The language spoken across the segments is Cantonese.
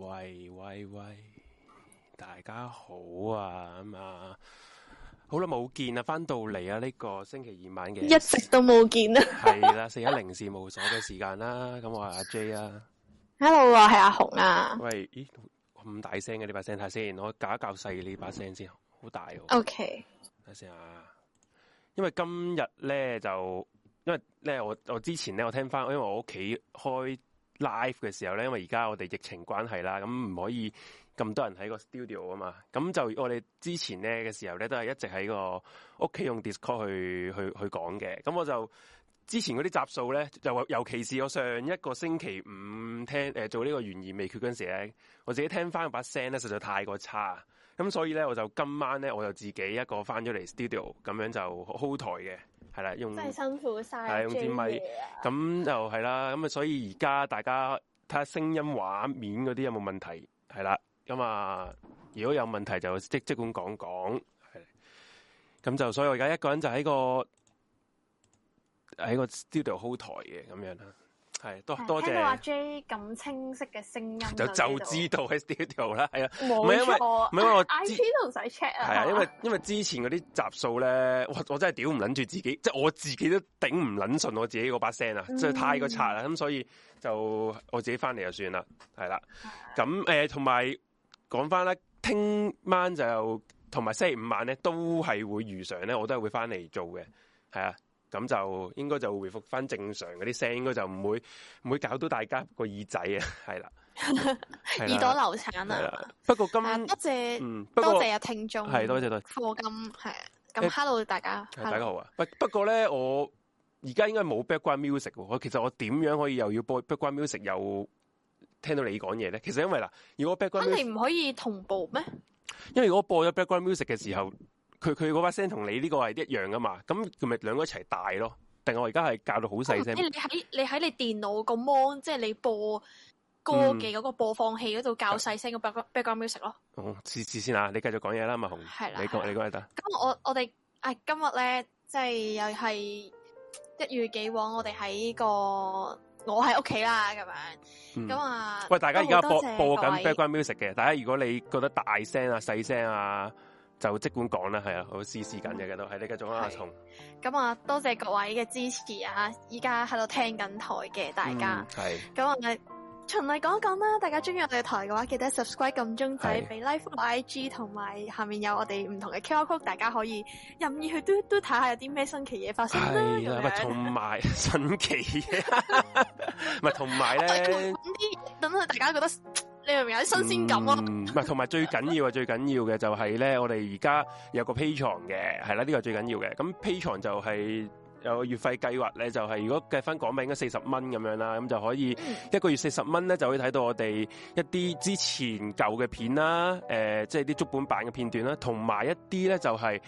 喂喂喂，大家好啊，咁、嗯、啊，好耐冇見啊，翻到嚟啊，呢個星期二晚嘅，一直都冇見啊，係啦，四一零事務所嘅時間啦，咁我係阿 J 啊，Hello，係阿紅啊，喂，咦，咁大聲嘅呢把聲睇下先，我搞一搞細呢把聲先，好大喎，OK，睇下先啊，因為今日咧就，因為咧我我之前咧我聽翻，因為我屋企開 Live 嘅時候咧，因為而家我哋疫情關係啦，咁唔可以咁多人喺個 studio 啊嘛。咁就我哋之前咧嘅時候咧，都係一直喺個屋企用 Discord 去去去講嘅。咁我就之前嗰啲集數咧，就尤其是我上一個星期五聽、呃、做個呢個懸疑未決嗰陣時咧，我自己聽翻把聲咧，實在太過差。咁所以咧，我就今晚咧，我就自己一個翻咗嚟 studio，咁樣就 hold 台嘅。係啦，用真係辛苦晒，係用支咪，咁、嗯、就係啦。咁啊，所以而家大家睇下聲音、畫面嗰啲有冇問題？係啦，咁啊，如果有問題就即即管講講，係咁就所以我而家一個人就喺個喺個 studio hold 台嘅咁樣啦。係，多多謝阿 J 咁清晰嘅聲音，就就知道喺 studio 啦，係啊，唔係錯因為唔係、啊、因為 I P 都唔使 check 啊，係啊，因為因為之前嗰啲集數咧，我我真係屌唔捻住自己，即係我自己都頂唔捻順我自己嗰把聲啊，即係、嗯、太過差啦，咁所以就我自己翻嚟，就算啦，係啦、啊，咁誒同埋講翻咧，聽、呃、晚就同埋星期五晚咧都係會如常咧，我都係會翻嚟做嘅，係啊。咁就應該就回復返正常嗰啲聲，應該就唔會搞到大家個耳仔啊，係啦，耳朵 流產啊。不過今日嗯、啊，多謝阿、嗯、聽眾，係多謝多謝課金，係咁 h e l 大家、Hello，大家好啊。不過呢，我而家應該冇 background music 喎。其實我點樣可以又要播 background music 又聽到你講嘢呢？其實因為嗱，如果 background，music，咁係唔可以同步咩？因為如果我播咗 background music 嘅時候。佢佢嗰把聲同你呢個係一樣噶嘛？咁佢咪兩個一齊大咯？定我而家係教到好細聲？你喺你，你電腦個 mon 即係你播歌嘅嗰個播放器嗰度教細聲個 background music 咯。哦、嗯，試試先啊！你繼續講嘢啦，嘛紅。係啦，你講你講得。今日我我哋今日咧即係又係一如既往，我哋喺個我喺屋企啦，咁樣咁啊。喂，大家而家播，播播緊 background music 嘅，大家如果你覺得大聲啊、細聲啊。就即管講啦，係啊，好，試試緊嘅都係呢個鐘阿松咁啊，嗯嗯、多謝各位嘅支持啊！依家喺度聽緊台嘅大家，係咁啊，循例講一講啦。大家中意我哋台嘅話，記得 subscribe 撳鐘仔，俾 like IG 同埋下面有我哋唔同嘅 QR Code，大家可以任意去嘟嘟睇下有啲咩新奇嘢發生啦，係咁樣。同埋新奇嘅，唔係同埋咧，啲等到大家覺得。你係咪有啲新鮮感啊？唔係同埋最緊要啊！最緊要嘅就係咧，我哋而家有個 Patreon 嘅，係啦，呢、這個最緊要嘅。咁 Patreon 就係有個月費計劃咧，就係、是、如果計返港幣應該四十蚊咁樣啦，咁就可以一個月四十蚊咧，就可以睇到我哋一啲之前舊嘅片啦，誒、呃，即係啲足本版嘅片段啦，同埋一啲咧就係、是、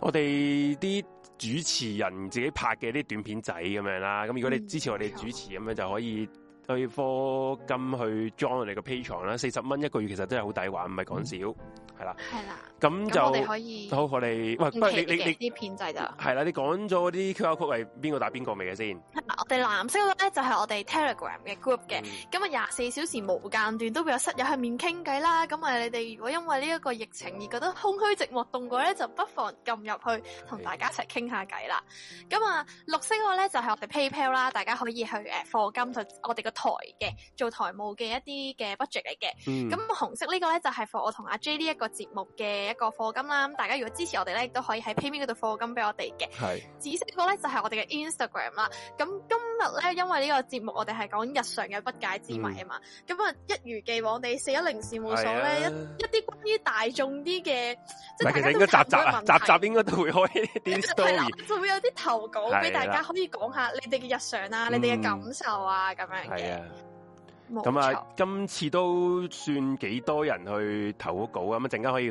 我哋啲主持人自己拍嘅啲短片仔咁樣啦。咁如果你支持我哋主持咁樣，就可以。去課金去裝我哋個 Patreon 啦，四十蚊一個月其實真係好抵玩，唔係講少，係啦的。係啦。咁就，我哋可以。好，我哋，喂，一喂你啲片制咋？係啦。你講咗嗰啲 QR code 係邊個打邊個未嘅先？我哋藍色嗰個咧就係我哋 Telegram 嘅 group 嘅，咁啊，廿四小時無間斷都會有室友去面傾偈啦。咁啊，你哋如果因為呢一個疫情而覺得空虛寂寞凍過咧，就不妨撳入去同大家一齊傾下偈啦。咁啊的，綠色嗰個咧就係我哋 PayPal 啦，大家可以去誒課金去我哋個台嘅做台務嘅一啲嘅 budget 嚟嘅，咁、嗯、紅色個呢、就是、個咧就係我同阿 J 呢一個節目嘅一個課金啦。咁大家如果支持我哋咧，亦都可以喺 PayMe 嗰度課金俾我哋嘅。係 紫色個咧就係、是、我哋嘅 Instagram 啦。咁今日咧因為呢個節目我哋係講日常嘅不解之謎啊嘛，咁啊、嗯、一如既往地四一零事務所咧是、啊、一一啲關於大眾啲嘅，是即係大家都集集集、啊、集集應該都會開啲。係啦， 就會有啲投稿俾是、啊、大家，可以講下你哋嘅日常啊，嗯、你哋嘅感受啊咁樣。嘅。啊，咁 Yeah. 錯啊，今次都算幾多人去投稿啊。咁啊，陣間可以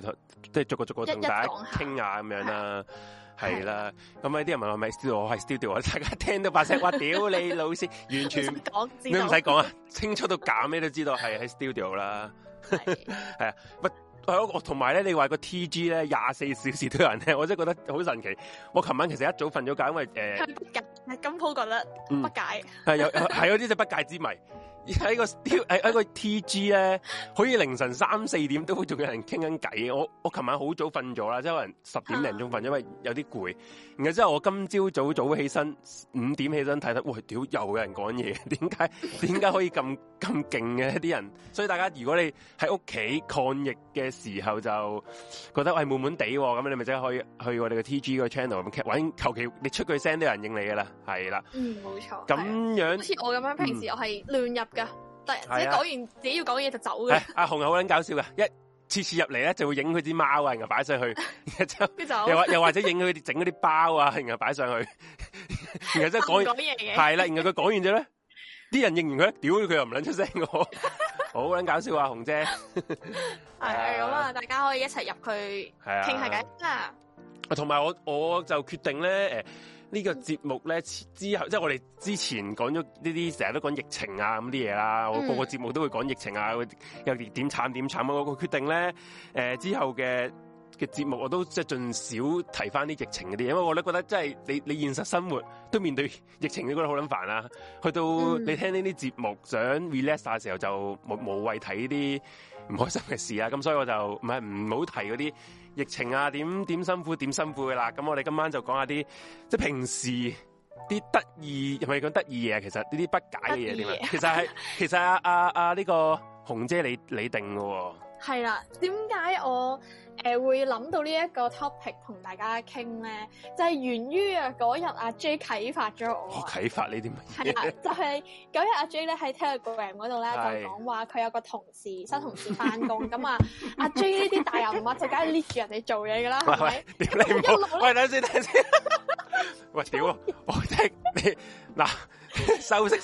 即係逐個逐個同大家傾下咁樣啦，係啦，咁啊，啲人問我係咪 studio，我係 studio，啊。」大家聽到白石話，屌 你老師，完全你唔使講啊，清楚到假咩都知道係喺 studio 啦，係啊，的 係咯，同埋咧，你話個 T G 咧，廿四小時都有人聽，我真係覺得好神奇。我琴晚其實一早瞓咗覺，因為誒，係咁鋪覺得不解、嗯，係 有係嗰啲就不解之謎。喺個 T 喺一個 T.G 咧，可以凌晨三四點都仲有人傾緊偈。我我琴晚好早瞓咗啦，即係可能十點零鐘瞓，因為有啲攰。然後之後我今朝早早起身，五點起身睇得，喂，屌又有人講嘢，點解點解可以咁咁勁嘅一啲人？所以大家如果你喺屋企抗疫嘅時候，就覺得係悶悶地咁，你咪即係可以去我哋嘅 T.G 個 channel 咁揾，求其你出句聲都有人應你噶啦，係啦。嗯，冇錯。咁樣好似我咁樣，平時我係亂入。噶，自己講完自己要講嘢就走嘅。阿紅又好捻搞笑嘅，一次次入嚟咧就會影佢啲貓啊，然後擺上去，然後又話又或者影佢哋整嗰啲包啊，然後擺上去，然後即係講講嘢嘅。係啦，然後佢講完咗咧，啲人應完佢屌佢又唔捻出聲個，好捻搞笑啊！紅姐係啊，咁啊，大家可以一齊入去傾下偈啦。同埋我我就決定咧，誒。這個節呢個節目咧，之後即係我哋之前講咗呢啲成日都講疫情啊咁啲嘢啦，嗯、我個個節目都會講疫情啊，又點慘點慘啊，我個決定咧誒，呃、之後嘅嘅節目我都即係盡少提翻啲疫情嗰啲，因為我都覺得即係你你現實生活都面對疫情，都覺得好撚煩啊。去到你聽呢啲節目，嗯、想 relax 下嘅時候，就冇無謂睇啲唔開心嘅事啊。咁所以我就唔係唔好提嗰啲。疫情啊，點點辛苦，點辛苦噶啦！咁我哋今晚就講下啲即係平時啲得意，唔係講得意嘢，其實呢啲不解嘅嘢點樣？其實係，其實阿阿阿呢個紅姐你你定噶喎。係啦，點解我？誒、呃，會諗到呢一個 topic 同大家傾咧，就係、是、源於啊嗰日阿 J 啟發咗我啊！啟發呢啲乜嘢？係啊，就係嗰日阿 J 咧喺 Telegram 嗰度咧，呢是就講話佢有個同事新同事翻工咁啊， 阿 J 呢啲大人物就梗係 lead 住人哋做嘢噶啦。喂，喂，是是，你唔好喂，等先，等先。 喂，屌、啊！ 我即你嗱。休息 少少，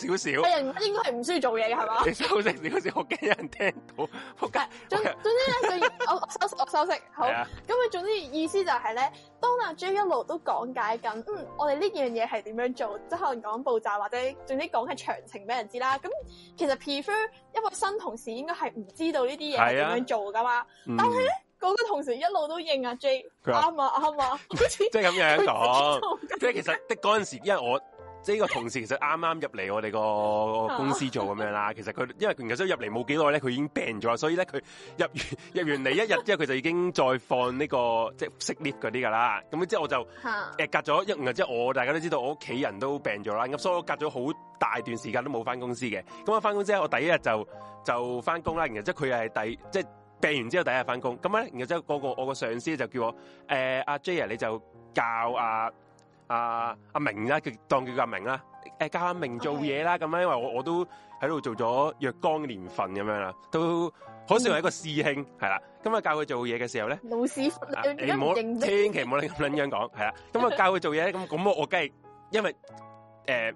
係人應該係唔需要做嘢嘅，係嘛？ 你休息少少，我驚有人聽到， 呢好，仆街、啊。總總之咧，我我休息，我休息好。咁啊，總之意思就係咧，當阿 J 一路都講解緊，嗯，我哋呢樣嘢係點樣做，即係可能講步驟或者總之講係詳情俾人知啦。咁其實 prefer，因為新同事應該係唔知道呢啲嘢係點樣做噶嘛，是啊、但係咧，嗰個、嗯、同事一路都認阿 J，啱啊啱啊，即係咁樣講，即係其實的嗰陣時，因為我。呢個同事其實啱啱入嚟我哋個公司做咁樣啦，啊、其實佢因為然之後入嚟冇幾耐咧，佢已經病咗，所以咧佢入完入、啊、完嚟一日之後佢就已經再放呢、呢個即係 sick leave 嗰啲噶啦。咁之後我就誒、啊、隔咗一，日之後我大家都知道我屋企人都病咗啦，咁所以我隔咗好大段時間都冇翻公司嘅。咁我翻工之後，我第一日就就翻工啦。然後之後佢又係第即係病完之後第一日翻工。咁咧，然之後嗰、嗰個我個上司就叫我誒阿、呃啊、Jay 你就教阿、啊。阿阿明啦，當佢叫阿明啦，誒，教阿明做嘢啦，咁樣，因為我我都喺度做咗若干年份咁樣啦，都好似係一個師兄係啦，咁啊教佢做嘢嘅時候咧，老師傅，你唔好千祈唔好你咁樣樣講，係啦，咁啊教佢做嘢咧，咁咁我我梗係因為誒。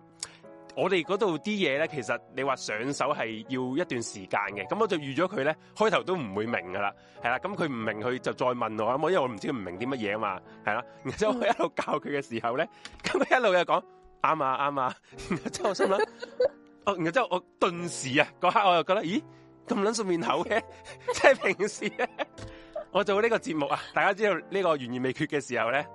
我哋嗰度啲嘢咧，其實你話上手係要一段時間嘅。咁我就預咗佢咧，開頭都唔會明噶啦，係啦。咁佢唔明，佢就再問我啊，因為我唔知佢唔明啲乜嘢啊嘛，係啦。然之後就我一路教佢嘅時候咧，咁、嗯、佢一路又講，啱啊啱啊。然之後就我心諗，哦、 啊，然之後就我頓時啊，嗰刻我又覺得，咦，咁撚熟面口嘅，即係 平時咧， 我做呢個節目啊，大家知道呢個懸而未決嘅時候咧。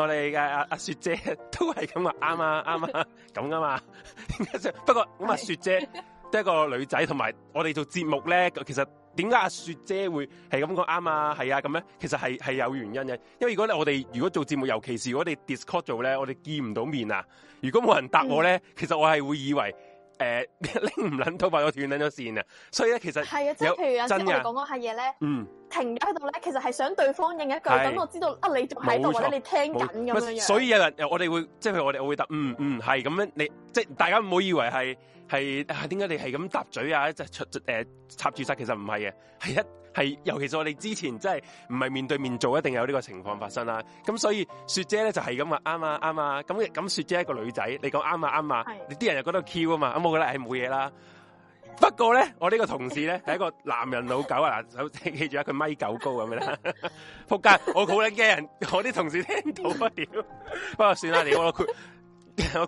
我哋嘅阿阿雪姐都係咁話，啱啊，啱啊，咁噶嘛？點解啫？不過咁啊，雪姐都係個女仔，同埋我哋做節目咧，其實點解阿雪姐會係咁講啱啊？係啊，咁咧，其實係係有原因嘅，因為如果咧，我哋如果做節目，尤其是我哋 Discord 做咧，我哋見唔到面啊。如果冇人答我咧， 其實我係會以為。誒，拎唔捻到，或者斷捻咗線啊，所以咧其實係啊，即係譬如有時我哋講嗰下嘢咧，嗯，停咗喺度咧，其實係想對方應一句，咁我知道啊，你仲喺度或者你聽緊咁樣，所以有人我哋會即係我哋我會答嗯嗯係咁樣，你即係大家唔好以為係。係啊，點解你係咁搭嘴啊？出誒插住、呃、塞，其實唔係嘅，係一係，尤其是我哋之前真係唔係面對面做，一定有呢個情況發生啦。咁所以雪姐咧就係、是、咁啊，啱啊，啱啊。咁咁雪姐係一個女仔，你講啱啊，啱啊，啊，你啲人又覺得 Q 啊嘛。咁我覺得係冇嘢啦。不過咧，我呢個同事咧係一個男人老狗啊，手企住一個米九高咁樣啦。仆街！我好驚人，我啲同事聽到啊不過、啊、算啦，你。我褲，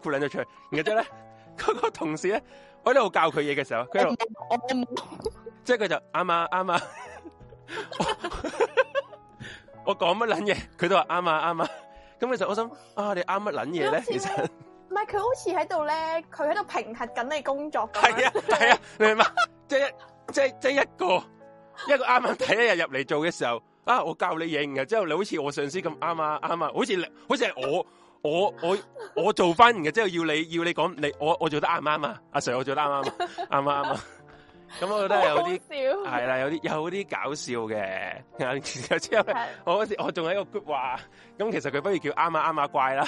我捻咗出嚟，然之後咧。嗰個同事咧，我喺度教佢嘢嘅時候，佢喺度，嗯嗯嗯嗯嗯、即係佢就啱啊啱啊，我講乜撚嘢，佢都話啱啊啱啊。咁其實我想，啊，你啱乜撚嘢咧？其實，唔係佢好似喺度咧，佢喺度平衡緊你工作。係啊係啊，啊 你明嘛？即係即係即係一個 一個啱啱第一日入嚟做嘅時候，啊，我教你嘢，然之後你好似我上司咁啱啊啱啊，好似好似係我。我我我做翻嘅，即係要你要你講你我我做得啱唔啱啊？阿 Sir，我做得啱唔啱啊？啱唔啱啊？咁、嗯嗯嗯嗯嗯嗯、我覺得係有啲係啦，有啲有啲搞笑嘅。嗯嗯嗯嗯、的然後之後我我仲喺個 good 話咁，其實佢不如叫啱啊啱啊，啊怪啦，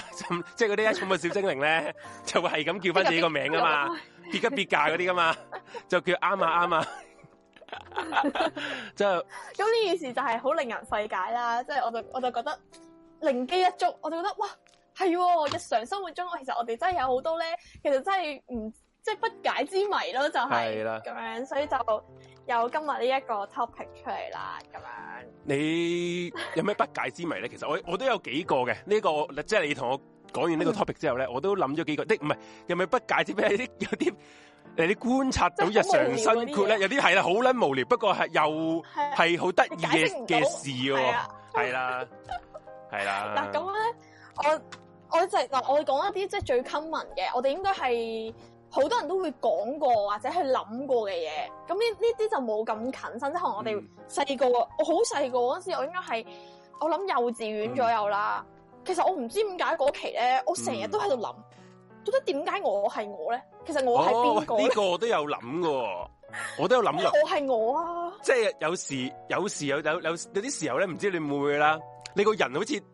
即係嗰啲一寵物小精靈咧，就會係咁叫翻自己個名噶嘛，別家別價嗰啲噶嘛， 就叫啱啊啱啊，啊啊 就，咁呢件事就係好令人費解啦。即、就、係、是、我就我就覺得靈機一觸，我就覺得，一我就覺得哇！係喎，哦、日常生活中，其實我哋真係有好多咧，其實真係唔即係不解之謎咯，就係、是、咁樣，對了 所以就有今日呢一個 topic 出嚟啦，咁樣。你有咩不解之謎咧？ 其實我我都有幾個嘅，呢、這個即係你同我講完呢個 topic 之後咧，嗯、我都諗咗幾個，的唔係，有咩不解之謎？有啲誒，你觀察到日常生活咧，有啲係啦，好捻無聊，不過係又係好得意嘅嘅事喎、啊，係啦，係啦。 嗱咁咧，呢我。我就嗱，我講一啲即係最 common 嘅，我哋應該係好多人都會講過或者去諗過嘅嘢。咁呢呢啲就冇咁近身，即係我哋細個，我好細個嗰時，我應該係我諗幼稚園左右啦。其實我唔知點解嗰期咧，我成日都喺度諗，覺得點解我係我咧？其實我係邊個咧？呢個我都有諗噶，我都有諗噶。我係我啊！即係有時，有時有時有有有有啲時候咧，唔知你會唔會啦？你個人好似～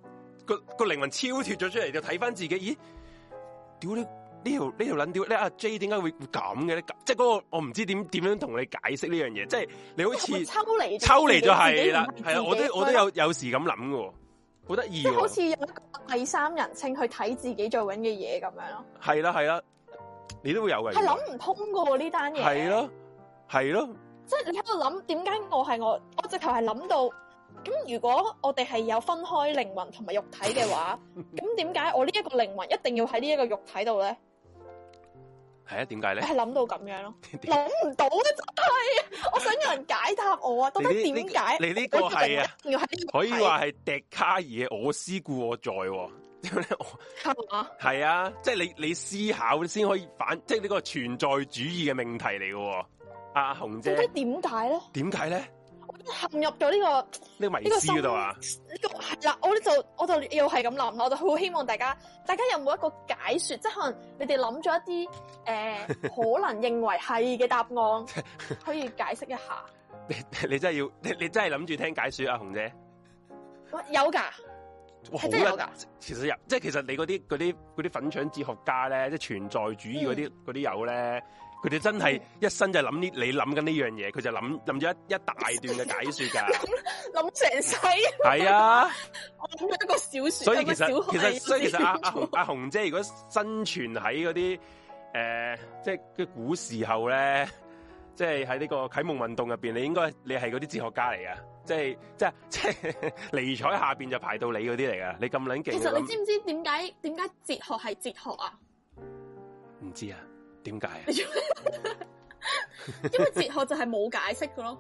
個個靈魂超脫咗出嚟，就睇返自己，咦？屌你呢條呢條撚屌，你阿 J 點解會會咁嘅咧？即係嗰個我唔知點點樣同你解釋呢樣嘢，即係你好似抽離抽離咗係啦，係啊，我都我都有的有時咁諗嘅，好得意，即好似有第三人稱去睇自己做緊嘅嘢咁樣咯。係啦係啦，你都會有嘅，係諗唔通噶喎呢單嘢，係咯係咯，即係的你喺度諗點解我係我，我直頭係諗到。咁如果我哋係有分開靈魂同埋肉體嘅話，咁點解我呢一個靈魂一定要喺呢一個肉體度咧？係啊，點解咧？係諗到咁樣咯，諗唔 到啊！真係，我想有人解答我啊，到底點解？你呢個係啊？真的真的要喺可以話係笛卡爾我思故我在，因為咧，係啊，即係你你思考先可以反，即係呢個存在主義嘅命題嚟嘅。阿紅姐，到底點解咧？點解咧？陷入咗呢、這個呢個呢個迷思度啊？呢、這個係嗱，我呢就我就，我就又係咁諗，我就好希望大家，大家有冇一個解說？即係可能你哋諗咗一啲誒，呃、 可能認為係嘅答案，可以解釋一下。 你你真係要？你你真係諗住聽解說啊，紅姐。有噶的，的有的好有、啊、噶。其實即係其實你嗰啲啲啲粉腸哲學家咧，即係存在主義嗰啲啲有咧。佢哋真係一生就諗呢，你諗緊呢樣嘢，佢就諗諗咗一一大段嘅解說噶。諗成世。係 啊。我諗咗一個小說。所以其實其實所以其實阿阿紅姐如果生存喺嗰啲誒，即係嘅古時候咧，即係喺呢個啟蒙運動入邊，你應該你係嗰啲哲學家嚟啊，即係即係即係尼采下邊就排到你嗰啲嚟噶，你咁捻勁。其實你知唔知點解點解哲學係哲學啊？唔知啊。點解啊？為 因為哲學就係冇解釋嘅咯，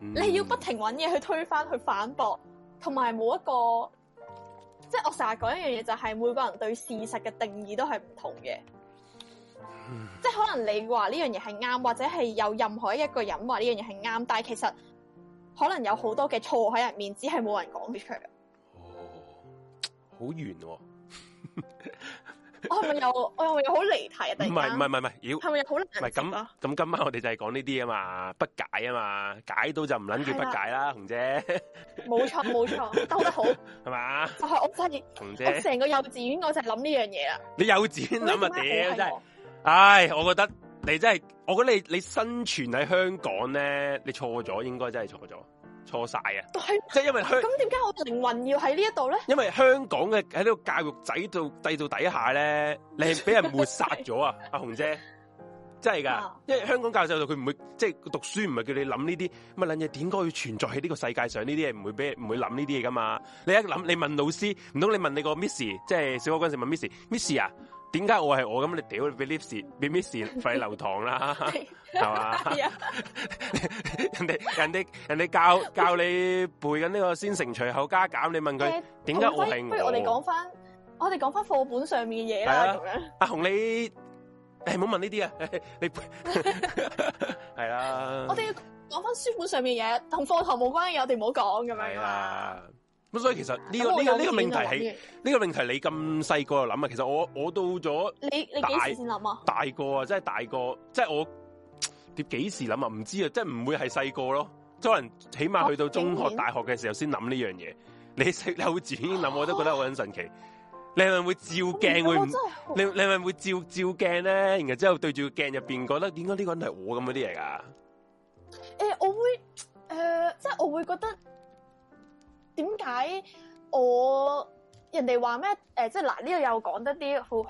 嗯、你要不停揾嘢去推翻，去反駁，同埋冇一個，即、就、係、是、我成日講一樣嘢，就係、是、每個人對事實嘅定義都係唔同嘅，嗯、即係可能你話呢樣嘢係啱，或者係有任何一個人話呢樣嘢係啱，但係其實可能有好多嘅錯喺入面，只係冇人講出嚟。哦，好圓，哦。 我係咪又我係咪又好離題啊？第三，係咪又好難唔係咁咁？今晚我哋就係講呢啲啊嘛，不解啊嘛，解到就唔撚叫不解啦，的紅姐。冇錯冇錯，兜得好。係咪吧？我係我發現，紅姐，我成個幼稚園我就係諗呢樣嘢啦。你幼稚園諗乜嘢啊？真係，唉、哎，我覺得你真係，我覺得你你生存喺香港呢，你錯咗，應該真係錯咗。錯晒啊，即係嗎因為香咁，點解我靈魂要喺呢一度咧？因為香港嘅，喺呢個教育制度制度底下咧，你係俾人抹殺咗 啊，啊！阿紅姐真係噶，因為香港教育制度佢唔會即係、就是、讀書唔係叫你諗呢啲咁啊，愣嘢點解要存在喺呢個世界上這些？呢啲嘢唔會俾唔會諗呢啲嘢噶嘛？你一諗，你問老師，唔通你問你個 Miss，即係小學嗰陣時問 Miss，Miss、嗯、啊？點解我係我咁？你屌 Billips，Billips 費留堂啦，係嘛？人哋人哋人哋教教你背緊呢個先乘除後加減，你問佢點解我係我？不如我哋講翻，我哋講翻課本上面嘅嘢啦，咁、啊、樣。阿紅、啊、你，誒、欸，唔好問呢啲啊，你係啦。我哋要講翻書本上面嘢，同課堂冇關嘅嘢，我哋唔好講，咁、啊、樣啦。咁所以其實呢個呢個呢個命題係呢個命題，你咁細個就諗啊？其實我我到咗你你幾時先諗啊？大個啊，即係大個，即係我點幾時諗啊？唔知啊，即係唔會係細個咯。即係可能起碼去到中學、大學嘅時候先諗呢樣嘢。你你會自己諗，我都覺得好撚神奇。你係咪會照鏡會？你你係咪會照照鏡咧？然後之後對住個鏡入邊，覺得點解呢個人係我咁嗰啲嘢啊？誒，我會誒、呃，即係我會覺得。點解我人哋話咩？誒、呃，即係嗱，呢度又講得啲好好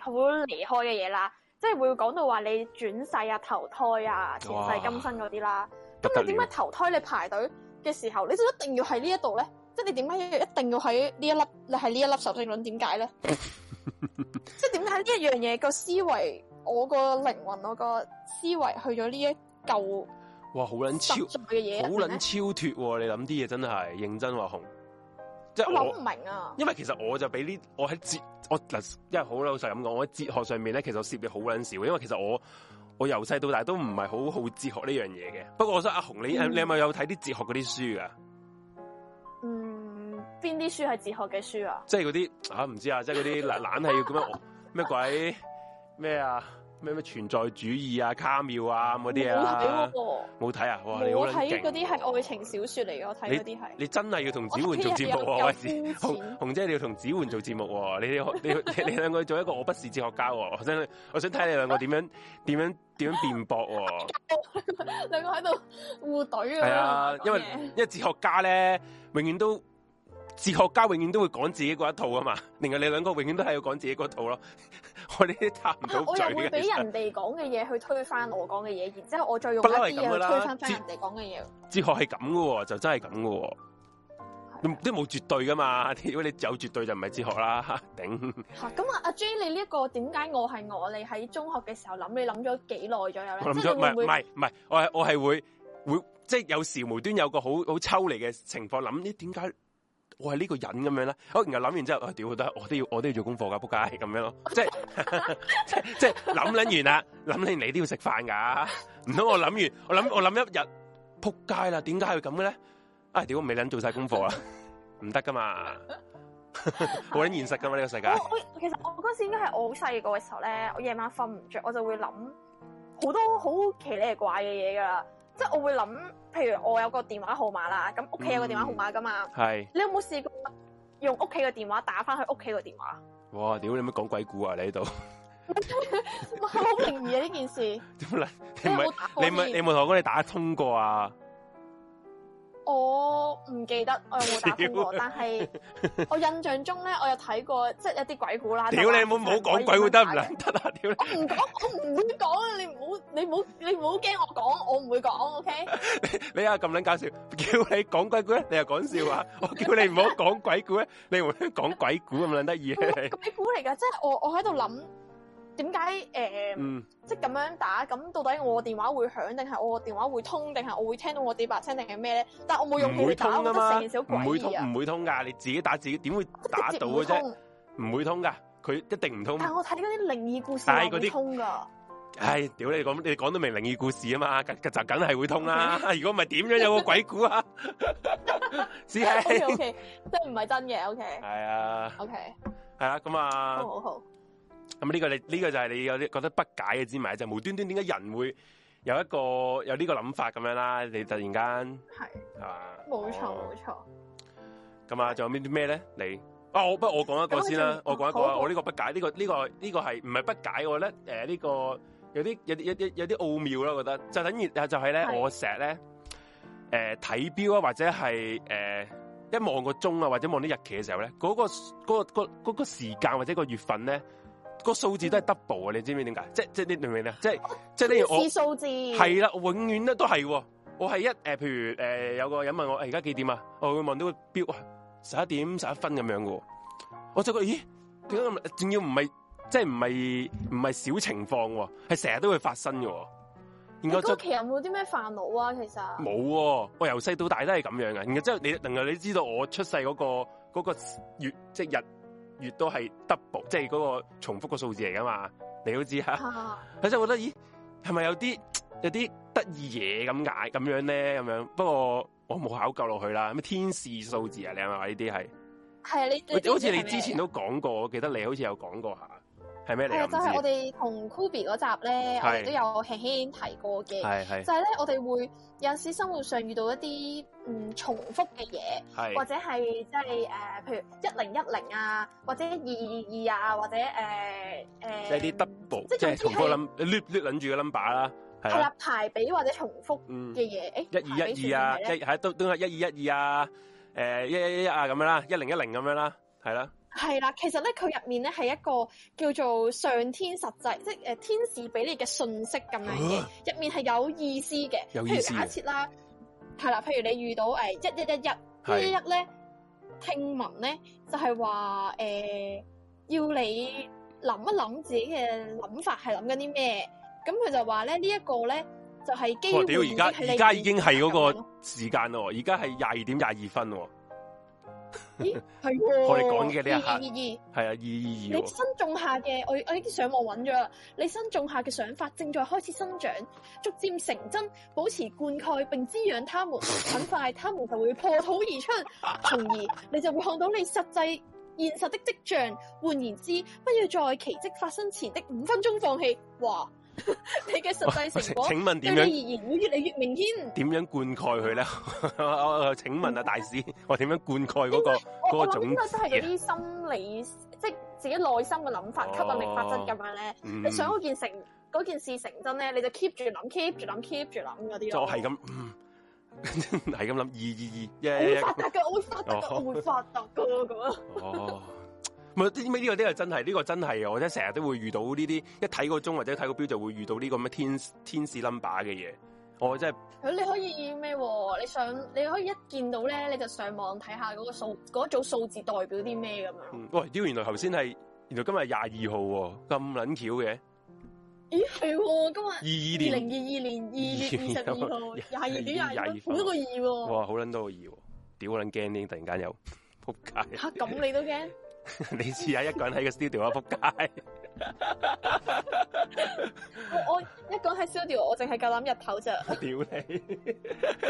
好離開嘅嘢啦，即係會講到話你轉世啊、投胎啊、前世今生嗰啲啦。咁、啊、你點解投胎你排隊嘅時候，你就一定要喺呢一度咧？即係 你點解一定要喺呢一粒？你喺呢一粒受精卵點解咧？即係點解呢一樣嘢個思維，我個靈魂，我個思維去咗呢一嚿？哇，好撚超好撚超脱、啊，嗯、呢你諗啲嘢真係認真話紅，即係我諗唔明啊，因因好。因為其實我就俾呢，我喺哲我嗱，因為好老實咁講，我喺哲學上面咧，其實涉嘅好撚少。因為其實我我由細到大都唔係好好哲學呢樣嘢嘅。不過我想阿紅，你、嗯、你係咪有睇啲哲學嗰啲書、嗯、書、書啊？嗯，邊啲書係哲學嘅書啊？即係嗰啲吓？唔知啊？即係嗰啲懶懶係要咁樣咩鬼咩啊？咩咩存在主義啊，卡繆啊，嗰啲啊，冇睇喎，冇睇啊，我睇嗰啲係愛情小說嚟嘅，你我睇嗰啲係，你真係要同子媛做節目，紅紅姐你要同子媛做節目，你你你兩個做一個我不是哲學家、啊，我想我想睇你兩個點樣點 樣點樣辯駁、啊 啊，兩個喺度互懟啊，因為因為哲學家咧，永遠都。哲學家永遠都會講自己嗰一套啊嘛，另外你兩個永遠都係要講自己嗰一套咯。我哋都差唔多、啊、我又會俾人哋講嘅嘢去推翻我講嘅嘢，然之後我再用一啲嘢去推翻翻人哋講嘅嘢。哲學係咁噶，就真係咁噶。的都冇絕對噶嘛，如果你有絕對就唔係哲學啦，頂。咁啊，阿 J，你呢、這、一個點解我係我？你喺中學嘅時候諗，你諗咗幾耐左右？即係唔係唔係唔係，我係我係會會即係、就是、有時無端有個好好抽離嘅情況諗呢？點解？我係呢個人咁樣啦。好，然後諗完之後，哎，屌佢得，我都要，我都要做功課噶，扑街係咁樣咯，即係 即係諗諗完啦，諗起你都要食飯噶，唔通我諗完，我諗我諗一日扑街啦，點解係咁嘅咧？哎，屌，我未撚做晒功課啊，唔得噶嘛，好撚現實噶嘛呢個世界。其實我嗰時應該係我好細個嘅時候咧，我夜晚瞓唔着，我就會諗好多好奇咧怪嘅嘢噶啦。即係我會諗，譬如我有個電話號碼啦，咁屋企有個電話號碼噶嘛。係、嗯。你有冇試過用屋企嘅電話打翻去屋企個電話？哇！屌你咪講鬼故啊！你呢度，哇，好靈異啊呢件事。點解？ 你咪你咪你冇同我講你打通過啊？我唔記得我有冇打過，但係我印象中咧，我有睇過即係一啲鬼故啦。屌，你冇唔好講鬼故得唔得啊？屌，我唔講，我唔會講，你唔好，你唔好，你唔好驚我講，我唔會講，OK？你啊，咁撚搞笑，叫你講鬼故咧，你又講笑話，我叫你唔好講鬼故咧，你又講鬼故咁撚得意啊？鬼故嚟噶，即係我我喺度諗。點解誒，即咁樣打咁，到底我電話會響定係我電話會通定係我會聽到我哋把聲定係咩咧？但我冇勇氣打，我覺得成件事好鬼，唔會通，唔會通噶你自己打自己點會打到嘅啫？唔會通噶佢一定唔通。但我睇啲啲靈異故事，通噶唉，屌你講你講到明靈異故事啊嘛，就梗係會通啦。如果唔係點樣有個鬼故啊？O K，即唔係真嘅。O K，係啊。O K，係咁啊。都好好。咁呢、嗯這個你呢、這個就係你有啲覺得不解嘅之謎，就是、無端端點解人會有一個有呢個諗法咁樣啦？你突然間係是啊，冇錯冇錯。咁啊、哦，仲錯有邊啲咩咧？你啊，我、哦、不過我講一個先啦。就是、我講一個，好我呢個，好個不解呢、這個呢、這個呢、這個係唔係不解？我覺得誒呢、呃這個有啲有啲有有有啲奧妙啦。我覺得就等於就係咧，是我成日咧誒睇表啊，或者係誒、呃、一望個鐘啊，或者望啲日期嘅時候咧，嗰、那個、那個、那個那個時間或者個月份咧。個數字都係 double 啊！你知唔知點解？即即你明唔明咧？即、啊、即例如我，係啦，永遠咧都係，我係一誒、呃，譬如誒、呃、有個人問我，而家幾點啊？我會望到個表十一點十一分咁樣噶，我就覺得咦，點解仲要唔係即唔係唔係小情況、啊，係成日都會發生噶。咁屋企有冇啲咩煩惱啊？其實冇、啊，我由細到大都係咁樣噶。然後之後你能夠你知道我出世嗰、嗰個、嗰個月即日。越都係 double，即係嗰個重複個數字嚟噶嘛，你都知嚇。佢、啊、就覺得咦，係咪有啲有啲得意嘢咁解咁樣咧？咁樣不過我冇考究落去啦。咩天使數字啊？你係咪話呢啲係？係啊，你好似你之前都講過，麼我記得你好似有講過下。係咩嚟？係就係、是、我哋同 Kobe 嗰集咧，是，我哋都有輕輕提過嘅。係係。就係咧，我哋會有陣時生活上遇到一啲嗯重複嘅嘢，是或者係即係誒，譬如一零一零啊，或者二二二二啊，或者誒誒，呃、即係啲 double，即係重複 number 啦。係啦、就是，排比或者重複嘅嘢，誒，一二一二啊，即係都都係一二一二啊，誒一一一啊，咁樣啦，一零一零咁樣啦，係啦。係啦，其實咧佢入面咧係一個叫做上天實際，即係誒天使俾你嘅信息咁樣嘅，入面係有意思嘅。有意思。譬如假設啦，係啦是的，譬如你遇到誒一一一一一一一咧，聽聞咧就係話誒要你諗一諗自己嘅諗法係諗緊啲咩，咁佢就話咧呢一個咧就係基於。我屌！而家而家已經係嗰個時間咯，而家係廿二點廿二分，哦。咦，係我哋講嘅呢？二二二二係啊，二二二。你新種下嘅，我我已經上網搵咗啦。你新種下嘅想法正在開始生長，逐漸成真。保持灌溉並滋養它們，很快它們就會破土而出，從而你就會看到你實際現實的跡象。換言之，不要在奇跡發生前的五分鐘放棄。哇你嘅實際成果對佢而言會越嚟越明顯。點樣灌溉佢咧？請問啊，大師，我點樣灌溉嗰個嗰個種子嘅都係嗰啲心理，即係自己內心嘅諗法，吸引力法則。咁樣咧。你想嗰件成嗰件事成真咧，你就 keep 住諗，keep 住諗，keep 住諗嗰啲咯。就係咁，係咁諗，二二二，一一。會發達嘅，會發達，會發達嘅咁啊。唔係呢個真係，呢、這個真係我真成日都會遇到呢啲，一睇個鐘或者睇個表就會遇到呢個咩天天使 number 嘅嘢。我真係，你可以咩？你想你可以一見到咧，你就上網睇下嗰個數嗰一組數字代表啲咩咁樣。喂、嗯，屌！原來頭先係，原來今日廿二號喎，咁撚巧嘅。咦、哎？係喎、哦，今日二二年二零二二年二月二十二號廿二點廿二分，好分分多個二、哦、哇！好撚多個二喎，屌撚驚添！突然間又撲街。嚇、 啊！咁你都驚？ 你試下、啊、一個人喺個 studio 啊，仆街 我一個人喺 studio，我淨係夠膽日頭咋。屌你！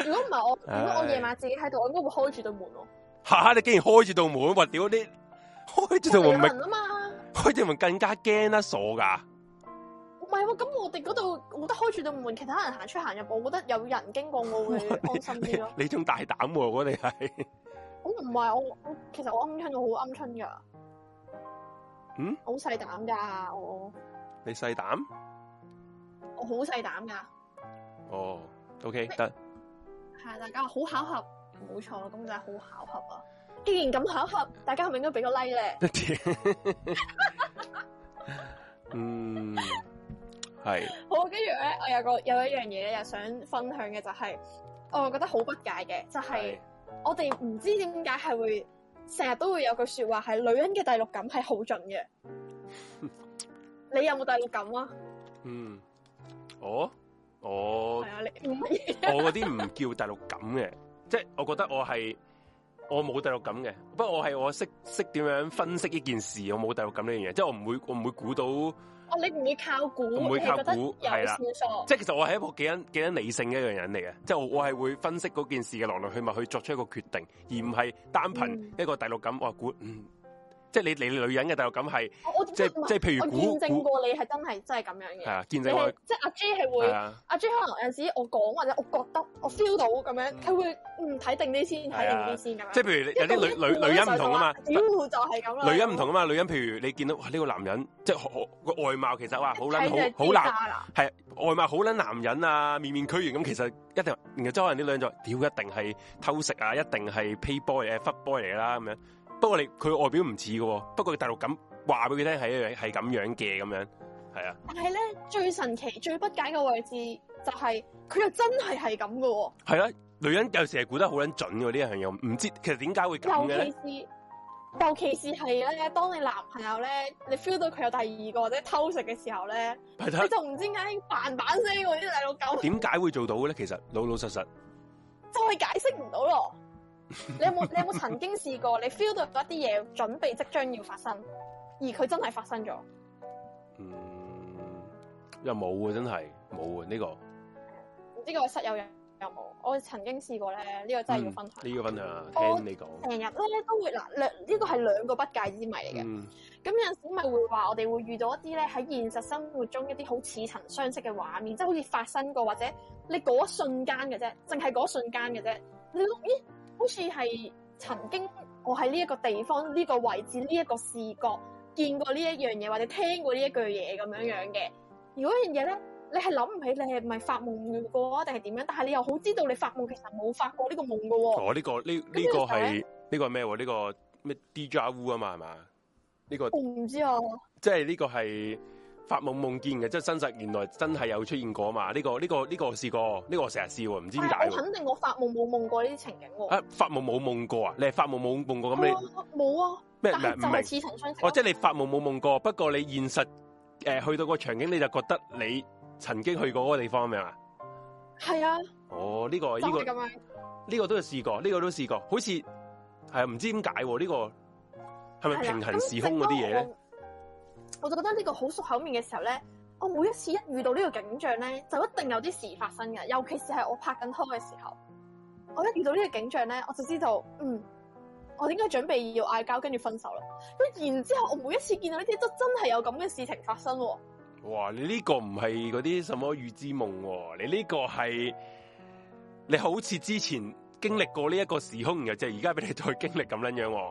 如果唔係我，如果我夜晚自己喺度，我應該會開住道門咯、啊。吓、啊、你竟然開住道門！我屌你！開住道門啊嘛！開住門更加驚啦、啊，傻噶！唔係喎，咁我哋嗰度我得開住道門，其他人行出行入，我覺得有人經過我會安心啲咯。 你仲大膽喎、啊 啊，我你係。我唔係我，我其實我鵪鶉好鵪鶉噶。嗯，好細膽噶我。你細膽？我好細膽噶。哦，OK 得。係大家好巧合，冇錯，公仔好巧合啊！既然咁巧合，大家係咪應該俾個 like 咧？嗯，係。好，跟住咧，我有個有一樣嘢咧，又想分享嘅就係、是，我覺得好不解嘅，就係、是、是，我哋唔知點解係會。成日都會有句說話係女人嘅第六感係好準嘅，你有冇第六感、嗯、啊？嗯，哦，哦，係啊，你唔係我嗰啲唔叫第六感嘅， 即係我覺得我係我冇第六感嘅，不過我係我識識點樣分析呢件事，我冇第六感呢樣嘢，即係我唔會我唔會估到。哦，你唔會靠估，唔會靠估，係啦，即係其實我係一個幾人幾人理性嘅一個人嚟嘅，即係我我我係會分析嗰件事嘅來來去去，去作出一個決定，而唔係單憑一個第六感我估唔。嗯哦即係你你女人嘅第六感係，即係即係譬如，見證過你係真係真係咁樣嘅。係啊，見證佢。即係阿 J 係會，阿 J 可能有陣時我講或者我覺得我 feel 到咁樣，佢會唔睇定啲先，睇定啲先咁。即係譬如有啲女女女人唔同啊嘛。屌就係咁啦。女人唔同啊嘛，女人譬如你見到呢個男人，即係個外貌其實話好撚好好爛，係外貌好撚男人啊，面面俱圓咁，其實一定然後之後可能呢兩就屌一定係偷食啊，一定係 pay boy 嚟，fuck boy 嚟啦咁樣。不過你佢外表唔似嘅，不過大陸咁話俾佢聽，係一樣係咁樣嘅咁樣，係啊。但係咧最神奇最不解嘅位置就係、是、佢又真係係咁嘅。係啦、啊，女人有時係估得好捻準呢樣嘢又唔知其實點解會咁咧。尤其是尤其是係咧，當你男朋友咧你 feel 到佢有第二個或者偷食嘅時候咧，你、啊、就唔知點解扮扮聲嘅啲大佬狗。點解會做到咧？其實老老實實就係解釋唔到咯。 你有冇？你有冇曾經試過？你 feel 到有一啲嘢準備即將要發生，而佢真係發生咗，嗯，又冇啊！真係冇啊！呢、這個呢知個室友有有冇？我曾經試過咧，呢、這個真係要分享呢個、嗯、分享啊！聽你講成日咧都會嗱兩呢個係兩個不解之謎嚟嘅。咁、嗯、有陣時咪會話我哋會遇到一啲咧喺現實生活中一啲好似曾相識嘅畫面，即、就、係、是、好似發生過或者你嗰一瞬間嘅啫，淨係嗰一瞬間嘅啫，嗯、你咦？好似係曾經我喺呢一個地方呢、這個位置呢一、這個視角見過呢一樣嘢或者聽過呢一句嘢咁樣樣嘅。如果一樣嘢咧，你係諗唔起你是是的，你係咪發夢過啊？定係點樣？但係你又好知道你發夢其實冇發過呢個夢噶喎。呢、哦這個呢呢、這個係呢個咩？呢個咩、這個、d j a w 啊嘛係嘛？呢、這個我唔知啊。即係呢個係。發夢夢見嘅，即係真實原來真係有出現過嘛？呢個呢個呢個試過，呢個我成日試，唔知點解。肯定我發夢冇夢過呢啲情景喎。啊，發夢冇夢過啊？你發夢冇夢過咁你？冇啊。咩？唔係似曾相識。哦，即係你發夢冇夢過，不過你現實誒去到個場景，你就覺得你曾經去過嗰個地方咁樣啊？係啊。哦，呢個呢個呢個都係試過，呢個都試過，好似係唔知點解呢個係咪平衡時空嗰啲嘢咧？我就覺得呢個好熟口面嘅時候咧，我每一次一遇到呢個景象咧，就一定有啲事發生嘅，尤其是係我拍緊拖嘅時候，我一遇到呢個景象咧，我就知道，嗯，我應該準備要嗌交，跟住分手啦。咁然之後，我每一次見到呢啲都真係有咁嘅事情發生。哇！你呢個唔係嗰啲什麼預知夢喎，你呢個係你好似之前經歷過呢一個時空嘅，就係而家俾你再經歷咁樣樣喎。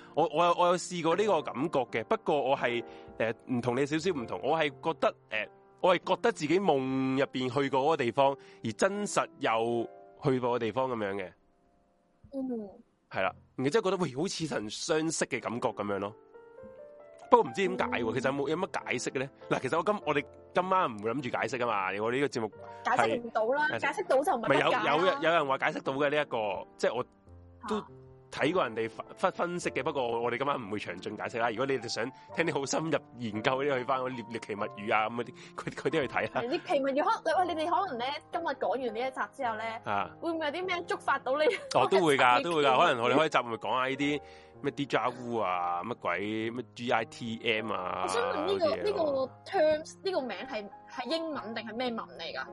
我我有我有試過呢個感覺嘅，不過我係誒唔同你少少唔同，我係覺得誒、呃，我係覺得自己夢入邊去過嗰個地方，而真實又去過嗰個地方咁樣嘅。嗯，係啦，然之後覺得喂，好似曾相識嘅感覺咁樣咯。不過唔知點解，嗯、其實有冇有乜解釋嘅咧？嗱，其實我今我哋今晚唔會諗住解釋㗎嘛，我哋呢個節目解釋唔到啦，解釋到就唔係有有有人話解釋到嘅呢一個，即係我都。啊睇過人哋分分析嘅，不過我哋今晚唔會詳盡解釋啦。如果你哋想聽啲好深入研究嗰啲，去翻嗰《獵獵奇物語》啊，咁嗰啲，佢佢都去睇下。獵奇物語可，你你哋可能咧，今日講完呢一集之後咧，啊、會唔會有啲咩觸發到呢？哦，都會㗎，都會㗎。可能我哋開集會講下呢啲咩 Djagu 啊，乜鬼乜 GITM 啊。我想問呢、呢個呢個 terms 呢個名係係英文定係咩文嚟㗎？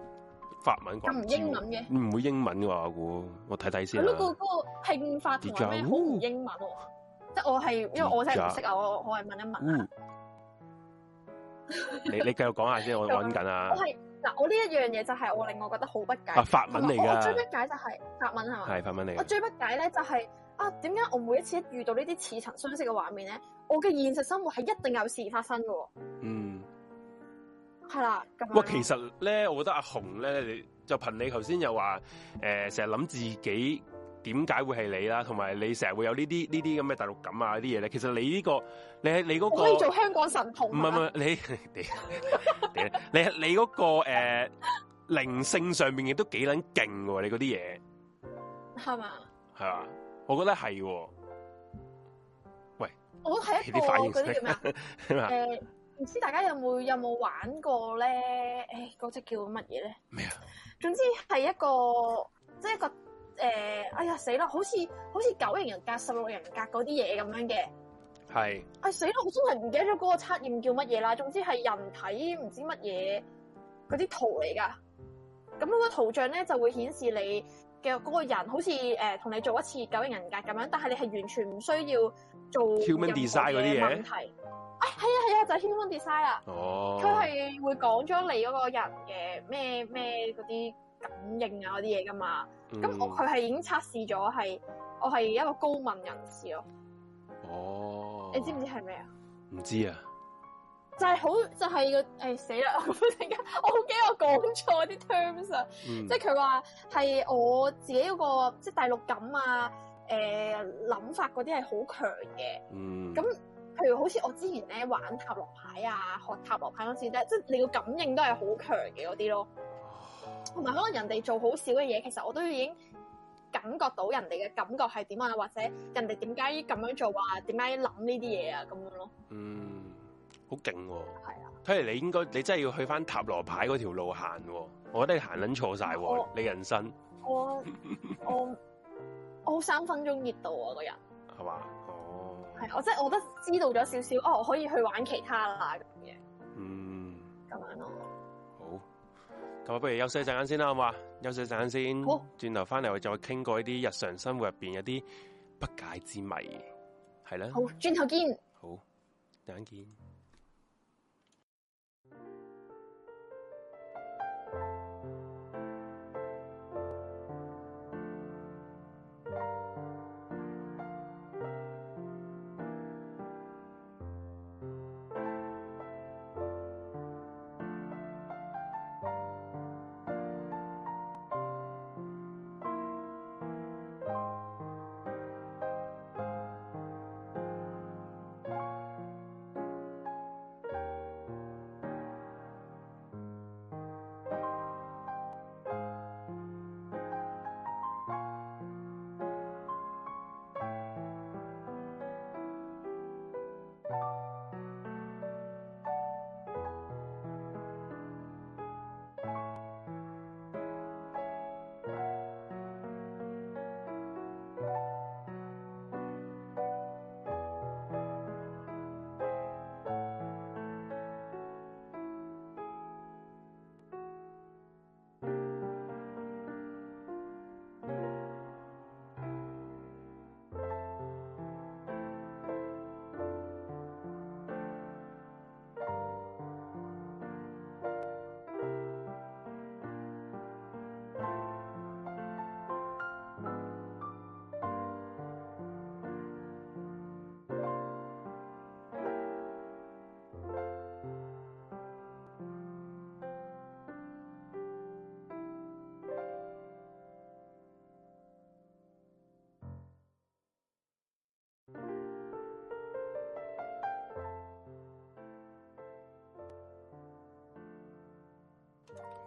法文咁唔英文嘅，唔會英文我估。我睇睇先啦。嗰、嗯那個嗰、那個拼法同埋咩好唔英文，即係我係因為我真係唔識啊，我我係問一問。嗯、 你你繼續講下先，我揾緊啊。我係嗱，我呢一樣嘢就係我令我覺得好不解法文嚟嘅？我、啊、最不解就係法文係嘛？係法文嚟。我最不解咧就係啊，點解我每一次遇到呢啲似曾相識嘅畫面咧，我嘅現實生活係一定有事發生嘅。嗯。係啦，咁。哇，其實咧，我覺得阿紅咧，就憑你頭先又話，誒、呃，成日諗自己點解會係你啦，同埋你成日會有呢啲呢啲咁嘅大陸感啊啲嘢咧，其實你呢、這個，你喺你、那個，可以做香港神童。唔係唔係，你你 你，嗰、那個誒靈、呃、性上面亦都幾捻勁嘅，你嗰啲嘢係嘛？係嘛嗎？我覺得係、哦。喂，我係得個嗰個叫咩啊？唔知大家有冇有冇玩過咧？誒、哎，嗰隻叫乜嘢咧？咩啊麼？總之係一個即係、就是、一個、呃、哎呀死啦！好似好似九型人格、十六型人格嗰啲嘢咁樣嘅。係是。哎死啦！我真係唔記得咗嗰個測驗叫乜嘢啦。總之係人體唔知乜嘢嗰啲圖嚟㗎。咁嗰個圖像咧就會顯示你。嘅嗰個人好似誒同你做一次九型人格咁樣，但係你係完全唔需要做 human design 嗰啲嘢嘅。係，哎、係啊係啊係啊，就係、human design 啦。哦，佢係會講咗你嗰個人嘅咩咩嗰啲感應啊嗰啲嘢噶嘛。咁、mm. 我佢係已經測試咗係，我係一個高敏人士咯。哦，oh. 你知唔知係咩啊？唔知啊。就係好，就係、是、個死啦！咁、哎、突然間，我好驚我講錯啲 terms 啊！即係佢話係我自己嗰、那個即係第六感啊，誒、呃、諗法嗰啲係好強嘅。咁、嗯、譬如好似我之前咧玩塔羅牌啊，學塔羅牌嗰陣咧，即、就、係、是、你要感應都係好強嘅嗰啲咯。同埋可能人哋做好少嘅嘢，其實我都已經感覺到人哋嘅感覺係點啊，或者人哋點解咁樣做啊，點解諗呢啲嘢啊咁樣咯。嗯。好勁係啊！睇嚟、啊、你應該你真係要去翻塔羅牌嗰條路行、啊，我覺得你行捻錯晒。喎我，你人生我 我，我我我三分鐘熱度啊個人係嘛？哦，係我即係我覺得知道咗少少哦，可以去玩其他啦咁嘅。嗯，咁樣咯、啊。好，咁我不如休息陣間先啦，好嘛？休息陣間先，好，轉頭翻嚟我再傾過一啲日常生活入邊有啲不解之謎，係啦。好，轉頭見。好，等陣見。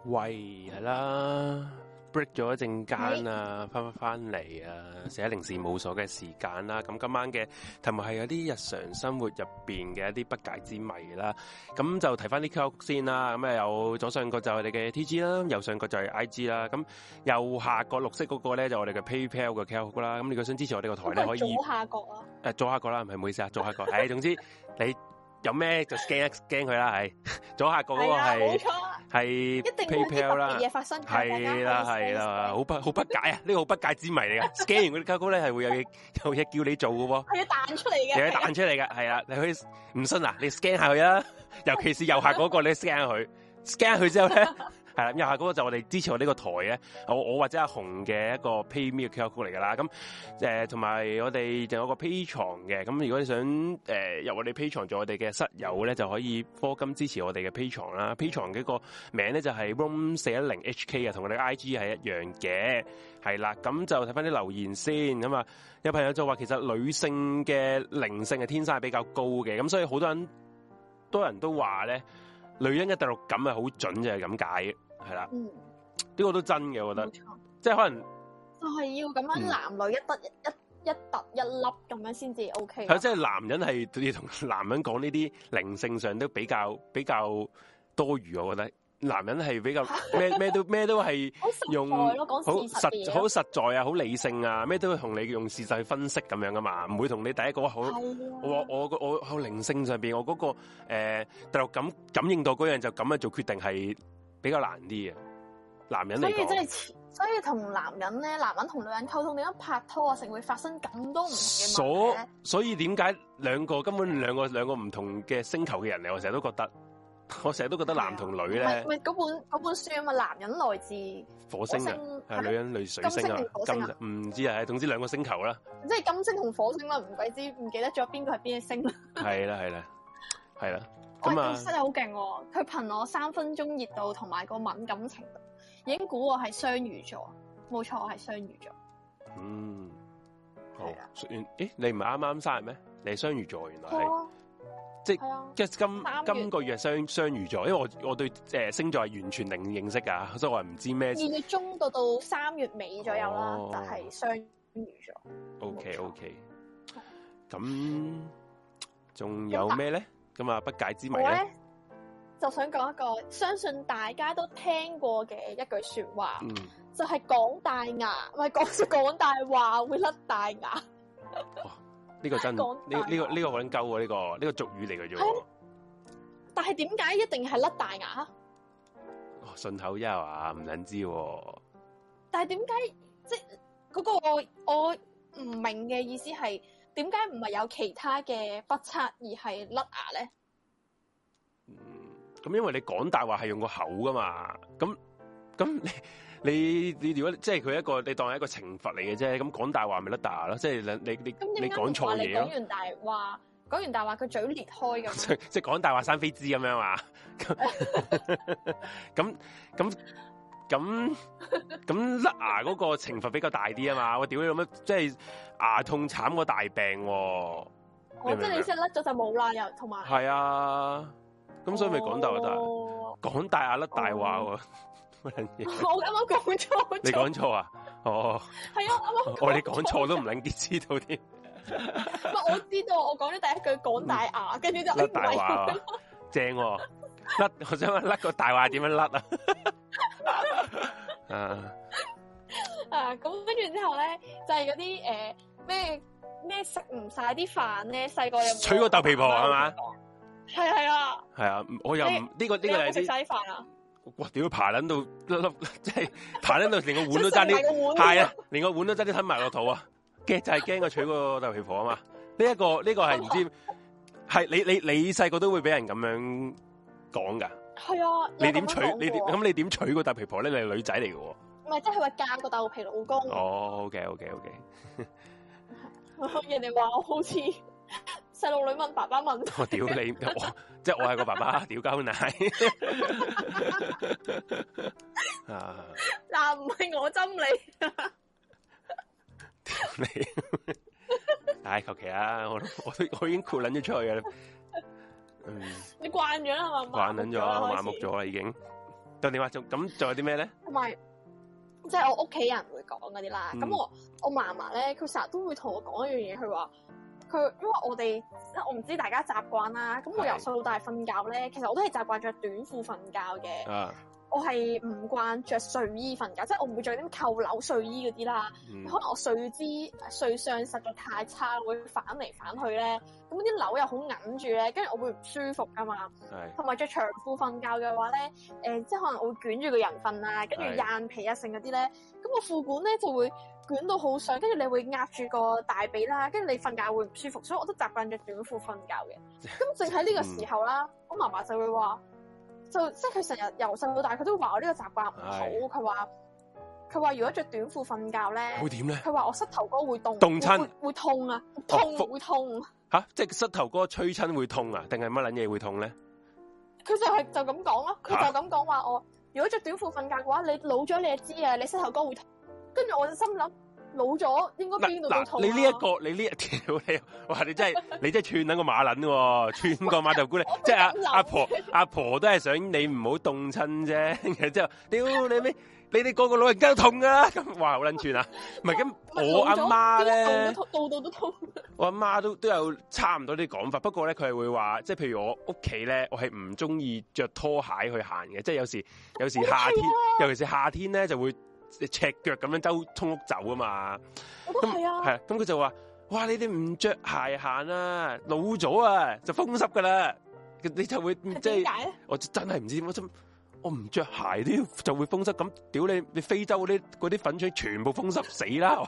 喂，係啦，break 咗一陣間啊，翻翻翻嚟啊，寫零時冇所嘅時間啦。咁今晚嘅題目係有啲日常生活入邊嘅一啲不解之謎啦。咁就提翻啲 code 先啦。咁啊，有左上角就係我哋嘅 T G 啦，右上角就係 I G 啦。咁右下角綠色嗰個咧，就是、我哋嘅 PayPal 嘅 code 啦。咁你想支持呢個台咧，可以左下角啊。誒、啊，左下角啦，唔係唔好意思啊？左下角，係、 哎。總之你有咩就 scan scan 佢啦，係。左下角嗰個係。係一定 PayPal 啦，係啦係啦，好不好不解啊？呢個好不解之謎嚟噶，scan 完嗰啲交高咧，係會有有嘢叫你做嘅，係要彈出嚟嘅，要彈出嚟嘅，係啊！你可以唔信啊？你 scan 下佢啊，尤其是右下嗰個你 scan 佢，scan 佢之後咧。係啦，咁又嗰個就我哋支持我呢個台嘅，我我或者阿紅嘅一個 pay meal 嘅 l 嚟噶啦，咁誒同埋我哋仲有個 pay 床嘅，咁如果你想誒、呃、由我哋 pay 床做我哋嘅室友咧，就可以科金支持我哋嘅 pay 床啦，pay 床嘅個名咧就係 room 四一零 HK 同我哋 I G 係一樣嘅，係啦，咁就睇翻啲留言先咁啊，有朋友就話其實女性嘅靈性嘅天生係比較高嘅，咁所以好多，多人都人都話咧。女人嘅第六感係好準嘅，係咁解，係啦、嗯，呢個都真嘅，我覺得，冇錯，即係可能就係要咁樣、嗯、男女一得一一揼一粒咁樣先至 OK。係，即係男人係你同男人講呢啲靈性上都比較比較多餘，我覺得。男人係比較咩咩都咩都係用好實好實在啊，好理性啊，咩都會同你用事實去分析咁樣噶嘛，唔會同你第一個好是的 我我我我，我靈性上邊我嗰，那個誒就，呃、感感應到嗰樣就咁樣做決定係比較難啲嘅男人嚟講，就是，所以同男人咧，男人同女人溝通點樣拍拖啊，成會發生咁多唔同所所以點解兩個根本兩個兩個唔同嘅星球嘅人嚟，我成日都覺得。我成日都覺得男同女咧，唔係嗰本嗰本書啊嘛，男人來自火星啊，係女人來自金星，星啊，金唔知啊，總之兩個星球啦，即係金星同火星啦，唔鬼知唔記得咗邊個係邊隻星啦？係啦係啦係啦，咁佢真係好勁喎，佢憑我三分鐘熱度同埋個敏感程度，已經估我係雙魚座，冇錯，我係雙魚座。嗯，好。啊，你唔係啱啱生日咩？你係雙魚座原來係。即係，即、啊、今月今個月雙雙魚座，因為我我對誒星座係完全零認識噶，所以我係唔知咩。二月中到到三月尾左右啦，哦、就係雙魚座。OK OK，咁仲、嗯、有咩咧？咁啊，不解之謎咧，就想講一個相信大家都聽過嘅一句說話，嗯、就係講大牙，唔係講講大話會甩大牙。 呢個真呢呢謊、呢個呢、呢個好捻鳩喎呢個呢、呢個、呢個、俗語嚟嘅啫。但係點解一定係甩大牙？順、哦、口一話唔捻知、啊。但係點解即係嗰、嗰個我唔明嘅意思係點解唔係有其他嘅不測而係甩牙咧？咁、嗯、因為你講大話係用個口噶嘛，咁咁你。 你你如果即係佢一個，你當係一個懲罰嚟嘅啫。咁講大話咪甩牙咯，即係你你你你講錯嘢咯。你講你完大話，講完大話佢嘴裂開咁 即係即係講大話生飛滋咁樣嘛？咁咁咁咁甩牙嗰個懲罰比較大啲啊嘛！我屌你咁樣，即係牙痛慘過大病。我即係你即係甩咗就冇啦，又同埋。係、嗯、啊，咁所以咪講大話咯，講大牙甩大話。我啱啱講錯，你講錯啊？哦，係啊，啱啱我你講錯都唔令啲知道添。不我知道，我講咗第一句講大牙，跟住就甩大話，正甩我想甩個大話點樣甩啊？啊啊咁，跟住之後咧就係嗰啲誒咩咩食唔晒啲飯咧，細個又娶個豆皮婆係嘛？係係啊，係啊，我又唔呢個呢個係西飯啊！哇！屌，爬撚到粒粒，即係爬撚到連個碗都爭啲，係啊，連個碗都爭啲吞埋落肚啊！驚 就係驚佢娶嗰個豆皮婆啊嘛！呢、呢、一個呢、呢個係唔知，係 你你你細個都會俾人咁樣講噶。係啊，你點娶？你點咁？你點娶個豆皮婆咧？你係女仔嚟嘅喎。唔係，即係話嫁個豆皮老公。哦，OK，OK，OK。人哋話我好似細路女問爸爸問你。我屌你！ 即係我係個爸爸，屌鳩你！嗱、 啊，唔係我針你，屌你！唉，求其啊，我我我已經豁捻咗出去嘅。嗯。你慣咗啦嘛？慣捻咗，麻木咗啦，已經。但你話仲，咁仲有啲咩咧？唔係，即係我屋企人會講嗰啲啦。咁、嗯、我我嫲嫲咧，佢成日都會同我講一樣嘢，佢話。佢因為我哋，我唔知大家習慣啦。咁我由細到大瞓覺咧，的其實我都係習慣着短褲瞓覺嘅。啊、我係唔慣着睡衣瞓覺，即係我唔會着啲扣褸睡衣嗰啲啦。嗯、可能我睡姿、睡相實在太差，會反嚟反去咧。咁啲褸又好揞住咧，跟住我會唔舒服噶嘛。同埋着長褲瞓覺嘅話咧，誒、呃，即係可能我會捲住個人瞓啊，跟住癦皮啊，性嗰啲咧，咁我褲管咧就會。捲到好想，跟住你會壓住個大髀啦，跟住你瞓覺會唔舒服，所以我都習慣着短褲瞓覺嘅。咁正喺呢個時候啦，嗯、我嫲嫲就會話，就即係佢成日由細到大，佢都會話我呢個習慣唔好。佢話佢話如果着短褲瞓覺咧親，會點咧？佢話我膝頭哥會凍凍親會痛，哦、會痛啊，痛會痛嚇，即係膝頭哥吹親會痛啊，定係乜撚嘢會痛咧？佢就係就咁講咯，佢就咁講話我。如果着短褲瞓覺嘅話，你老咗你就知啊，你膝頭哥會痛。跟住我心諗，老咗應該邊度都痛啊。你呢、這、一個，你呢一條，你話你真係你真係串撚個馬撚喎，串個馬頭菇咧，即係阿阿婆阿 婆，婆都係想你唔好凍親啫。即之後，屌你咩？你哋個個老人家都痛啊！咁話好撚串啊！唔係咁，吵我阿了媽咧，度度都痛。度度都痛。我阿媽都都有差唔多啲講法，不過咧佢係會話，即係譬如我屋企咧，我係唔中意着拖鞋去行嘅，嗯、即係有時有時夏天，啊、尤其是夏天咧就會。赤腳咁樣周通屋走啊嘛，我都係啊，係啊、嗯，咁佢、嗯、就話：哇！你哋唔着鞋行啦，老咗啊，就風濕㗎喇，你就會即係，我真係唔知點解，我唔着鞋都就會風濕，咁屌你！你非洲嗰啲啲粉腸全部風濕死啦，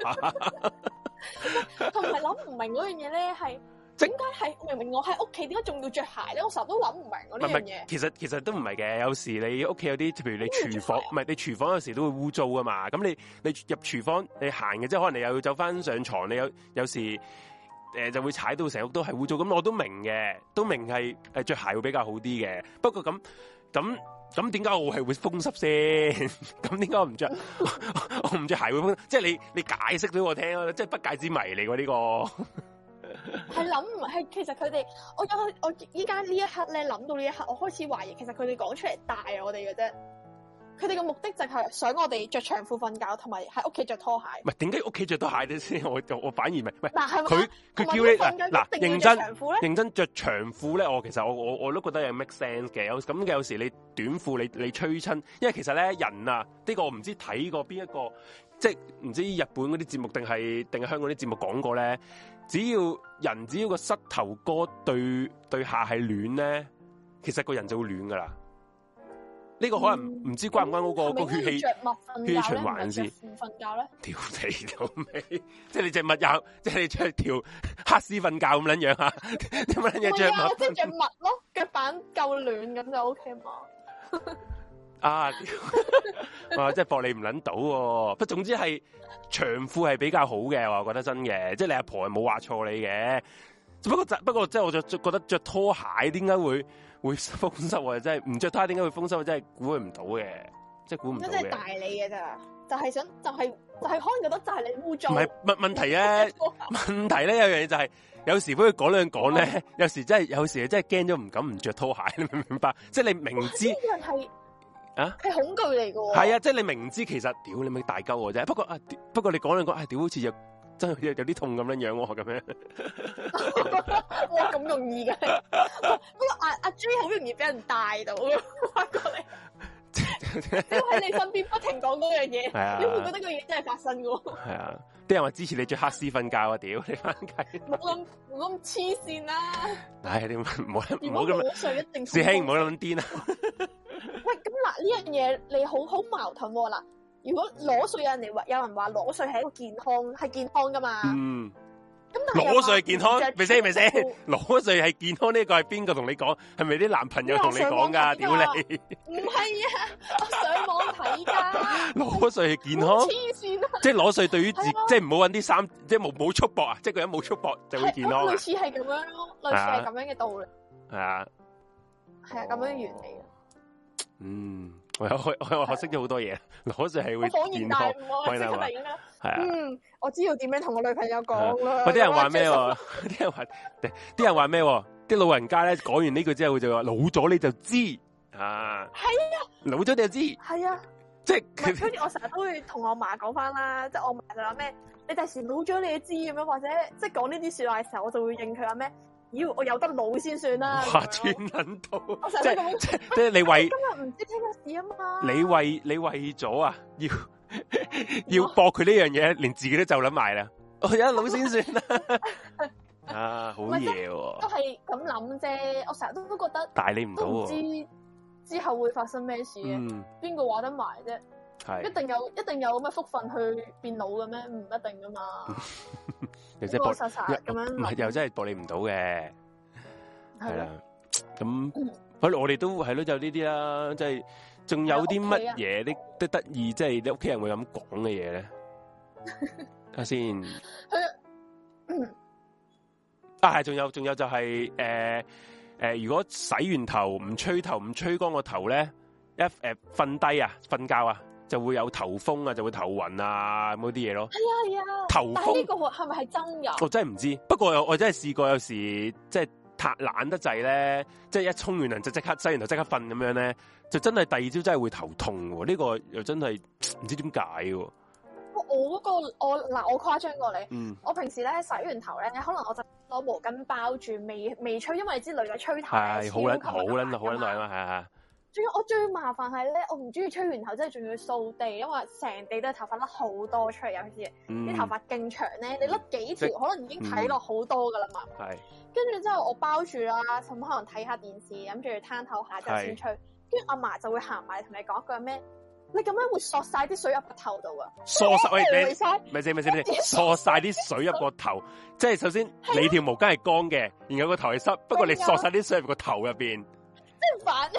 係咪？同埋諗唔明嗰樣嘢咧，係。點解係明明我喺屋企，點解仲要着鞋咧？我成日都諗唔明呢樣嘢。其實其實都唔係嘅，有時你屋企有啲，譬如你廚房，唔係你廚房有時都會污糟噶嘛。咁你你入廚房你行嘅，即係可能你又要走翻上床，你有有時誒、呃、就會踩到成屋都係污糟。咁我都明嘅，都明係誒着鞋會比較好啲嘅。不過咁咁咁點解我係會風濕先？咁點解我唔着？ 我唔着鞋會風濕，即、就、係、是、你你解釋俾我聽即係、就是、不解之謎嚟嘅呢個。係諗唔係， 其實佢哋我有我依家呢一刻咧，諗到呢一刻，我開始懷疑，其實佢哋講出嚟，大我哋嘅啫。佢哋嘅目的就係想我哋着長褲瞓覺，同埋喺屋企着拖鞋。唔係，點解屋企着拖鞋咧先？我我反而唔係。嗱，佢佢叫你嗱認真着長褲咧。我其實我我我都覺得有 make sense 嘅。有咁有時你短褲你你吹親，因為其實咧人啊，呢個我唔知睇過邊一個，即係唔知日本嗰啲節目定係定係香港啲節目講過咧。只要人只要個膝頭哥對對下係暖咧，其實個人就會暖噶啦。呢、這個可能唔知關唔關嗰個個血氣血循環先。唔瞓、嗯、覺咧？調皮到咩？即係你隻襪有，即係你出去跳黑絲瞓覺咁捻樣吓？點解你着襪？即係着襪咯，腳板夠暖咁就 O K 嘛。 啊， 哇！即係博你唔捻到，不、啊，總之係長褲係比較好嘅，我覺得真嘅，即係你阿婆又冇話錯你嘅。只不過，不過即係我就覺得着拖鞋為，點解會會風濕啊？即係唔着拖鞋，點解會風濕？真係估佢唔到嘅，即係估唔到真係大你嘅咋？就係想，就係就係可能覺得就係你污糟。唔係問問題啊？ 問題咧有樣嘢就係、是，有時佢講兩講咧，有時真係，有時真係驚咗唔敢唔着拖鞋，你明唔明白？ 即係你明知道。係。係、啊、恐懼嚟嘅，係啊！即係你明知其實屌你咪大鳩我啫。不過啊，不過你講兩個屌好似又真係有啲痛咁樣、啊、這樣喎、啊，咁樣。哇咁容易嘅、啊啊啊？不過阿阿好容易俾人帶到，翻、啊、過嚟，喺、 啊、你身邊不停講嗰樣嘢，啊、你會唔會覺得這個嘢真係發生嘅。係啊，啲人話支持你着黑絲瞓覺啊！屌你翻計，冇咁冇咁黐線啦！唉，你唔好唔好咁。睡、啊哎、一定師兄，唔好諗癲啦。嗱，呢樣嘢你好好矛盾喎。嗱，如果裸睡有人話，有人話裸睡係一個健康，係健康噶嘛？嗯。咁但係裸睡健康，未先未先？裸睡係健康呢個係邊個同你講？係咪啲男朋友同你講噶？屌你！唔係啊，我上網睇噶。裸睡係健康？黐線啦！即係裸睡對於自，即係唔好搵啲衫，即係冇冇束縛啊！即係佢一冇束縛就會健康。類似係咁樣咯，類似係咁樣嘅道理。係啊，係啊，咁樣原理。嗯，我有開我學識咗好多嘢，好似係會恍然大悟，我學識啦。係啊，嗯，我知道點樣同我女朋友講啦。啲人話咩？啲人話啲人話咩？啲老人家咧講 完呢句之後，就話、嗯、老咗你就知啊。係啊，老咗你就知。係啊，即係、就是。我成日都會同我嫲講翻啦，即、就、係、是，我嫲就話咩？你第時老咗你就知咁樣，或者即係講呢啲說這些話嘅時候，我就會應佢話咩。啊要我有得老先算啦！哇，轉捻到，我成日即係即係你為今日唔知聽咩事啊嘛？你為你為咗啊，要要駁佢呢樣嘢，連自己都就諗埋啦。我有得老先算啦！啊，好嘢，都係咁諗啫。我成日都都覺得，但係你唔都唔知之後會發生咩事嘅，邊個話得埋啫？係一定有一定有咁嘅福分去變老嘅咩？唔一定噶嘛。其實咁樣，唔係又真係駁你唔到嘅，係啦。咁，反正、嗯、我哋都係咯，就呢啲啦。即係仲有啲乜嘢？啲都得意，即係你屋企人會咁講嘅嘢咧。睇下先。嗯、啊，係，仲有，仲有就係，誒、呃，誒、呃，如果洗完頭唔吹頭，唔吹乾個頭咧，一誒瞓低啊，瞓覺啊。就會有頭風啊，就會頭暈啊，咁嗰啲嘢咯。係啊係啊，頭風。呢個係咪係真嘅？我真係唔知。不過我真係試過，有時即係太懶得滯咧，即係一沖完涼就即刻洗，然後即刻瞓咁樣咧，就真係第二朝真係會頭痛。呢個又真係唔知點解嘅。我嗰個我嗱我誇張過你，我平時咧洗完頭咧，可能我就攞毛巾包住，未未吹，因為你知女仔吹頭係好捻好捻好捻耐嘛，係啊。仲要我最麻煩係咧，我唔中意吹完頭真係仲要掃地，因為成地都係頭髮甩好多出嚟，有時啲頭髮勁長咧，你甩幾條可能已經睇落好多噶啦嘛。跟住之後我包住啦，咁可能睇下電視，諗住攤頭下就先吹。跟住阿嫲就會行埋同你講句咩？你咁樣會索晒啲水入個頭度啊！索晒你咪先咪先，你索曬啲水入個頭，即係首先你條毛巾係乾嘅，然後個頭係濕，不過你索曬啲水入個頭入邊。反，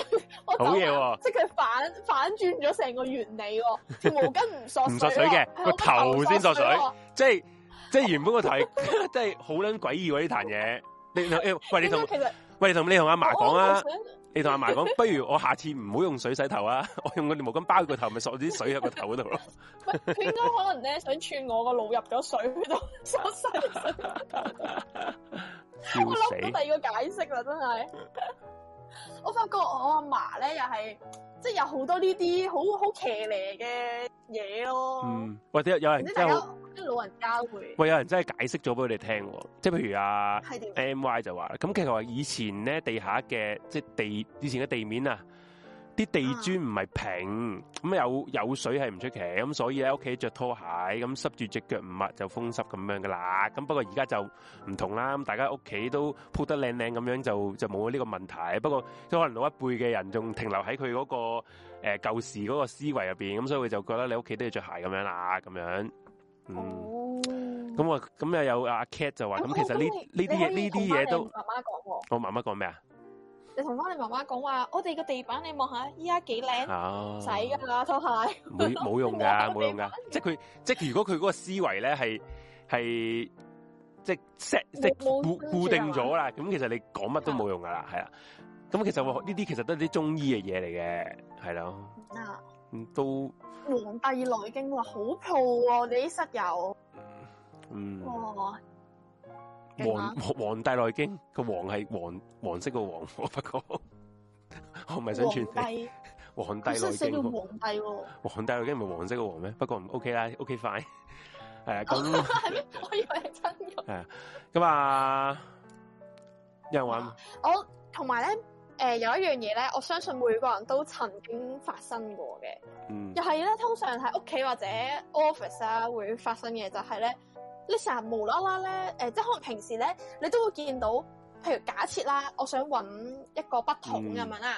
我好嘢喎！哦、即係佢反反轉咗成個原理，哦，毛巾唔索，啊、 索，索水，唔索水嘅個頭先索水。 即係即係原本個頭係真係好捻詭異呢壇嘢。你其實喂你同喂你同你同阿嫲講啊！你同阿嫲講，不如我下次唔好用水洗頭啊！ 我用我條毛巾包個頭，咪索啲水喺個頭嗰度咯。應該可能咧想串我個腦入咗水嗰度， 死 我諗到第二個解釋啦，真係。我發覺我阿嫲咧，又係即係有好多呢啲好好騎呢嘅嘢咯。嗯，喂，有有人即係有老人家會。喂，有人真係解釋咗俾我哋聽，即係譬如阿、啊、M Y 就話啦，咁其實話以前咧地下嘅，即係地，以前嘅地面啊。啲地磚唔係平，咁、嗯、有有水係唔出奇的，咁所以喺屋企着拖鞋，咁濕住隻腳唔抹就風濕咁樣噶啦。咁不過而家就唔同啦，咁大家屋企都鋪得靚靚咁樣，就就冇呢個問題。不過可能老一輩嘅人仲停留喺佢嗰個誒舊、欸、時嗰個思維入邊，咁所以佢就覺得你屋企都要着鞋咁樣啦，咁樣。嗯。咁咁、哦、又有阿、啊、cat 就話，咁、嗯、其實呢呢啲嘢呢啲嘢都我媽媽講咩啊？你同翻你媽媽講話、啊，我哋個地板你望下，依家幾靚，使噶拖鞋，冇冇用噶，冇、用、噶，即係佢即係如果佢嗰個思維咧係係即係 set 即固固定咗啦，咁吧其實你講乜都冇用噶啦，係啦，咁其實呢啲其實都係啲中醫嘅嘢嚟嘅，係咯，嗯、啊，都皇帝內經話好鋪喎，你啲室友，嗯，哇、哦！黃黃，黃帝內經個黃係黃黃色個黃，不過我唔係想傳帝黃帝內經，唔係黃、哦、黃，黃色個黃咩？不過唔 OK 啦，OK fine。誒 咁，係咩？ 我以為係真嘅。係啊咁啊，有人搵我，同埋咧誒有一樣嘢咧，我相信每個人都曾經發生過嘅。嗯，又係咧，通常喺屋企或者 office 啊會發生嘅就係咧。你成日無啦啦咧，誒、呃，即係可能平時咧，你都會見到，譬如假設啦，我想揾一個筆筒咁樣啦、啊，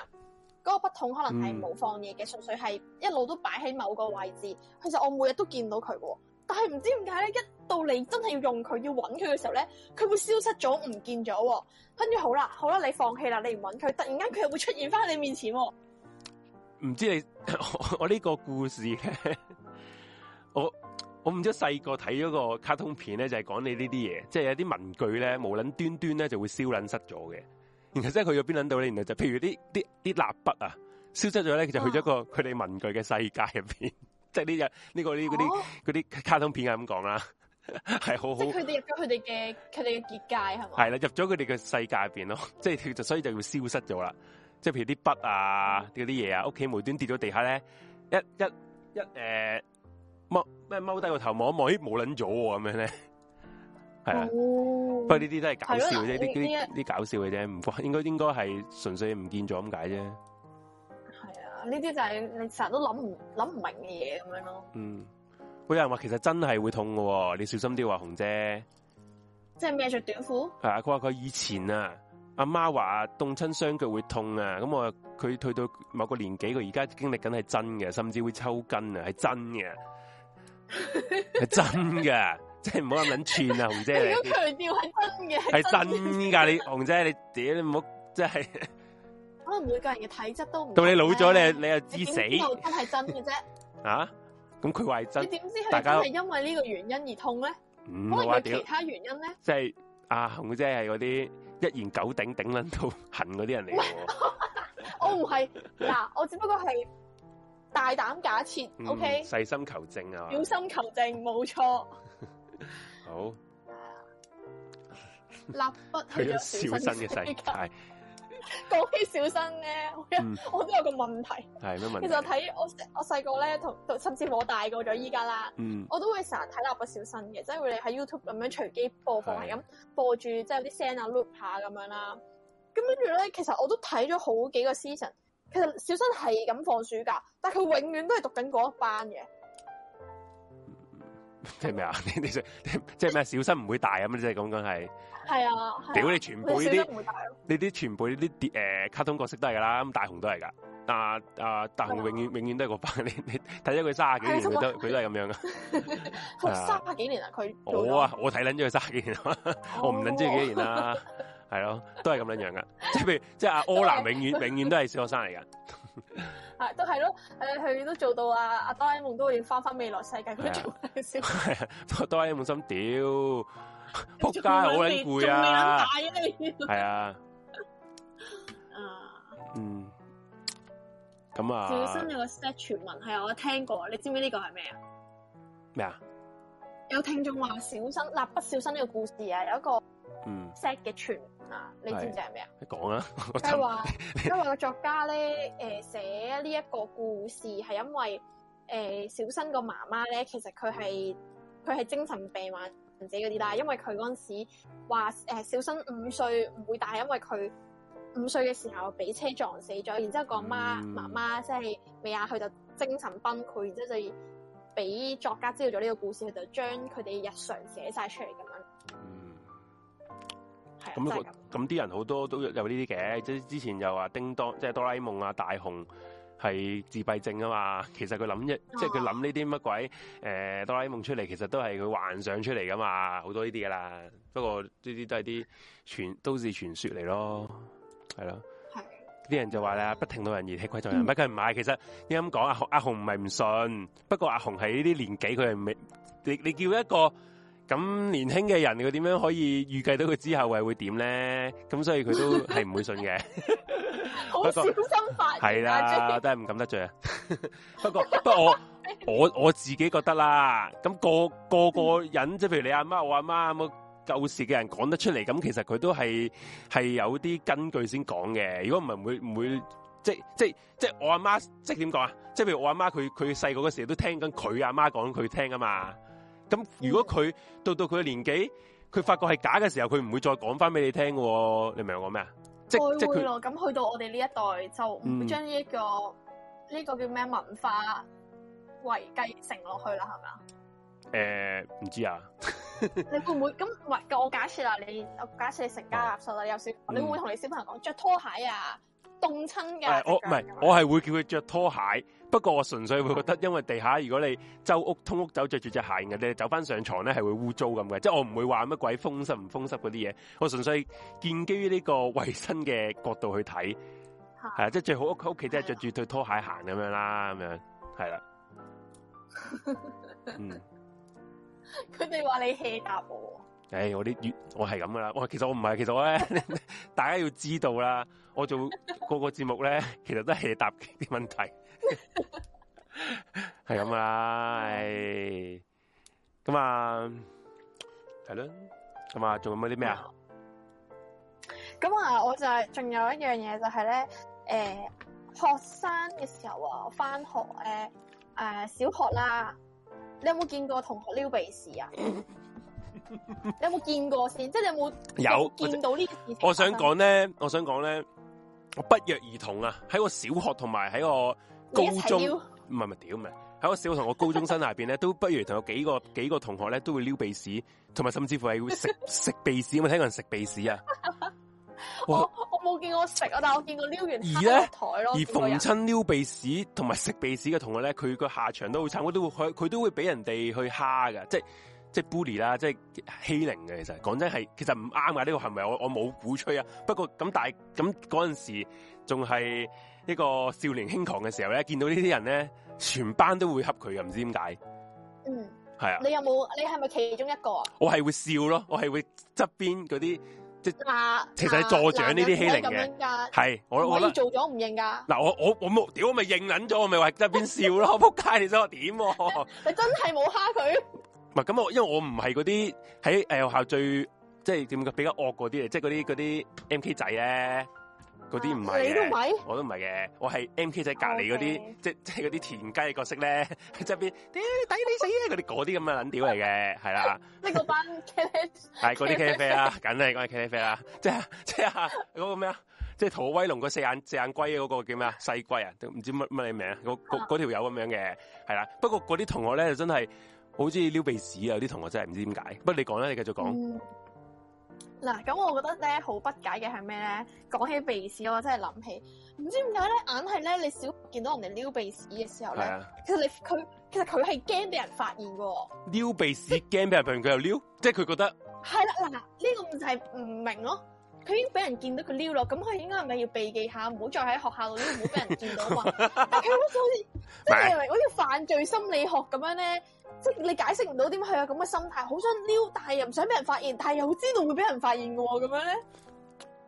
嗰、嗯、個筆筒可能係冇放嘢嘅，純、嗯、粹係一路都擺喺某個位置，其實我每日都見到佢喎、喔。但係唔知點解咧，一到你真係要用佢要揾佢嘅時候咧，佢會消失咗，唔見咗、喔，跟住好啦，好啦，你放棄啦，你唔揾佢，突然間佢又會出現翻喺你面前、喔，唔知你我呢個故事我。我唔知細個睇嗰個卡通片咧，就係講你呢啲嘢，即、就、係、是、有啲文具咧，無諗端端咧就會燒捻失咗嘅。然後即係佢有邊捻到咧？然後就是、譬如啲啲啲蠟筆啊，燒失咗咧，佢就去咗一個佢哋文具嘅世界入邊，嗯、 即係呢日呢個呢啲啲卡通片係咁講啦，係 好好。即係佢哋入咗佢哋嘅佢哋嘅結界係嘛？係啦，入咗佢哋嘅世界入邊咯，即係佢就所以就會消失咗啦。即係譬如啲筆啊，嗰啲嘢啊，屋企無端跌咗地下咧，一一一誒。呃踎咩踎低個頭望一望，咦冇捻咗喎咁樣咧？係 啊，不過呢啲都係搞笑啫，呢啲啲搞笑嘅啫，唔關應該應該係純粹唔見咗咁解啫。係啊，呢啲就係你成日都諗唔諗唔明嘅嘢咁樣咯。嗯，有人話其實真係會痛嘅，你小心啲話紅姐。即係咩着短褲。係啊，佢話佢以前啊，阿媽話凍親雙腳會痛啊，咁我佢退到某個年紀，佢而家經歷緊係真嘅，甚至會抽筋啊，係真嘅。係 真噶，即係唔好咁捻串啊，紅姐如果強調係真嘅。係真噶，你紅姐你，自己你唔好，即係。可能每個人嘅體質都唔同。到你老咗，你你又知死。點知真係真嘅啫？ 啊，咁佢話係真。你點知佢真係因為呢個原因而痛咧？ 嗯、可能有其他原因咧。即係阿紅姐係嗰啲一言九鼎、頂捻到恨嗰啲人嚟 我唔係是，嗱， 我只不過係。大膽假設、嗯、，OK，細心求證啊！表心求證，冇錯 錯。 好。蠟筆佢嘅小新嘅世界。講 起小新咧，嗯、我都有個問題。係咩問題？其實睇我我細個咧，同甚至我大個咗依家啦，嗯、我都會成日睇蠟筆小新嘅，即係會你喺 YouTube 咁樣隨機播放是，係咁播住，即係有啲聲啊 loop 下咁樣啦。咁跟住咧，其實我都睇咗好幾個 season。其實小新係咁放暑假，但佢永遠都係讀緊嗰一班嘅。聽唔明啊？你你即係咩？小新唔會大咁，即係咁講係。係啊， 屌你全部呢啲你啲全部呢啲誒卡通角色都係噶啦，咁大雄都係噶。阿阿大雄永遠永遠都係嗰班，你你睇咗佢三十幾年，佢的都佢都係咁樣噶。三十 幾年啊？佢我啊，我睇捻咗佢三十幾年了，哦、 我唔捻咗幾啊。哦 係咯，都係咁樣樣噶，即係譬如，即係阿柯南永遠是永遠都係小學生嚟噶，係都係咯，誒、呃，佢都做到啊，阿哆啦 A 夢都要翻翻未來世界嗰度了做小，哆啦 A 夢心屌，仆街好鬼攰啊，係了啊，嗯、啊，嗯，咁啊，小新有個 set 傳聞係我聽過，你知唔知呢個係咩啊？咩啊麼？有聽眾話小新蠟筆小新呢個故事啊，有一個。嗯 set 嘅傳聞啊，你知唔知係咩啊？你講啊，即係話因為個作家咧，誒寫呢一個故事係因為誒、呃、小新個媽媽咧，其實佢係佢係精神病患者啲啦、嗯呃，因為佢陣時話誒小新五歲唔會大，因為佢五歲嘅時候俾車撞死咗，然之後個媽媽媽即係未啊佢就精神崩潰，然之後就俾作家知道咗呢個故事，佢就將佢哋日常寫晒出嚟噶嘛。咁咁啲人好多都有呢啲嘅，即係之前又話叮當即係哆啦 A 夢啊，大雄係自閉症啊嘛，其實佢諗一即係佢諗呢啲乜鬼誒、呃、哆啦 A 夢出嚟，其實都係佢幻想出嚟噶嘛，好多呢啲噶啦。不過呢啲都係啲傳都市傳說嚟咯，係咯。係啲的人就話啦，不停到人而吃虧咗人、嗯、不佢唔買。其實你啱講阿雄唔係唔信，不過阿雄喺呢啲年紀，佢係未，你你叫一個。咁年輕嘅人佢點樣可以預計到佢之後會會點咧？咁所以佢都係唔會信嘅。好小心眼，係啦，都係唔敢得罪。 不過不過我 我我自己覺得啦，咁、咁個個個人即係、嗯、譬如你阿媽、我阿媽咁舊時嘅人講得出嚟，咁其實佢都係係有啲根據先講嘅。如果唔係唔會唔會即即即，即我阿媽即點講啊？即譬如我阿媽佢佢細個嗰時候都聽緊佢阿媽講佢聽啊嘛。咁、嗯、如果佢到到佢嘅年紀，佢發覺係假嘅時候，佢唔會再講翻俾你聽嘅喎。你明我講咩啊？代會咯。咁去到我哋呢一代就唔會將呢一個呢、嗯、個叫咩文化遺繼承落去啦，係咪、呃、啊？誒唔知啊。你會唔會咁？唔係我假設啦，你假設你成家立室啦，有小，你、少、嗯、你會唔會同你小朋友講着拖鞋啊？凍親嘅腳。唔係、哎，我係會叫佢着拖鞋。不過，我純粹會覺得，因為地下如果你周屋通屋走，着住隻鞋嘅咧，走翻上床咧係會污糟咁嘅。即係我唔會話乜鬼風濕唔風濕嗰啲嘢。我純粹建基於呢個衞生嘅角度去睇，係啊的，即係最好屋屋企都係著住對拖鞋行咁的樣啦，咁樣係啦。 嗯，佢哋話你 hea 答我，誒、哎，我啲我係咁噶啦。我是其實我唔係，其實我咧， 大家要知道啦，我做個個節目咧，其實都係 hea 答啲問題。係咁噶啦。咁啊係咯，咁啊仲有冇啲咩啊？咁啊，我就係仲有一樣嘢，就是，就係咧，誒，學生嘅時候啊，翻學誒誒、欸呃，小學啦，你有冇見過同學撩鼻屎啊？ 你有冇見過先？ 即係你有冇有見到呢件事？我呢？我想講咧，我想講咧，我不約而同啊，喺我小學同埋喺我。高中唔係咪屌咪？喺我小學同我高中生下邊咧， 都不如同有幾個幾個同學咧，都會撩鼻屎，同埋甚至乎係會食食鼻屎。聽有冇睇過人食鼻屎啊？ 我我冇見過食啊， 但係我見過撩完而台呢咯。而逢親撩鼻屎同埋食鼻屎嘅同學咧，佢個下場都好慘，我都會佢都會俾人哋去蝦噶，即係即係 bully 啦，即係欺凌嘅。其實講真係，其實唔啱啊。呢個行為。我我冇鼓吹啊。不過咁大咁嗰陣時仲係。呢個少年輕狂嘅時候咧，見到這些人呢啲人咧，全班都會恰佢，又唔知點解。嗯，係啊。你有冇？你係咪其中一個啊？我係會笑咯，我係會側邊嗰啲即係，啊、其實係助長呢啲欺凌嘅。係、啊，我我做咗唔認噶。嗱、啊，我我我冇，屌，我咪認撚咗，我咪話側邊笑咯，仆街， 你想點？ 你真係冇蝦佢。唔係，咁啊，因為我唔係嗰啲喺誒學校最即係點講比較惡嗰啲嚟，即係嗰啲嗰啲 M K 仔咧。嗰啲唔係，我都唔係，我都唔係嘅，我係 M K 仔隔離嗰啲，即即係嗰啲田雞角色咧，側邊屌抵你死嗰啲嗰啲啊！啲嗰啲咁嘅撚屌嚟嘅，係啦，即係班 K F，係嗰啲 K F 啦，梗係講係 K F 啦，即係即係嗰個咩啊？即係土威龍嗰四眼四眼龜啊、嗰個，嗰個叫咩啊？細龜、嗰個嗰個、啊，唔知乜乜嘢名嗰條友咁樣嘅，係啦。不過嗰啲同學咧，真係好鍾意撩鼻屎啊！有啲同學真係唔知點解。不過你講啦，你繼續講。嗯嗱，咁我覺得咧，好不解嘅係咩咧？講起鼻屎，我真係諗起，唔知點解咧，硬係咧，你少見到人哋撩鼻屎嘅時候咧的，其實你佢其實佢係驚俾人發現喎。撩鼻屎驚俾人發現，佢又撩，即係佢覺得係啦，嗱，呢、這個就係唔明咯。佢已經俾人見到佢撩咯，咁佢應該係咪要避忌下，唔好再喺學校度，唔好俾人見到啊嘛？但係佢好似即係嚟嗰啲犯罪心理學咁樣咧，即係你解釋唔到點解佢有咁嘅心態，好想撩，但係又唔想俾人發現，但係又好知道會俾人發現嘅喎，咁樣咧，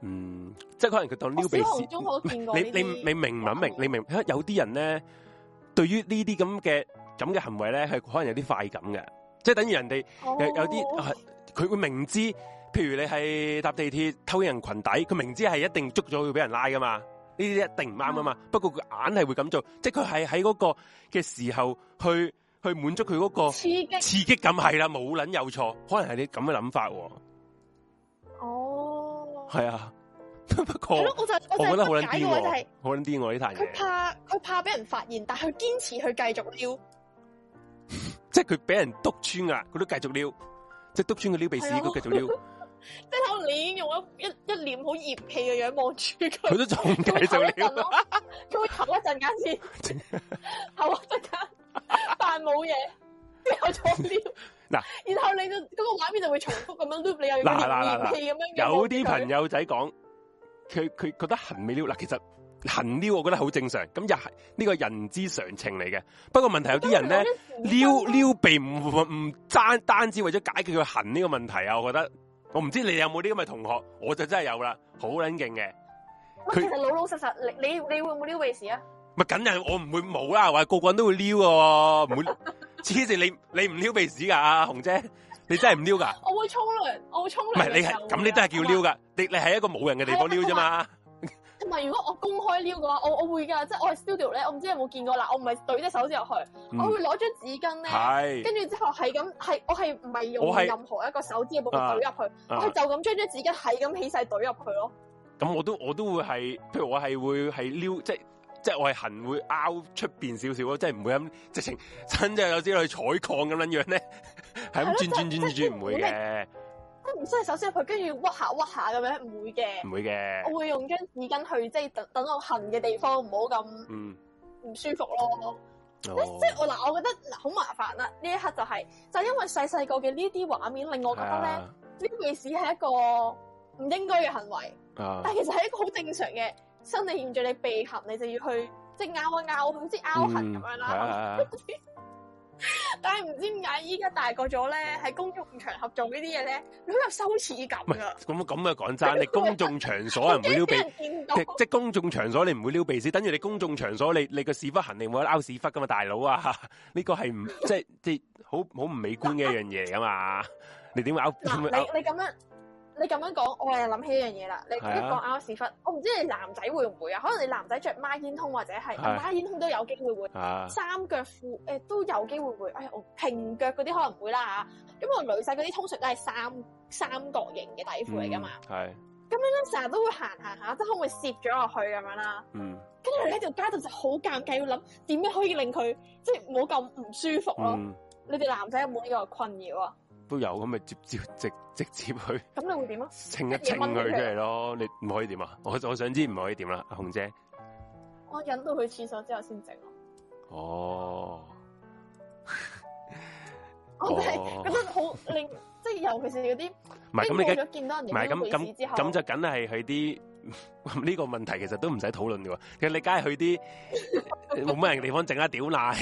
嗯，即係可能佢當撩避事。中學都見過你你你，明唔明？明你明嚇？有啲人咧，對於呢啲咁嘅咁嘅行為咧，係可能有啲快感嘅，即係等於人哋有有啲係佢會明知。譬如你係搭地鐵偷人裙底，佢明知係一定捉咗佢俾人拉噶嘛，呢啲一定唔啱吖嘛。不過佢硬係會咁做，即係佢係喺嗰個嘅時候去去滿足佢嗰個刺激刺激感係啦，冇捻有錯，可能係你咁嘅諗法。哦，係啊，不過我就，我就我覺得好捻癲，好捻癲我呢壇。佢怕佢怕俾人發現，但係佢堅持去繼續撩， 即係佢俾人督穿啊，佢都繼續撩，即係督穿佢撩鼻屎，佢繼了續撩。 即係你已經用一一臉氣一臉好熱氣嘅樣望住佢，佢都仲唔繼續撩，佢會唞一陣間先唞一陣間扮冇嘢，之後再撩。嗱，然後你嗰個畫面就會重複咁樣 loop，你又熱熱氣咁樣、啊啊、有啲朋友仔講，佢佢覺得痕未撩，嗱其實痕撩我覺得好正常，咁又係呢個人之常情嚟嘅。不過問題有啲人咧撩撩鼻唔唔單單止為咗解決佢痕呢個問題啊，我覺得。我唔知你有冇啲咁嘅同學，我就真係有啦，好撚勁嘅。喂，其實老老實實，你你你會唔會撩鼻屎啊？咪梗係我唔會冇啦，話個個人都會撩㗎喎。唔會，黐線， 你你唔撩鼻屎噶，阿紅姐，你真係唔撩噶。我會沖涼，我會沖涼。唔係你係，咁你都係叫撩噶？你你喺吧一個冇人嘅地方撩啫嘛。唔係，如果我公開撩嘅話，我我會噶，即係我係 studio 咧，我唔知你有冇見過啦。我唔係懟隻手指入去，我會攞張紙巾咧，跟住之後係咁係，我係唔係用任何一個手指嘅部分懟入去，我係就咁將張紙巾係咁起晒懟入去咯。咁我都我都會係，譬如我係會係撩，即係即係我係痕會凹出邊少少咯，即係唔會咁直情真係有啲去採礦咁樣樣咧，係咁轉轉轉轉唔會嘅。唔需使，首先佢跟住屈下屈下咁樣，唔會嘅，唔會嘅，我會用張紙巾去，即係等等我痕嘅地方，唔好咁唔舒服咯。嗯嗯、即係我嗱，我覺得好麻煩啦。呢一刻就係、是，就是、因為細細個嘅呢啲畫面，令我覺得咧，呢件事係一個唔應該嘅行為。啊、但係其實係一個好正常嘅生理現象，你避痕，你就要去即係拗一拗，即係拗痕咁樣啦。但係唔知點解依家大個咗咧，喺公眾場合做呢啲嘢咧，好有羞恥感噶。咁咁啊，講真，你公眾場所係唔 會撩鼻， 即係公眾場所你唔會撩鼻屎，等於你公眾場所你你個屎忽痕你會勾屎忽噶嘛，大佬啊，呢個係唔即係即係好好唔美觀嘅一樣嘢噶嘛，你點勾？勾啊、你你咁樣。你咁樣、哎、想你講我，我又諗起一樣嘢啦。你一講咬屎忽，我唔知你男仔會唔會啊？可能你男仔着孖煙通，或者係孖煙通都有機會會三腳褲、欸，都有機會會哎呀，平腳嗰啲可能會啦嚇。因為女仔嗰啲通常都係三三角形嘅底褲嚟噶嘛。係。咁樣咧，成日都會行行下，即係會唔會攝咗落去咁樣啦？嗯。跟住呢條街度就好尷尬，要諗點樣可以令佢即係冇咁唔舒服咯。嗯嗯、你哋男仔有冇呢個困擾啊？都有咁咪直接直直接去？咁你會點咯？清一清佢出嚟咯，你唔可以點啊？我我想知唔可以點啦，紅姐。我忍到去廁所之後先整咯。哦，我真係覺得好令，即係尤其是嗰啲，因為見咗見多人，唔係咁咁咁就梗係去啲。呢個問題其實都唔使討論嘅，其實你梗係去啲冇乜人嘅地方整啦，屌奶，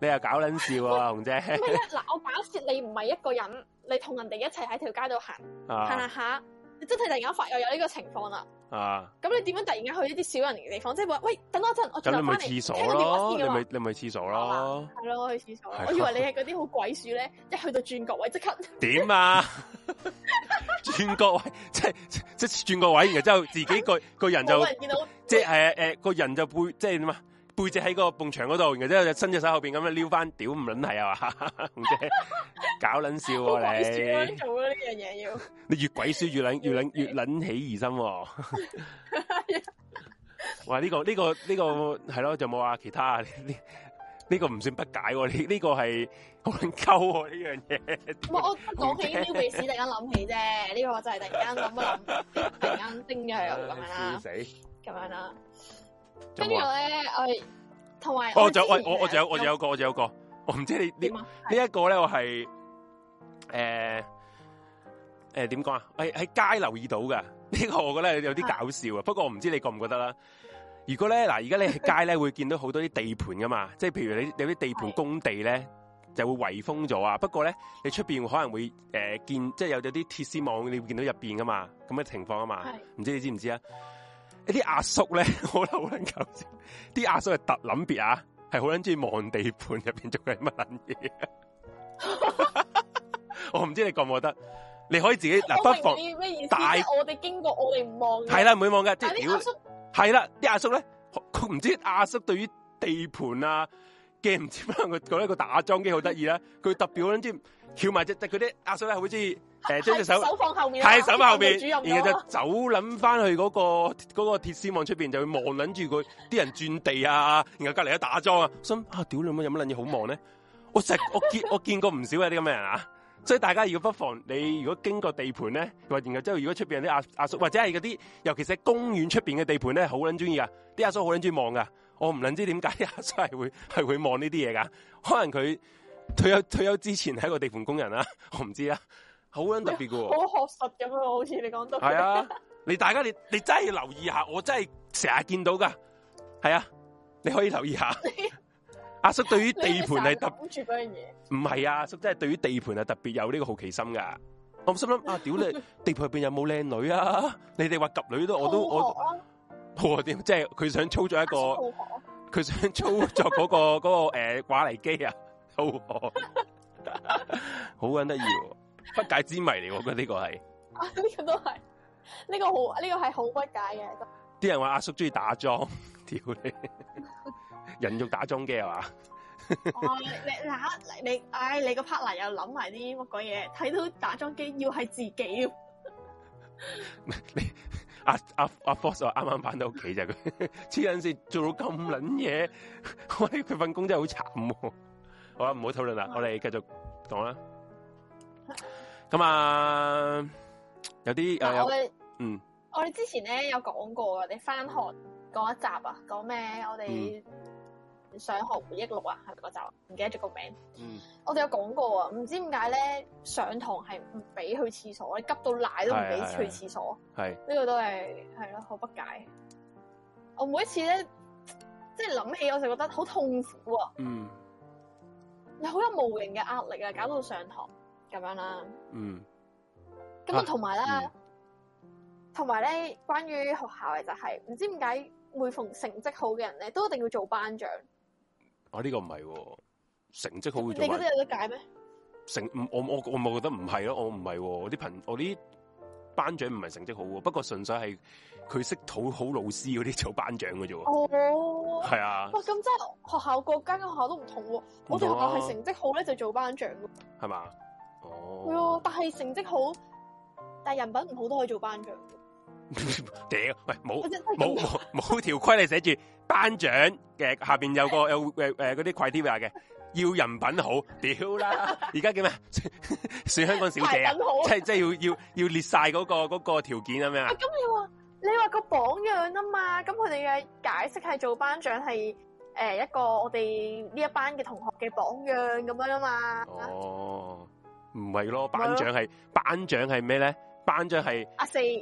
你又搞捻事喎，紅我姐。咩啊？嗱，我假設你唔係一個人，你同人哋一齊喺條街度、啊、行，吓下。你真係突然間發又有呢個情況啦，啊！咁、啊、你點樣突然間去呢啲少人嘅地方？即係話喂，等多陣我轉頭翻嚟聽我點樣，你咪你咪去廁所咯，係咯，我去廁所。了我以為你係嗰啲好鬼鼠咧，一去到轉角位即刻點啊？轉 角位即係即係轉個位，然之後自己個個人就即係誒誒個人就會即係點啊？呃背脊喺個蹦牆嗰度，然之後就伸隻手後邊咁樣撩翻，屌唔撚係啊嘛，搞撚笑你！你越鬼書越諗越諗越諗起疑心，哇！呢個呢個呢個係咯，就冇話其他啊。呢呢個唔算不解，呢呢個係好撚鳩呢樣嘢。我我講起撩鼻屎，突然間諗起啫，呢個就係突然間諗一諗，突然間升嘅樣咁樣啦。跟住咧，我同埋我仲喂，我我仲有我仲有個我仲有個，我唔知你點呢一個咧，我係誒誒點講啊？喺喺、呃呃啊、街留意到噶呢、這個，我覺得有啲搞笑啊！哎、不過我唔知你覺唔覺得啦？如果咧嗱，而家你喺街咧會見到好多啲地盤噶嘛，即係 譬如你有啲地盤工地咧就會圍封咗啊。是的 不過咧，你出邊可能會誒、呃、見，即、就、係、是、有有啲鐵絲網，你會見到入邊噶嘛？咁嘅情況啊嘛，唔是的 知你知唔知啊？啲阿叔咧，我覺得好捻搞笑。啲阿叔係特諗別啊，係好捻中意望地盤入邊做緊乜捻嘢。 我唔知你覺唔覺得？你可以自己嗱、 啊，不妨我大我哋經過，我哋唔望。係啦，唔會望噶。即係阿叔，係啦。啲阿叔咧，佢唔知阿叔對於地盤啊，驚唔知可能佢覺得個打樁機好得意啦。佢特別好捻中，翹埋隻隻，佢啲阿叔咧好鍾意。誒，將隻、呃、手手放後面，係手放後邊，後面然後就走撚翻去嗰、那個嗰、那個鐵絲網出邊，就會望諗住佢啲人轉地啊，然後隔籬喺打樁啊。想啊，屌你媽，有乜撚嘢好望咧？我成我見我見過唔少嗰啲咁嘅人啊。所以大家如果不妨你如果經過地盤咧，或然後之後如果出邊有啲阿阿叔，或者係嗰啲，尤其是公園出邊嘅地盤咧，好撚中意啊！啲阿叔好撚中意望噶。我唔撚知點解啲阿叔係會係會望呢啲嘢噶？可能佢退休退休之前係一個地盤工人啊。我唔知啊。好捻特別噶，好學術咁樣，好似你講得係啊！你大家你你真係留意下，我真係成日見到噶，係啊！你可以留意下。阿叔對於地盤係特出嗰樣嘢，唔係啊！阿叔真係對於地盤係特別有呢個好奇心噶。我心諗啊，屌你地盤入邊有冇靚女啊？你哋話及女都我都我我屌，即係佢想操作一個，佢想操作嗰個嗰個誒挖泥機啊，好笑，好捻得意。不解之謎嚟喎，咁得呢個係，啊呢、這個都係，呢、這個好呢、這個係好不解嘅。啲人話阿叔中意打樁，屌你！人肉打樁機係嘛？哦、 啊，你嗱、啊，你唉、哎，你個 partner 又諗埋啲乜鬼嘢？睇到打樁機要係自己。你阿阿阿 f o 啱啱翻到屋企就佢黐緊線，做到咁撚嘢，我諗佢份工真係好慘。好啊，唔好討論啦，的我哋繼續講啦。咁啊，有啲啊，有嗯我有，我哋之前咧有講過啊，你翻學嗰一集啊，講咩？我哋上學回憶錄啊，係咪嗰集？唔記得咗個名。嗯我，我哋有講過啊，唔知點解咧，上堂係唔俾去廁所，你急到瀨都唔俾去廁所。係、啊，呢、啊啊啊、個都係係咯，好、啊、不解。我每一次咧，即係諗起，我就覺得好痛苦啊。嗯，你好有多無形嘅壓力啊，搞到上堂。咁樣啦，嗯，咁啊、嗯，同埋啦，同埋咧，關於學校嘅就係、是、唔知點解每逢成績好嘅人咧，都一定要做班長。哦、啊，呢、這個唔係成績好，你覺得有得解咩？成，成我我我冇覺得唔係咯，我唔係、啊、我啲朋我啲班長唔係成績好，不過純粹係佢識討好老師嗰啲做班長嘅啫。哦，係啊，咁、啊、即係學校各間嘅學校都唔同、啊。同啊、我哋學校係成績好咧就做班長，係嘛？係啊，哦、但係成績好，但係人品唔好都可以做班長屌 喂，冇冇冇條規，你寫住班長嘅下邊有個有誒誒啲 criteria 嘅要人品好，屌啦！而家叫咩選香港小姐品好即係即係要要要列晒嗰、那個、那個條件啊？咩、嗯、啊？咁你話你話個榜樣啊嘛？咁佢哋嘅解釋係做班長係誒、呃、一個我哋呢一班嘅同學嘅榜樣咁樣啊嘛？哦、嗯。唔係咯，班長係了班長係咩咧？班長係阿四，係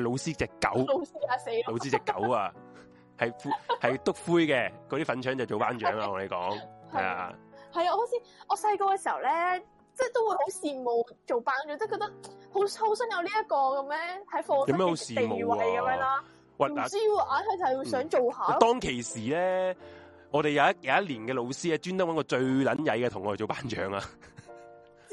老師隻狗，老師阿四，老師隻狗啊，係 灰係督灰嘅，嗰啲粉腸就做班長啊！是的我同你講，係啊，係啊的！我好似我細個嘅時候咧，即係都會好羨慕做班長，即係覺得好好想有呢一個咁咩，喺課室嘅地位咁樣啦，唔知喎，硬就係會想做下。嗯、當其時咧，我哋有一有一年嘅老師啊，專登揾個最撚曳嘅同學做班長啊！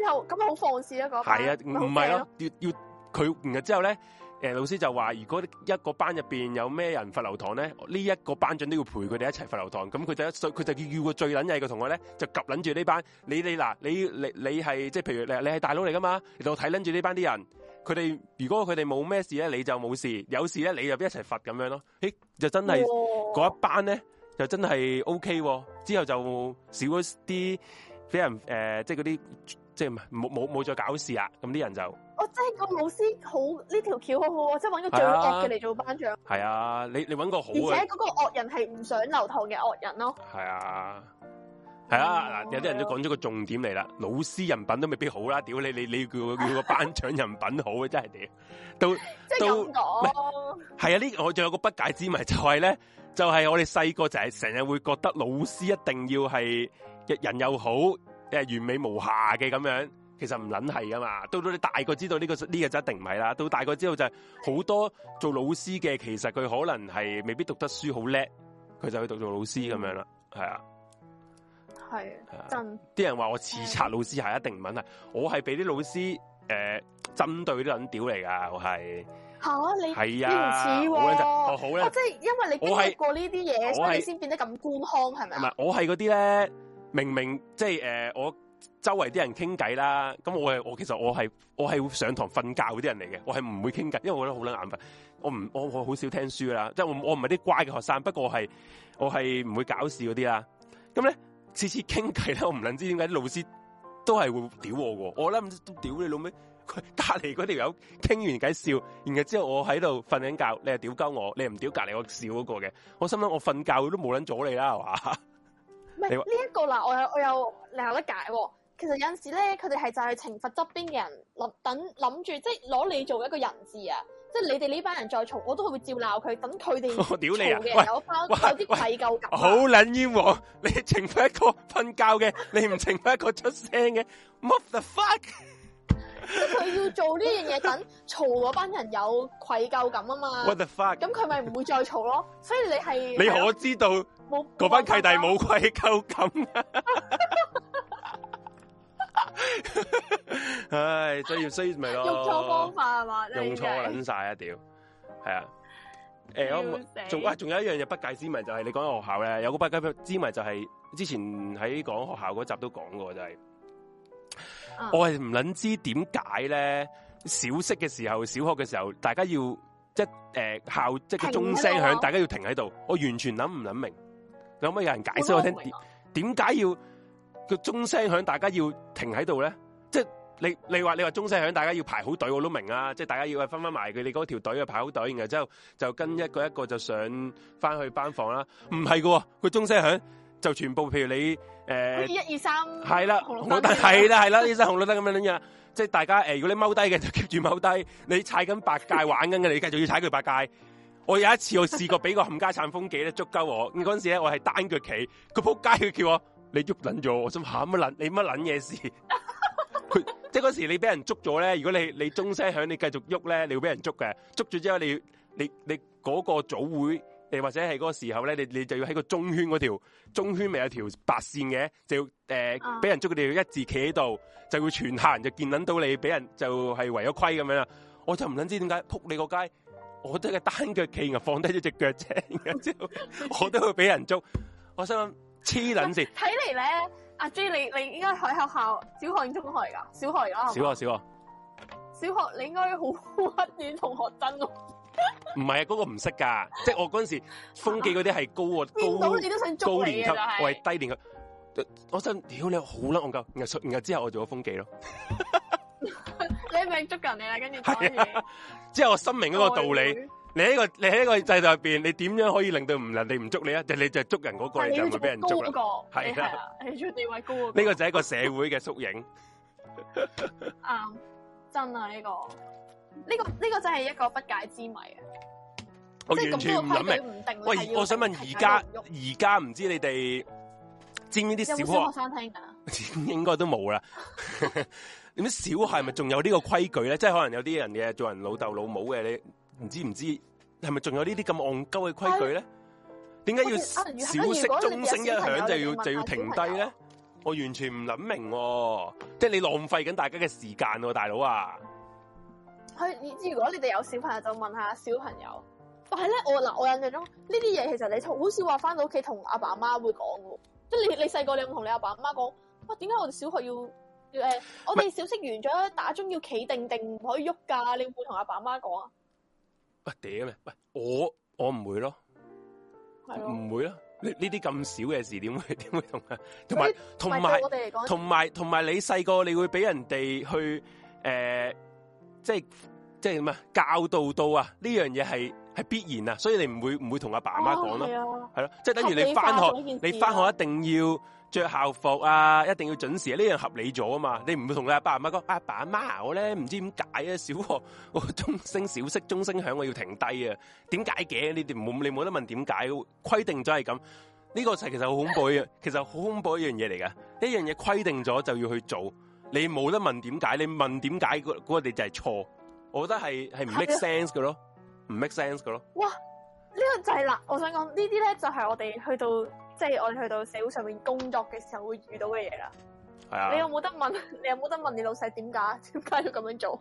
之後咁好放肆啊！個係啊，唔係咯，要要佢。然後之後咧，誒，老師就話，如果一個班入邊有咩人罰留堂咧，呢、這、一個班長都要陪佢哋一齊罰留堂。咁佢就佢就叫要個最捻曳嘅同學咧，就夾捻住呢班你你嗱，你你你係即係譬如你你係大佬嚟噶嘛事，你就睇捻住呢班啲人，佢哋如果佢哋冇咩事咧，你就冇事；有事咧，你就一齊罰咁樣咯。誒，就真係嗰哇一班咧，就真係 O K。之後就少咗啲俾人誒、呃，即係嗰啲。即係冇冇冇再搞事啊。咁啲人就，哦，即係個老師好，呢條橋好好啊，即係揾個最弱嘅嚟做班長。係啊，啊，你你揾個好啊。而且嗰個惡人係唔想留堂嘅惡人咯。係啊，係啊，嗱、啊，啊、有啲人都講咗個重點嚟啦。啊、老師人品都未必好啦，屌你你你，你叫個班長人品好 啊，真係屌，到即係咁講。係啊，呢我仲有個不解之謎就係咧，就係、是就是、我哋細個就係成日會覺得老師一定要係人又好。誒，完美無瑕嘅咁樣，其實唔撚係噶嘛。到到你大個知道呢個呢個就一定唔係啦。到大個之後就係好多做老師嘅，其實佢可能係未必讀得書好叻，佢就去讀做老師咁樣啦。係啊，係啊，係真。啲人話我似賊老師，係一定唔撚係。我係俾啲老師誒，針對啲撚屌嚟噶。我係吓你係啊，唔似喎。哦好咧，即係因為你經歷過呢啲嘢，所以你先變得咁官腔，係咪？唔係，我係嗰啲咧。明明即係誒，我周圍啲人傾偈啦，咁我係我其實我係我係會上堂瞓覺嗰啲人嚟嘅，我係唔會傾偈，因為我覺得好撚眼瞓，我唔我我好少聽書啦，即係我我唔係啲乖嘅學生，不過係我係唔會搞事嗰啲啦。咁咧次次傾偈咧，我唔撚知點解啲老師都係會屌我嘅，我諗屌你老味，隔籬嗰條友傾完偈笑，然之後之後我喺度瞓緊覺，你又屌鳩我，你又唔屌隔籬我笑嗰個嘅，我心諗我瞓覺都冇撚阻你啦，係嘛？唔係呢一個啦，我又我有，你有得解、哦。其實有陣時咧，佢哋係就係懲罰側邊嘅人，諗等諗住，即係攞你做一個人質啊！即係你哋呢班人再嘈我都係會照鬧佢。等佢哋嘈嘅有班 喂有啲愧疚感。啊、好捻冤枉，你懲罰一個瞓覺嘅， 你唔懲罰一個出聲嘅。 What the fuck？佢要做呢樣嘢，等嘈嗰班人有愧疚感啊嘛。What the fuck？咁佢咪唔會再嘈咯。所以你係你可知道？嗰班契弟冇愧疚感。 唉，所以要衰咪咯？用錯方法係嘛？用錯捻晒啊屌！係啊，誒，我仲仲有一樣嘢不解之謎，就係、是、你講喺學校咧，有嗰不解之謎，就係之前喺講學校嗰集都講過，就係、是啊、我係唔捻知點解咧？小息嘅時候，小學嘅時候，大家要即係誒、呃、校即係個鐘聲響，大家要停喺度，我完全捻唔捻明。有冇人解釋我聽點解要個鐘聲響？大家要停喺度咧？即係你你話你話鐘聲響，大家要排好隊，我都明啊！即係大家要分返埋佢哋嗰條隊啊，排好隊，然後之後就跟一個一個就上翻去班房啦。唔係噶，個鐘聲響就全部，譬如你誒，呃、二一二三，係啦對，紅綠燈係啦係啦，呢啲紅綠燈咁樣樣，即係大家誒、呃，如果你踎低嘅就 keep 住踎低，你踩緊八戒玩緊嘅，你繼續要踩佢八戒。 我有一次我試過俾個冚家鏟風紀咧捉鳩我，嗰陣時咧我係單腳企，佢撲街佢叫我，你喐捻咗，我心諗，乜捻，你乜捻嘢事？佢即係嗰時你俾人捉咗咧，如果你你鐘聲響，你繼續喐咧，你會俾人捉嘅。捉住之後你你你嗰個組會誒或者係嗰個時候咧，你你就要喺個中圈嗰條中圈咪有條白線嘅，就要誒俾、呃嗯、人捉佢哋要一字企喺度，就會全客人就見捻到你俾人就係違咗規咁樣啦。我就唔捻知點解撲你個街。我都係單腳企，然後放低咗隻腳啫。然之後我都會俾人捉，我想諗黐捻先。睇嚟咧，阿 J 你你應該喺學校小學定中學嚟噶？小學而，小學小學，小學你應該好溫暖同學真哦。唔係啊，嗰個唔識噶，即係我嗰陣時風紀嗰啲係高喎，高高年級，就是，我係低年級。我想，屌，哎，你，好啦，我夠，然後，然後之後我做咗風紀咯。 你咪捉人你啦，跟住係即係我心明嗰個道理。你喺個你喺個制度入邊，你點樣可以令到唔人哋唔捉你捉、那個、是啊？就你就捉人嗰個就唔會俾人捉啦。係啦，你地位高個。呢個就係一個社會嘅縮影。 啊真的啊呢、這個，呢、這個呢、這個真係一個不解之謎啊！我完全咁個規矩唔定，喂，我想問而家而家唔知道你哋知呢啲小學生聽噶、啊？ 應該都冇啦。 點啲小孩咪仲有這個規矩呢個規矩咧？即係可能有啲人嘅做人老豆老母嘅，你唔知唔知係咪仲有這些這的規矩呢啲咁戇鳩嘅規矩咧？點解的要小息鐘聲一響就要就要停低咧？我完全唔諗明，即係你浪費緊大家嘅時間，大佬啊！係如,小 如果你哋有小朋友，就問下小朋友。但係咧，我嗱、哦哦、我印象中呢啲嘢，其實你好少話翻到屋企同阿爸阿媽會講嘅，即係你你細個你有冇同你阿爸阿媽講？喂、啊，點解我哋小學要？誒，嗯、我哋小息完咗打鐘要企定定，唔可以喐㗎。你會唔會同阿爸阿媽講啊？喂屌咩？喂，我我唔會咯，係唔對了 會咯。呢呢啲咁少嘅事，點會點會同啊？同埋同埋我哋講，同埋同埋你細個，你會俾人哋去誒，即係即係點啊？教導到啊，呢樣嘢係係必然啊，所以你唔會唔會同阿爸阿媽講咯，係咯、啊，即係了了等於你翻學，你翻學一定要。着校服啊，一定要準時啊，呢樣合理咗啊嘛！你唔會同你阿爸阿媽講，阿爸阿媽，我咧唔知點解啊，小學我鐘聲、中聲小息、鐘聲響，我要停低啊！點解嘅？你哋冇你冇得問點解？規定咗係咁，呢個就其實好恐怖嘅， 其實好恐怖一樣嘢嚟噶。呢樣嘢規定咗就要去做，你冇得問點解，你問點解嗰個你就係錯。我覺得係係唔 make sense 嘅咯，唔 make sense 嘅咯。哇！呢個就係啦，我想講呢啲咧就係我哋去到。即係我哋去到社會上面工作嘅時候會遇到嘅嘢啦。係是啊。你有冇得問？你有冇得問你老細點解？點解要咁樣做？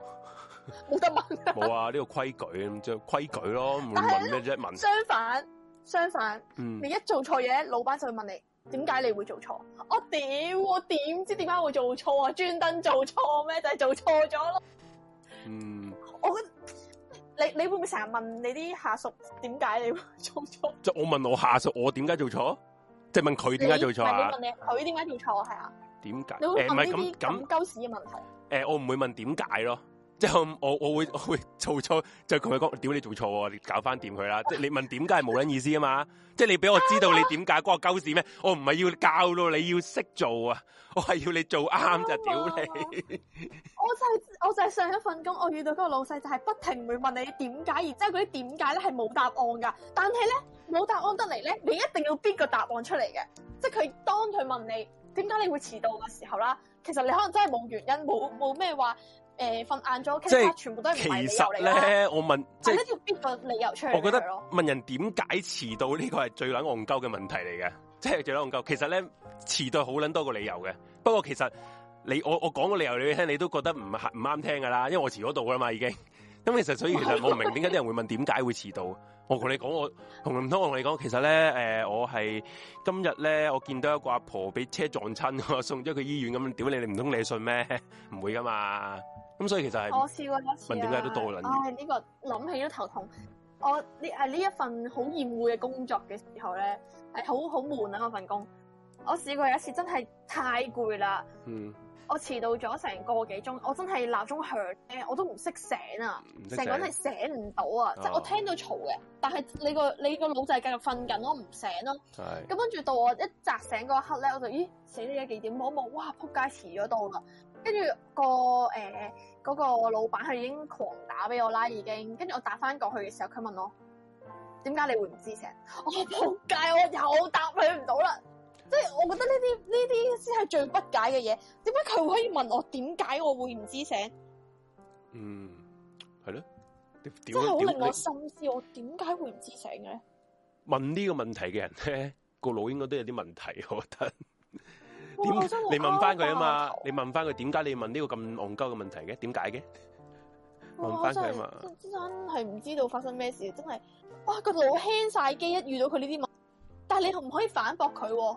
冇 得問。冇 啊！呢個規矩咁即係規矩咯。問但係是咧，問相反，相反，嗯、你一做錯嘢，老闆就會問你點解你會做錯、哦。我屌，我點知點解會做錯啊？專登做錯咩？就係、是、做錯咗咯。嗯。我覺得，你你會唔會成日問你啲下屬點解你會做錯？即我問我下屬，我點解做錯？即係問佢點解做錯啦、啊？唔問你佢點解做錯係啊？點解？你會問呢啲咁鳩屎嘅問題？誒，我唔會問點解咯。即係我我會會做錯，就佢講，屌你做錯，你搞翻掂佢啦。即係 你問點解係冇撚意思啊嘛？即係 你俾我知道你點解嗰個鳩屎咩？我唔係要教到你要識做啊，我係要你做啱就屌你。我就係我就係上一份工，我遇到嗰個老細就係不停會問你點解，而即係嗰啲點解咧係冇答案噶，但係咧。冇答案得嚟咧，你一定要邊個答案出嚟嘅？即係佢當佢問你點解你會遲到嘅時候啦，其實你可能真係冇原因，冇冇咩話誒，瞓晏咗，其實全部都係其實咧，我問即係一定要邊個理由出嚟？我覺得問人點解遲到呢個係最撚戇鳩嘅問題嚟嘅，即係最撚戇鳩。其實咧，遲到好撚多個理由嘅，不過其實你我我講個理由你聽，你都覺得唔唔啱聽噶啦，因為我遲咗到噶嘛已經。咁其實所以其實我唔明點解啲人會問點解會遲到。 我同你講，我同林通我同你講，其實咧，誒、呃，我係今日咧，我見到一個阿婆俾車撞親，送咗去醫院咁，屌你，你唔通你信咩？唔 會噶嘛。咁所以其實係我試過一次，問點解都多啦。唉、哎、呢、這個諗起都頭痛。我呢係呢一份好厭惡嘅工作嘅時候咧，係好好悶啊！我份工，我試過有一次真係太攰啦。嗯。我遲到咗成個幾鐘，我真係鬧鐘響咧，我都唔識醒啊，成個人係醒唔到啊，oh. 即係我聽到嘈嘅，但係你個你個腦就係繼續瞓緊咯，唔醒咯、啊。咁 Yes. 跟住到我一擲醒嗰一刻咧，我就咦死你嘅幾點？望一望，哇！撲街遲咗到啦！跟住、個誒嗰、欸嗰個、老闆佢已經狂打俾我啦，已經。跟住我打翻過去嘅時候，佢問我點解你會唔知醒？我撲街，我又答佢唔到啦。即係我覺得呢啲呢啲先係最不解嘅嘢。點解佢可以問我點解我會唔知醒？嗯，係咯，真係好令我心思，你我點解會唔知醒嘅咧？問呢個問題嘅人咧，個腦應該都有啲問題，我覺得問。點？你問翻佢啊嘛？嗯嗯、你問翻佢點解？你問呢個咁戇鳩嘅問題嘅？點解嘅？什 問翻佢啊嘛？哦、真生係唔知道發生咩事，真係，哇，個腦輕晒機，一遇到佢呢啲問題，但係你又唔可以反駁佢喎。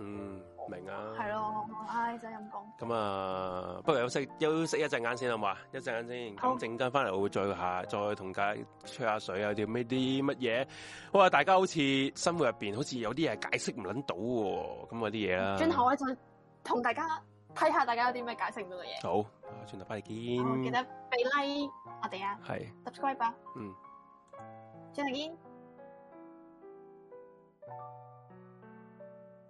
嗯，明啊，係咯，唉，真咁講。咁啊，不過休息休息一陣間先，好嘛？一陣間先，咁陣間翻嚟我會再下，再同大家吹下水啊，啲咩啲乜嘢。好啊，大家好似生活入邊好似有啲嘢解釋唔捻到喎，咁嗰啲嘢啦。轉頭我再同大家睇下，看看大家有啲咩解釋唔到嘅嘢。好，轉頭翻嚟見、哦。記得俾 like 我哋啊，係 subscribe 是。啊、嗯，轉頭見。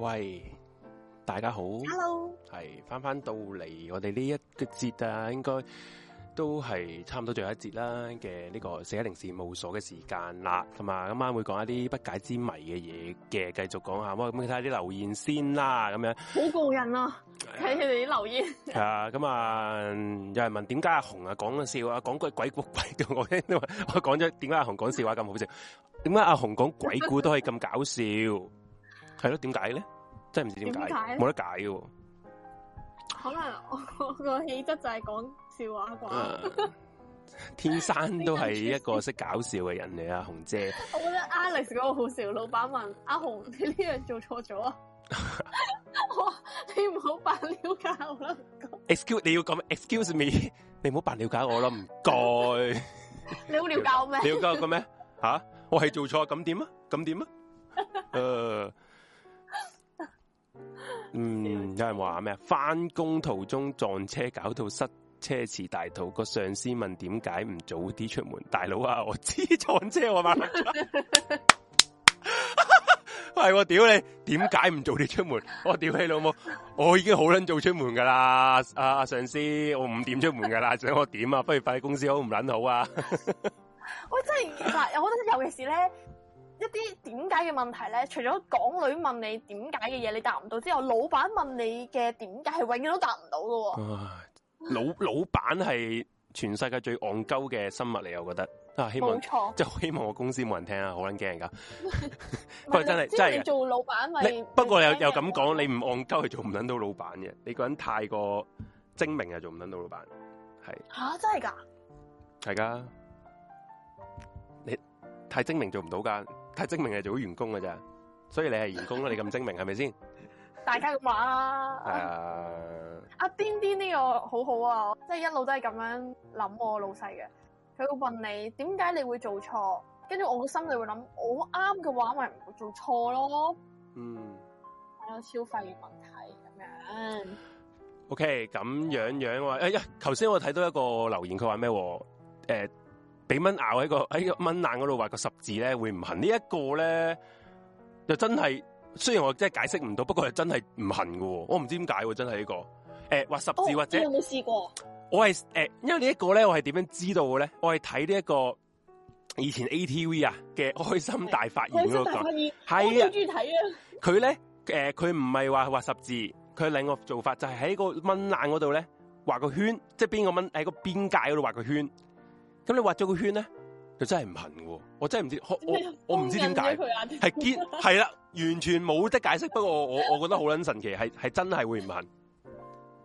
喂，大家好，Hello 係翻翻到嚟我哋呢一個節啊，應該都係差唔多最後一節啦嘅呢個四一零事務所嘅時間啦，同埋今晚會講一啲不解之謎嘅嘢嘅，繼續講下，咁睇下啲留言先啦，咁樣好過癮啊！睇下佢哋啲留言，啊，咁啊有人問點解阿熊啊講個笑、啊、笑話，講句鬼故鬼嘅，我聽都話佢講咗，點解阿熊講笑話咁好笑？點解阿熊講鬼故都可以咁搞笑？ 係咯，點解咧？真係唔知點解，冇得解嘅。可能我個氣質就係講笑話啩、嗯。天生都係一個識搞笑嘅人嚟啊，紅姐。我覺得 Alex 嗰個好笑，老闆問阿紅、啊：你呢樣做錯咗啊？我你唔好扮了解我啦。Excuse 你要咁？Excuse me，你唔好扮了解我啦，唔該。你好了解我咩？你了解個咩？吓，我係做錯咁點啊？咁點啊？誒。嗯，有人話咩啊？翻工途中撞車，搞到塞車遲大肚。個上司問為什麼不，點解唔早啲出門？大佬啊，我知撞車我嘛，係 我屌你，點解唔早啲出門？我屌你老母，我已經好撚早出門噶啦，阿、啊、上司，我五點出門噶啦，想我點啊？不如快啲公司好唔撚好啊？喂， 真係，有好多尤其是咧。一啲點解嘅問題咧，除咗港女問你點解嘅嘢你答唔到之後，老闆問你嘅點解係永遠都答唔到噶喎。老老闆係全世界最戇鳩嘅生物嚟，我覺得啊，希望冇錯，即係希望我公司冇人聽啊，好撚驚噶。唔係真係真係。你你做老闆咪不，不過又又咁講，你唔戇鳩係做唔撚到老闆嘅，你個人太過精明啊，做唔撚到老闆。係嚇、啊、真係㗎，係㗎，你太精明做唔到㗎。睇精明係做好員工噶咋，所以你係員工咯，你咁精明係咪先？ 是是大家咁話啦，哎、啊，阿丁丁呢個好好啊，即係一路都係咁樣諗我老細嘅。佢會問你點解你會做錯，跟住我個心就會諗，我啱嘅話咪唔會做錯咯。嗯。有、啊、消費嘅問題咁樣。O K，咁樣樣話，哎呀，頭先我睇到一個留言，佢話咩？誒、欸。俾蚊咬喺個喺個蚊赧嗰度畫個十字咧，會唔痕、這個、呢一個咧就真係，雖然我真係解釋唔到，不過係真係唔痕嘅。我唔知點解真係呢、這個。誒、欸、畫十字、哦、或者你有冇試過？我係誒、欸，因為這呢一個咧，我係點樣知道嘅咧？我係睇呢一個以前 ATV 啊嘅開心大發現嗰、那個。是開係啊，我好中意睇啊。佢咧誒，佢唔係話畫十字，佢另個做法就係喺個蚊赧嗰度咧畫個圈，即係邊個蚊喺個邊界嗰度畫個圈。咁你畫咗個圈咧，就真係唔痕嘅，我真係唔知，知，知我，我我唔知點解，係堅係啦，對完全冇得解釋。 不過我我覺得好撚神奇，係係真係會唔痕。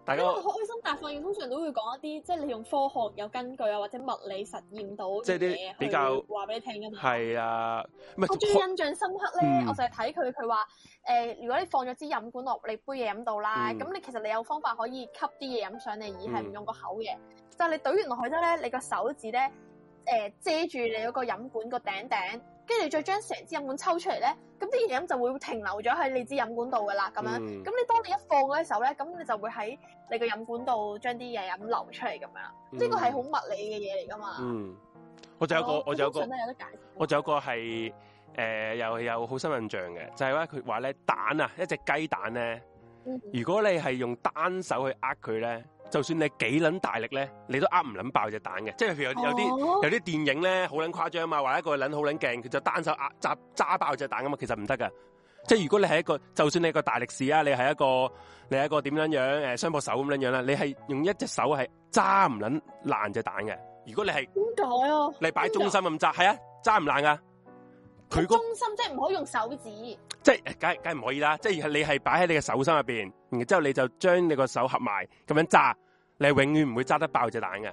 大家好開心大放，通常都會講一啲即係你用科學有根據啊，或者物理實驗到即係啲比較話俾你聽係啊，我最印象深刻咧，嗯、我就係睇佢佢話誒，如果你放咗支飲管落你杯嘢飲度啦，咁、嗯、你其實你有方法可以吸啲嘢飲上嚟，而係唔用個口嘅。嗯就是你懟完落去之後咧，你個手指咧，誒、呃、遮住你嗰個飲管個頂頂，跟住你再將成支飲管抽出嚟咧，咁啲嘢飲就會停留咗喺你支飲管度噶啦，咁樣。咁、嗯、你當你一放嗰隻手咧，咁你就會喺你個飲管度將啲嘢飲流出嚟咁樣啦。呢個係好物理嘅嘢嚟噶嘛。嗯，我仲有一個，我仲有個，有得解釋，我仲有個係誒，又、呃、有好深印象嘅，就係咧佢話咧蛋啊，一隻雞蛋咧，如果你係用單手去握佢咧。就算你幾撚大力咧，你都握唔捻爆隻蛋嘅。即係譬如有啲有啲電影咧，好撚誇張啊嘛！話一個撚好撚勁，佢就單手握揸揸爆隻蛋咁嘛，其實唔得噶。即係如果你係一個，就算你係一個大力士啊，你係一個你係一個點樣樣誒雙膊手咁樣樣啦，你係用一隻手係揸唔捻爛隻蛋嘅。如果你係點解啊？你擺中心咁揸，係啊，揸唔爛啊。佢個中心即係唔好用手指。即梗係梗唔可以啦！即係你係擺喺你嘅手心入邊，然之後你就將你個手合埋，咁樣揸，你永遠唔會揸得爆隻蛋嘅。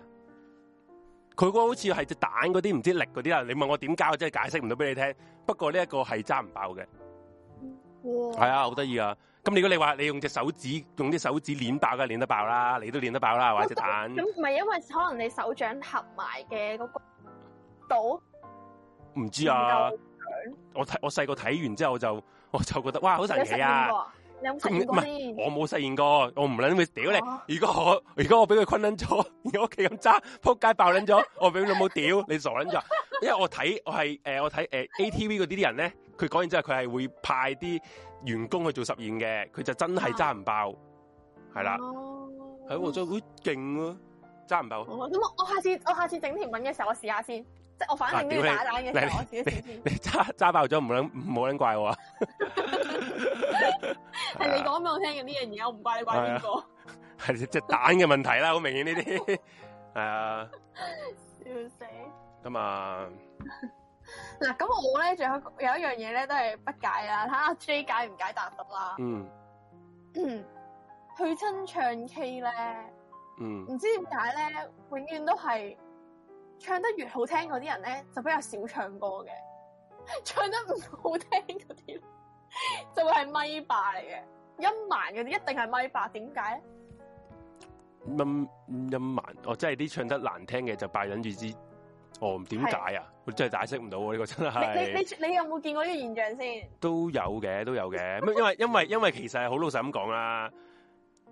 佢嗰好似係隻蛋嗰啲唔知力嗰啲啊。你問我點教，我真係解釋唔到俾你聽。不過呢一個係揸唔爆嘅，係啊，好得意啊！咁如果你話你用隻手指，用啲手指捻爆嘅，捻得爆啦，你都捻得爆啦，或者隻蛋咁，唔係因為可能你手掌合埋嘅嗰個度，唔知啊。我睇我細個睇完之後我就。我就覺得哇，好神奇啊！你有冇實驗、啊、我冇實驗過，我唔捻佢屌你、啊如。如果我被他困了，如果我俾佢昆捻咗，如果屋企咁揸撲街爆捻咗，我俾老母屌你傻捻咗。 因為我睇我係誒，我睇誒 ATV 嗰啲啲人咧，佢講完之後佢係會派啲員工去做實驗嘅，佢就真係揸唔爆，係啦，喺澳洲好勁啊，揸唔爆。咁我下次我下次整甜品嘅時候，我試下先。即係我反正都啲打蛋嘅時候，我自己試。你揸揸爆咗，唔卵唔好撚怪我。啊！係你講俾我聽嘅呢樣嘢，我唔怪你怪邊個？係隻蛋嘅問題啦，好 明顯呢啲係啊，。 笑死。咁啊。嗱、啊，咁我咧，仲有有一樣嘢咧，都係不解啊。睇阿 J 解唔解答到啦。嗯。 親嗯。去親唱 K 咧。嗯。唔知點解咧，永遠都係，唱得越好聽嗰啲人咧，就比較少唱歌嘅；唱得唔好聽嗰啲，就會係咪霸嚟嘅，音盲啲，一定係咪霸？點解咧？音音盲，哦，即係啲唱得難聽嘅就拜忍住支，哦，點解啊？是我真係解釋唔到，呢、呢個真係。你你你有冇見過呢個現象先？都有嘅，都有嘅，因為因為因為其實係好老實咁講啦。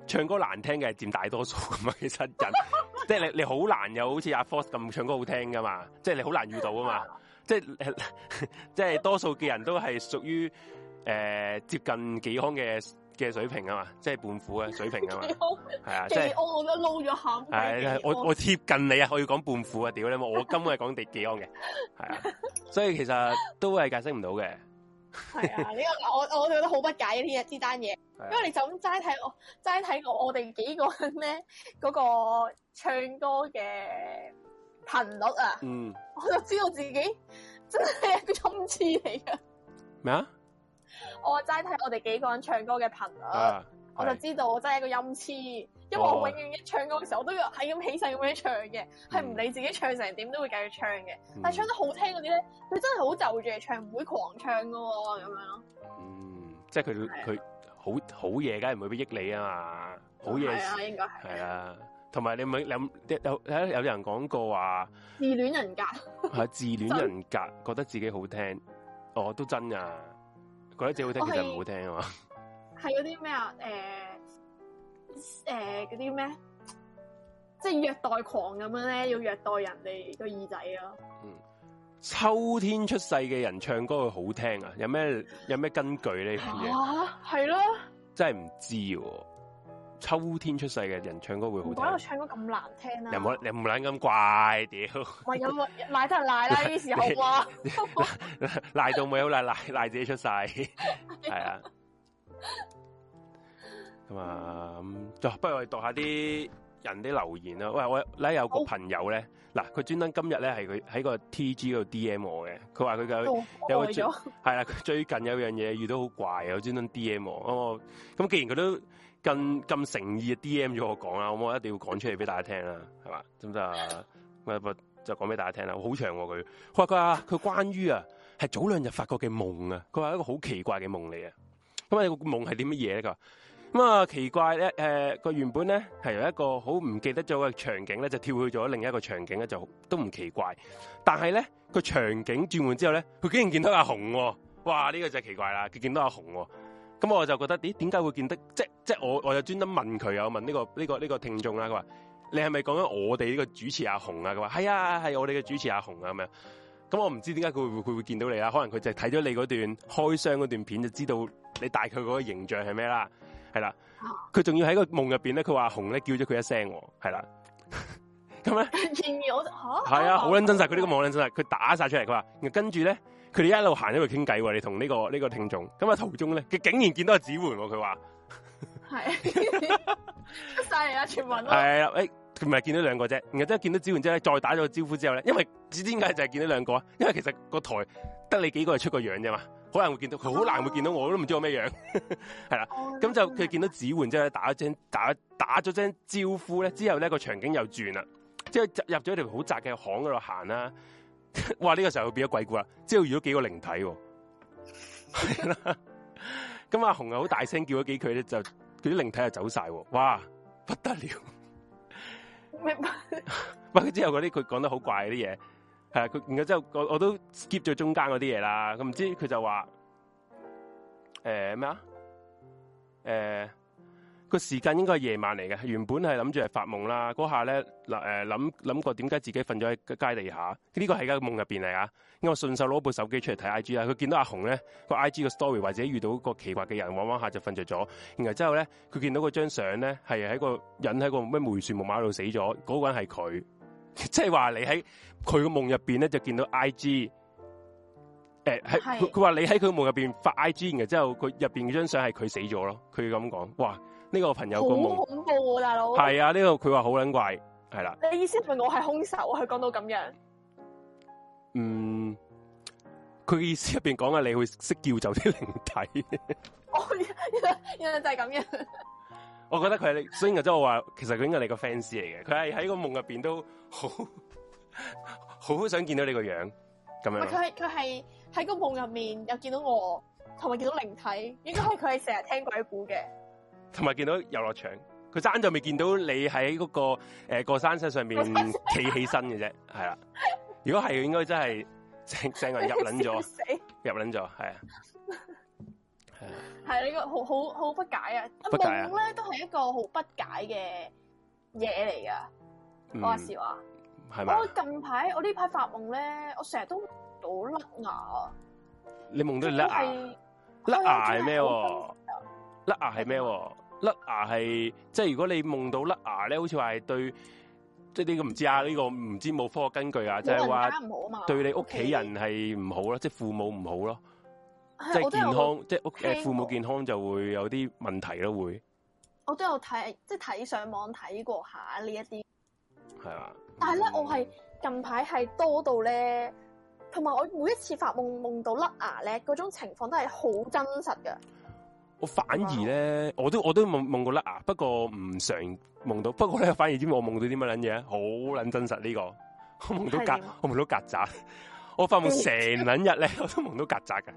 唱歌難聽嘅佔大多數咁嘛，其實人， 即係你你好難有好似阿 Force 咁唱歌好聽噶嘛，即係你好難遇到噶嘛、， 呃呃、嘛，即係即係多數嘅人都係屬於誒接近技安嘅嘅水平啊嘛，即係胖虎嘅水平啊嘛，係啊， 即係我我撈咗下，係我我貼近你啊，可以講胖虎啊，屌你嘛，我根本係講技安嘅，係啊， 所以其實都係解釋唔到嘅。係 啊，呢個我我就覺得好不解呢啲呢單嘢，因為你就咁齋睇我齋睇我我哋幾個人咩嗰個唱歌嘅頻率啊，嗯、我就知道自己真係一個音痴嚟噶。咩啊麼？我齋睇我哋幾個人唱歌嘅頻率，啊、我就知道我真係一個音痴。因為我永遠一唱歌嘅時候，oh. 我都要係咁起勢咁樣唱嘅，係唔、mm. 理自己唱成點都會繼續唱嘅。但係唱得好聽嗰啲咧，佢、mm. 真係好就住嚟唱，唔會狂唱噶喎咁樣咯。嗯，即係佢佢好好嘢，梗係唔會俾益你啊嘛。好嘢係啊，應該係啊。同埋你咪有有有啲人講過話自戀人格係 自戀人格，覺得自己好聽，哦，都真噶，覺得自己好聽其實唔好聽啊是嘛。係嗰啲咩啊？誒、欸。誒，嗰啲咩，即係虐待狂咁樣咧，要虐待人哋個耳仔咯。嗯，秋天出世嘅人唱歌會好聽啊？有咩有咩根據呢？哇、啊，係咯、啊，真係唔知道、啊。秋天出世嘅人唱歌會好聽、啊，唔好喺唱歌咁難聽啦、啊。你唔卵咁怪屌。喂， 有冇賴得賴啦？呢時候啊，賴到冇嘢，賴賴自己出世係 啊。 咁就，嗯，不如我哋讀下啲人啲留言啊。喂，我咧有個朋友咧，嗱好，佢專登今日咧係佢喺個 T G 嗰度 D M 我嘅。佢話佢嘅有，有個係啦，佢最近有樣嘢遇到好怪啊，有專登 D M 我。咁我咁既然佢都咁咁誠意 D M 咗我講啦，咁我一定要講出嚟俾大家聽啦，係嘛？得唔得啊？咁啊，就講俾大家聽啦。好長佢，佢話佢話佢關於啊，係早兩日發覺嘅夢啊。佢話一個好奇怪嘅夢嚟啊。咁啊，個夢係點乜嘢咧？佢。咁啊，奇怪咧，誒、呃、佢原本咧係由一個好唔記得咗嘅場景咧，就跳去咗另一個場景咧，就都唔奇怪。但係咧個場景轉換之後咧，佢竟然見到阿紅、哦，哇呢、這個就奇怪啦！佢見到阿紅、哦，咁我就覺得咦，點解會見得？即即我我就專登問佢啊，問呢、這個呢、這個呢、這個聽眾啦，佢話你係咪講緊我哋呢個主持阿紅啊？佢話係啊，係、哎、我哋嘅主持阿紅啊咁樣。咁我唔知點解佢會會會見到你啦？可能佢就睇咗你嗰段開箱嗰段片，就知道你大概嗰個形象係咩啦。係啦，佢仲要喺個夢入邊咧，佢話熊咧叫咗佢一聲，係啦，咁、嗯、樣，而係啊，好捻真實，佢呢個夢捻真實，佢打晒出嚟，佢話，跟住咧，佢哋一路行一路傾偈喎，你同呢個呢個聽眾，咁啊途中咧，佢竟然見到阿子煥，佢話，係，晒阿全民，係啦，誒，佢唔係見到兩個啫，然後真見、這個這個嗯嗯、到子煥、 欸、之後呢再打咗個招呼之後咧，因為點解就係見到兩個，因為其實個台得你幾個係出個樣啫嘛。好難會見到佢，好難會見到我都唔知我咩樣，係 啦了，咁、哦、就佢見到子煥之後咧，打，打一打打咗聲招呼咧，之後咧個場景又轉啦，之後入咗一條好窄嘅巷嗰度行啦、啊，哇！呢、這個時候變咗鬼故了，之後遇到幾個靈體、哦，係啦，咁阿紅又好大聲叫咗幾句咧，就佢啲靈體就走晒、哦，哇！不得了，咩？不過之後嗰啲佢講得好怪嗰啲嘢。係啊，佢，然之後我我都 skip 咗中間嗰啲嘢啦。咁唔知佢就話，誒咩啊？誒、呃個時間應該係夜晚嚟嘅，原本係諗住係發夢啦。嗰下咧，嗱誒諗諗過點解自己瞓咗喺街地下？呢、這個係架夢入邊嚟啊！因為我順手攞部手機出嚟睇 I G 啊。佢見到阿紅咧個 I G 個 story 或者遇到個奇怪嘅人，玩玩下就瞓着咗。然後之後咧，佢見到嗰張相咧係喺個引喺個咩梅樹木馬度死咗，嗰、嗰個人係佢。即係話你喺佢個夢入邊咧，就見到 I G，誒，係佢話你喺佢夢入邊發 I G，然之後佢入邊嗰張相係佢死咗咯，佢咁講，哇，呢個朋友個夢，好恐怖啊，大佬，係啊，呢個佢話好撚怪，係啦，你意思係我係兇手？佢講到咁樣，嗯，佢意思入邊講嘅：「你會識叫走啲靈體」，原來原來就係咁樣。我覺得佢係你，所以應該係我話，其實佢應該係你個 fans 嚟嘅。佢係喺個夢入邊都好，好好想見到你個樣咁樣子。佢佢係喺個夢入面又見到我，同埋見到靈體，應該係佢係成日聽鬼故嘅，同埋見到遊樂場。佢爭就未見到你喺嗰、那個誒、呃、過山車上面企起身嘅啫，係啦。如果係，應該真係成個人入撚咗，死了入撚咗，係啊。係你個好好好不解啊！夢咧都係一個好不解嘅嘢嚟噶，我話笑啊！我近排我呢排發夢咧，我成日都到甩牙。你夢到甩牙？甩牙係咩？甩牙係咩？甩牙係即係如果你夢到甩牙咧，好似話係對，即係呢個唔知啊，呢個唔知冇科學根據啊，家唔好嘛就係話對你屋企人係唔好咯，okay? 即係父母唔好咯。即係健康，即係父母健康就會有啲問題咯。會我都有睇，即係睇上網睇過下這些吧呢一啲係啊。但係咧，我係近排係多到咧，同埋我每一次發夢夢到甩牙咧，嗰種情況都係好真實嘅。我反而咧哇，我都我都夢夢過甩牙，不過唔常夢到。不過咧，反而知，知我夢到啲乜撚嘢，好撚真實呢，這個。我夢到曱的，我夢到曱甴。 我發夢成撚日咧，我都夢到曱甴嘅。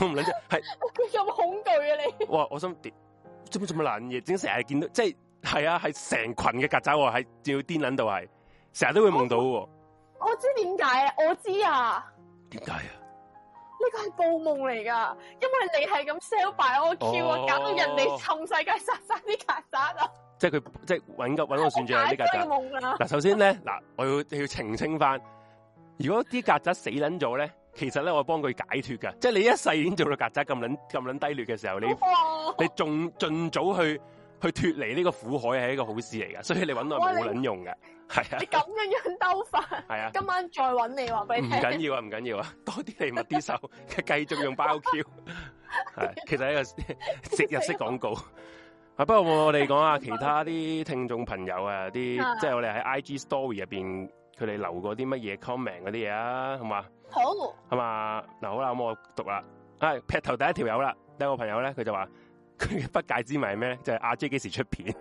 我唔捻住係，佢咁 恐懼啊！你哇，我心點做乜咁難嘢？整成日見到即係係啊，係成群嘅曱甴喎，係仲要癲捻到係，成日都會夢到、哦我。我知點解啊！我知啊,啊！點解啊？呢個係報夢嚟噶，因為你係咁 sell by O Q 啊，搞到、哦、人哋趁世界殺晒啲曱甴啊即！即係佢即係搵個搵我算賬啲曱甴。解呢個夢啊！嗱， 首先咧，嗱，我要要澄清翻，如果啲曱甴死捻咗咧。 其實咧，我幫佢解脫噶，即係你一世已經做到曱甴咁撚咁撚低劣嘅時候，你你仲盡早去去脫離呢個苦海係一個好事嚟噶，所以你揾耐冇撚用噶，係啊。你咁樣樣兜法，係啊。今晚再揾你話俾你。唔緊要啊，唔緊要啊，多啲禮物啲手，繼 續用包 Q。係、 啊，其實係一個植入式廣告。 啊，不過我哋講下其他啲聽眾朋友啊，啲 即係我哋喺 IG Story 入邊。佢哋留過啲乜嘢 comment 嗰啲嘢啊，係嘛好？好係嘛？嗱好啦，咁我讀啦。哎，劈頭第一條友啦，第一個朋友咧，佢就話佢嘅不解之謎咩？就係阿 J 幾時出片？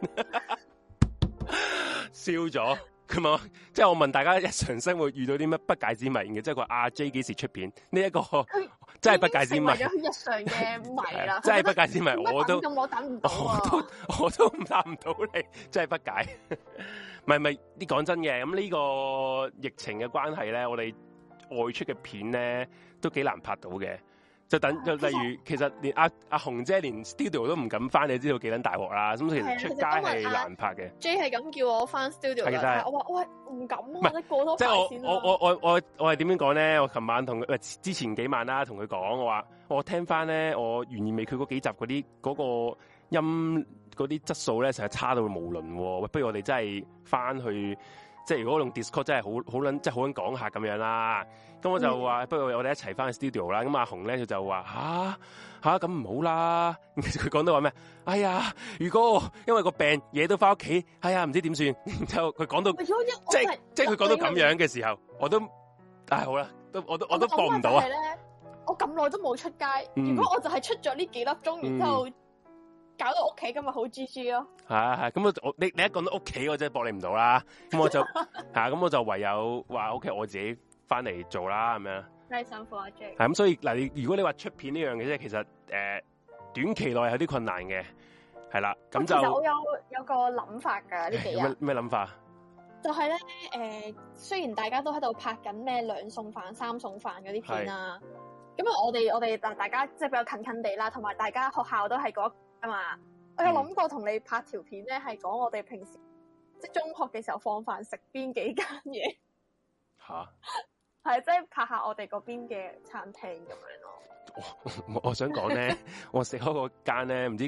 笑咗。佢問我，即係我問大家日常生活遇到啲乜不解之謎嘅，即佢個阿 J 幾時出片？呢一個真係不解之謎。成咗日常嘅謎啦。 真係不解之謎，我都咁，我等唔到，我都我都答唔到你，真係不解。 唔係唔係，啲講真嘅，咁呢個疫情嘅關係咧，我哋外出嘅片咧都幾難拍到嘅。就等就例如，其實，其實連阿阿紅姐連 studio 都唔敢翻，你知道幾撚大鑊啦？咁所以其實出街係難拍嘅。J 係咁叫我翻 studio 嘅，係我話喂唔敢啊！唔係過多即，即係、啊、我我我我我我係點樣講咧？我琴晚同佢，唔係之前幾晚啦，同佢講，我話我聽翻咧，我原諒未佢嗰幾集嗰啲嗰個音。嗰啲質素咧成日差到無倫喎，哦。不如我哋真係翻去，即係如果用 Discord 真係好好撚，即係好撚講下咁樣啦。咁我就話，不如我哋一齊翻 studio 啦。咁阿紅咧佢就話吓？吓、啊？咁、啊、唔、啊、好啦。佢 講到話咩？哎呀，如果因為個病嘢都翻屋企，哎呀，唔知點算。然之後佢講到，即係即係佢講到咁樣嘅時候，我都哎，好啦，都我都我都搏唔到啊！係咧，我咁耐都冇出街，如果我就係出咗呢、嗯、幾粒鐘，嗯、然之後。搞到屋企咁咪好 g g 咯，係、哦、啊係咁、啊啊，我我你你一講到屋企我真係駁你唔到啦。咁我就吓咁、 啊、我就唯有話 o k 我自己翻嚟做啦，咁樣。辛苦、啊、Jake。係咁、啊，所以嗱、啊，如果你話出片呢樣嘢，即其實誒、呃、短期內有啲困難嘅，係啦咁就。其實我有有一個諗法噶，你哋咩咩諗法？就係咧誒，雖然大家都喺度拍緊咩兩餸飯、三餸飯嗰啲片是啊，咁啊，我哋我哋大大家即係、就是、比較近近地啦，同埋大家學校都係嗰。嗯、我有諗過同你拍條片咧，係講我哋平時即係中學嘅時候放飯食邊幾間嘢。吓、啊，係 即係拍下我哋嗰邊嘅餐廳咁樣咯。我我想講咧， 我食開嗰間咧，唔知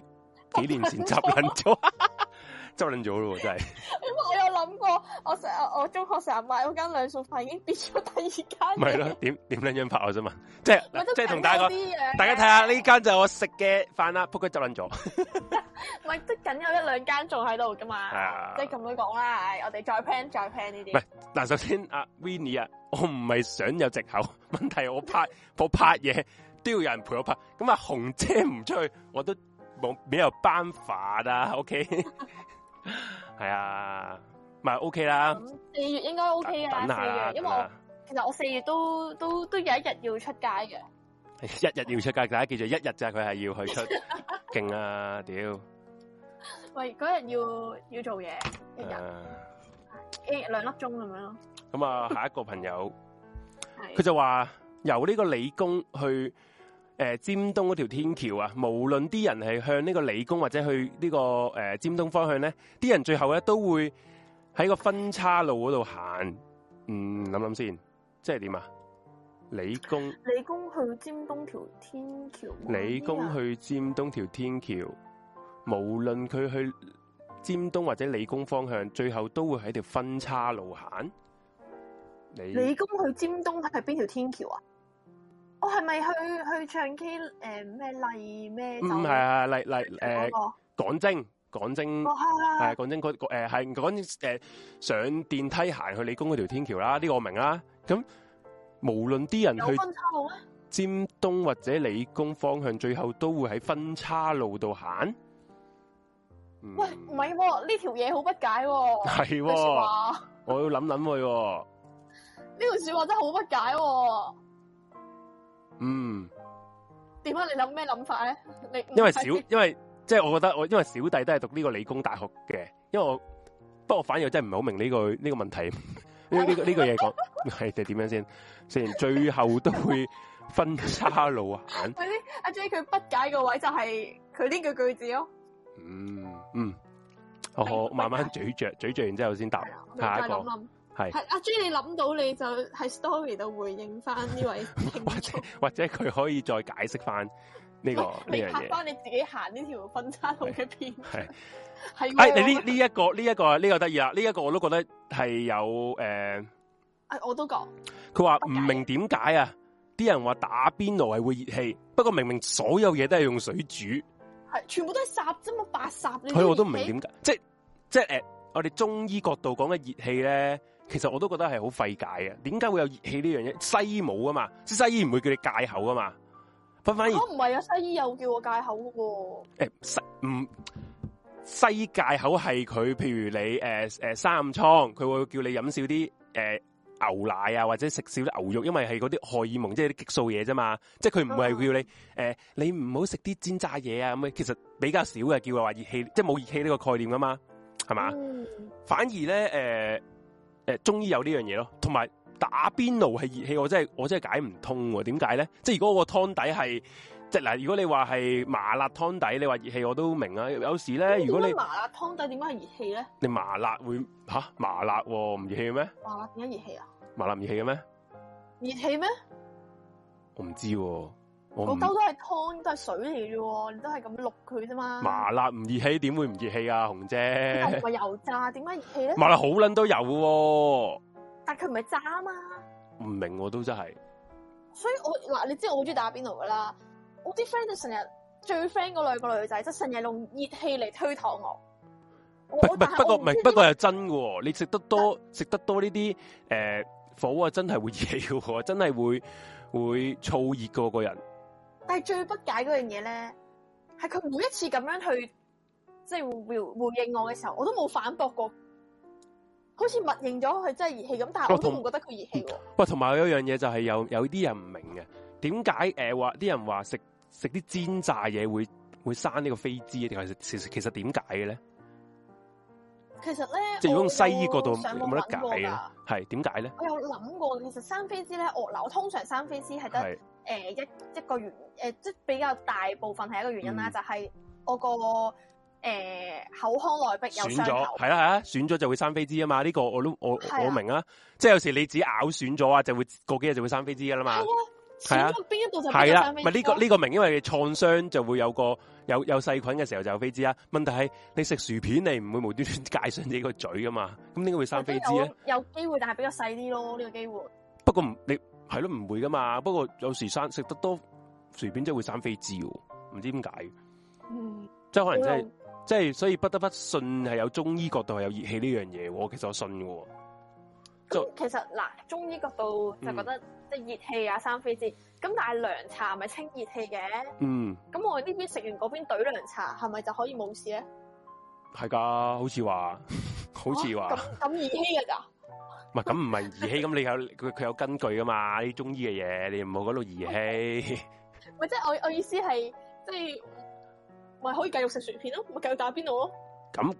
幾年前執爛咗。 了 執捻咗咯，真係。 因為我有諗過，我成我我中學成日買嗰間兩素飯已經變咗第二間。係咯，點點兩樣拍我啫嘛，即係即係同大家，大家睇下呢間就係我食嘅飯啦，仆佢執捻咗。唔即緊有一兩間仲喺度噶嘛，即係咁樣講啦。我哋再 plan 再 plan 呢啲。唔係嗱，首先阿 Winnie 啊，我唔係想有藉口，問題是我拍 我拍嘢都要有人陪我拍，咁啊紅姐唔出去，我都冇邊有辦法啊 OK 係啊，咪 OK 啦。四月應該 OK 噶，四月，因為我其實我四月都都都有一日要出街嘅。一日要出街，大家記住，一日就係，佢係要去出，勁啊屌！喂，嗰日要要做嘢一日，一日兩粒鐘咁樣咯。咁啊，下一個朋友，佢就話由呢個理工去。誒、呃，尖東嗰條天橋啊，無論啲人係向呢個理工或者去呢、這個誒、呃、尖東方向咧，啲人最後咧都會喺個分岔路嗰度行。嗯，諗諗先，即係點啊？理工，理工去尖東條天橋，理工去尖東條天橋，無論佢去尖東或者理工方向，最後都會喺條分岔路行。你理工去尖東係邊條天橋啊？我係咪去去唱 K？誒咩例咩？唔係係麗麗誒，港精港精，係、哦呃、港精嗰誒係港誒、呃、上電梯行去理工嗰條天橋啦？呢、這個我明啦。咁無論啲人去尖東或者理工方向，最後都會喺分叉路度行。喂，唔係呢條嘢好不解喎、啊，係說話，啊、我要諗諗佢。呢條說話真係好不解、啊。嗯，點解？你諗咩諗法咧？你因為小因為即係、就是、我覺得我因為小弟都係讀呢個理工大學嘅，因為我不過我反而真係唔係好明呢、這個呢、這個問題呢呢、 這個呢、這個嘢講係就點樣先？雖然最後都會分叉路啊！嗰啲阿 J 佢不解個位就係佢呢句句子咯。嗯嗯，我、嗯、我 慢慢咀嚼咀嚼完之後先答下一個。係阿朱，你諗到你就喺 story 度回應翻呢位 或，或者或者佢可以再解釋翻呢個你是拍返你自己行呢條分叉路嘅片，係係， 啊、哎，你呢呢一個呢一、這個呢、這個得意啦，呢、這、一個我都覺得係有誒、呃哎，我都講。佢話唔明點解啊？啲人話打邊爐係會熱氣，不過明明所有嘢都係用水煮，係全部都係霎啫嘛，白霎。佢我都唔明點解，即係即係誒、呃，我哋中醫角度講嘅熱氣咧。其實我都覺得係好費解啊。點解會有熱氣呢樣嘢？西醫冇啊嘛，即係西醫唔會叫你戒口噶嘛。反反而，我唔係啊，西醫又叫我戒口嘅。誒、欸，西唔、嗯、西醫戒口係佢，譬如你誒誒、呃呃、生暗瘡，佢會叫你飲少啲誒、呃、牛奶啊，或者食少啲牛肉，因為係嗰啲荷爾蒙，即係啲激素嘢啫嘛。即係佢唔會叫你誒、啊呃，你唔好食啲煎炸嘢啊咁。其實比較少嘅叫佢話熱氣，即係冇熱氣呢個概念噶、啊、嘛，係嘛？嗯、反而咧，誒、呃。中醫有呢樣嘢咯，同埋打邊爐係熱氣，我真係我真係解唔通喎，點解咧？即係如果個湯底係，即係嗱，如果你話係麻辣湯底，你話熱氣我都明啊。有時咧，如果你，你麻辣湯底點解係熱氣咧？你麻辣會吓麻辣唔熱氣嘅咩？麻辣點解熱氣啊？麻辣唔熱氣嘅咩？熱氣咩？我唔知。啊嗰兜都係湯，都係水嚟嘅，你都係咁渌佢啫嘛。麻辣唔熱氣，點會唔熱氣啊？紅姐，唔係油，油炸，點解熱氣咧？麻辣好撚都有，哦，但佢唔係渣啊嘛。唔明我都真係，所以我嗱，你知我好中意打邊爐噶啦，我啲 friend 就成日最 friend 嗰兩個女仔，即係成日用熱氣嚟推搪我。不過唔不過係真嘅，麼你食得多，食但得多呢啲誒火鍋，真係會熱氣嘅，真係會會燥熱過個人。但係最不解嗰樣嘢咧，係佢每一次咁樣去即係、就是、回回應我嘅時候，我都冇反駁過，好似默認咗佢真係熱氣咁，但係我都唔和覺得佢熱氣。喂，同埋有一樣嘢就係有有啲人唔明嘅，點解誒話啲人話食食啲煎炸嘢會會生呢個飛滋，定係其實其實點解嘅咧？其實咧，即係如果用西醫角度，有冇得解咧？係點解咧？我有諗過，其實生飛滋咧，我嗱我通常生飛滋係得。誒、呃、一一個原誒即、呃、比較大部分係一個原因啦、啊，嗯、就係我個誒、呃、口腔內壁有傷口損咗，係啦係啦，損咗、啊、就會生飛滋啊嘛。呢、這個我都我我，是、啊、我明啊，即有時你自己咬損咗啊，就會過幾日就會生飛滋噶啦嘛。係啊，邊一度是、啊、就係呢、啊啊這個呢、這個明，因為創傷就會有個有有細菌嘅時候就有飛滋啊。問題係你食薯片，你唔會無端端介損自己個嘴噶嘛，咁點解會生飛滋咧？有有機會，但係比較細啲咯，呢個機會。不過唔你。係咯，唔會噶嘛。不過有時生食得多，隨便即係會生痱滋，唔知點解。嗯，即係可能即係即係，所以不得不信係有中醫角度係有熱氣呢樣嘢。其實我信嘅。就，嗯，就其實嗱，中醫角度就覺得即係熱氣啊，生痱滋。咁但係涼茶咪清熱氣嘅。嗯。咁我呢邊食完嗰邊懟涼茶，係咪就可以冇事咧？係噶，好似話，好似話。咁咁熱氣嘅咋？ 咁唔係兒戲，咁 你有佢佢有根據噶嘛？你中醫嘅嘢，你唔好嗰度兒戲。唔，即係我我意思係即係，咪可以繼續食薯片咯，咪繼續打邊爐咯。咁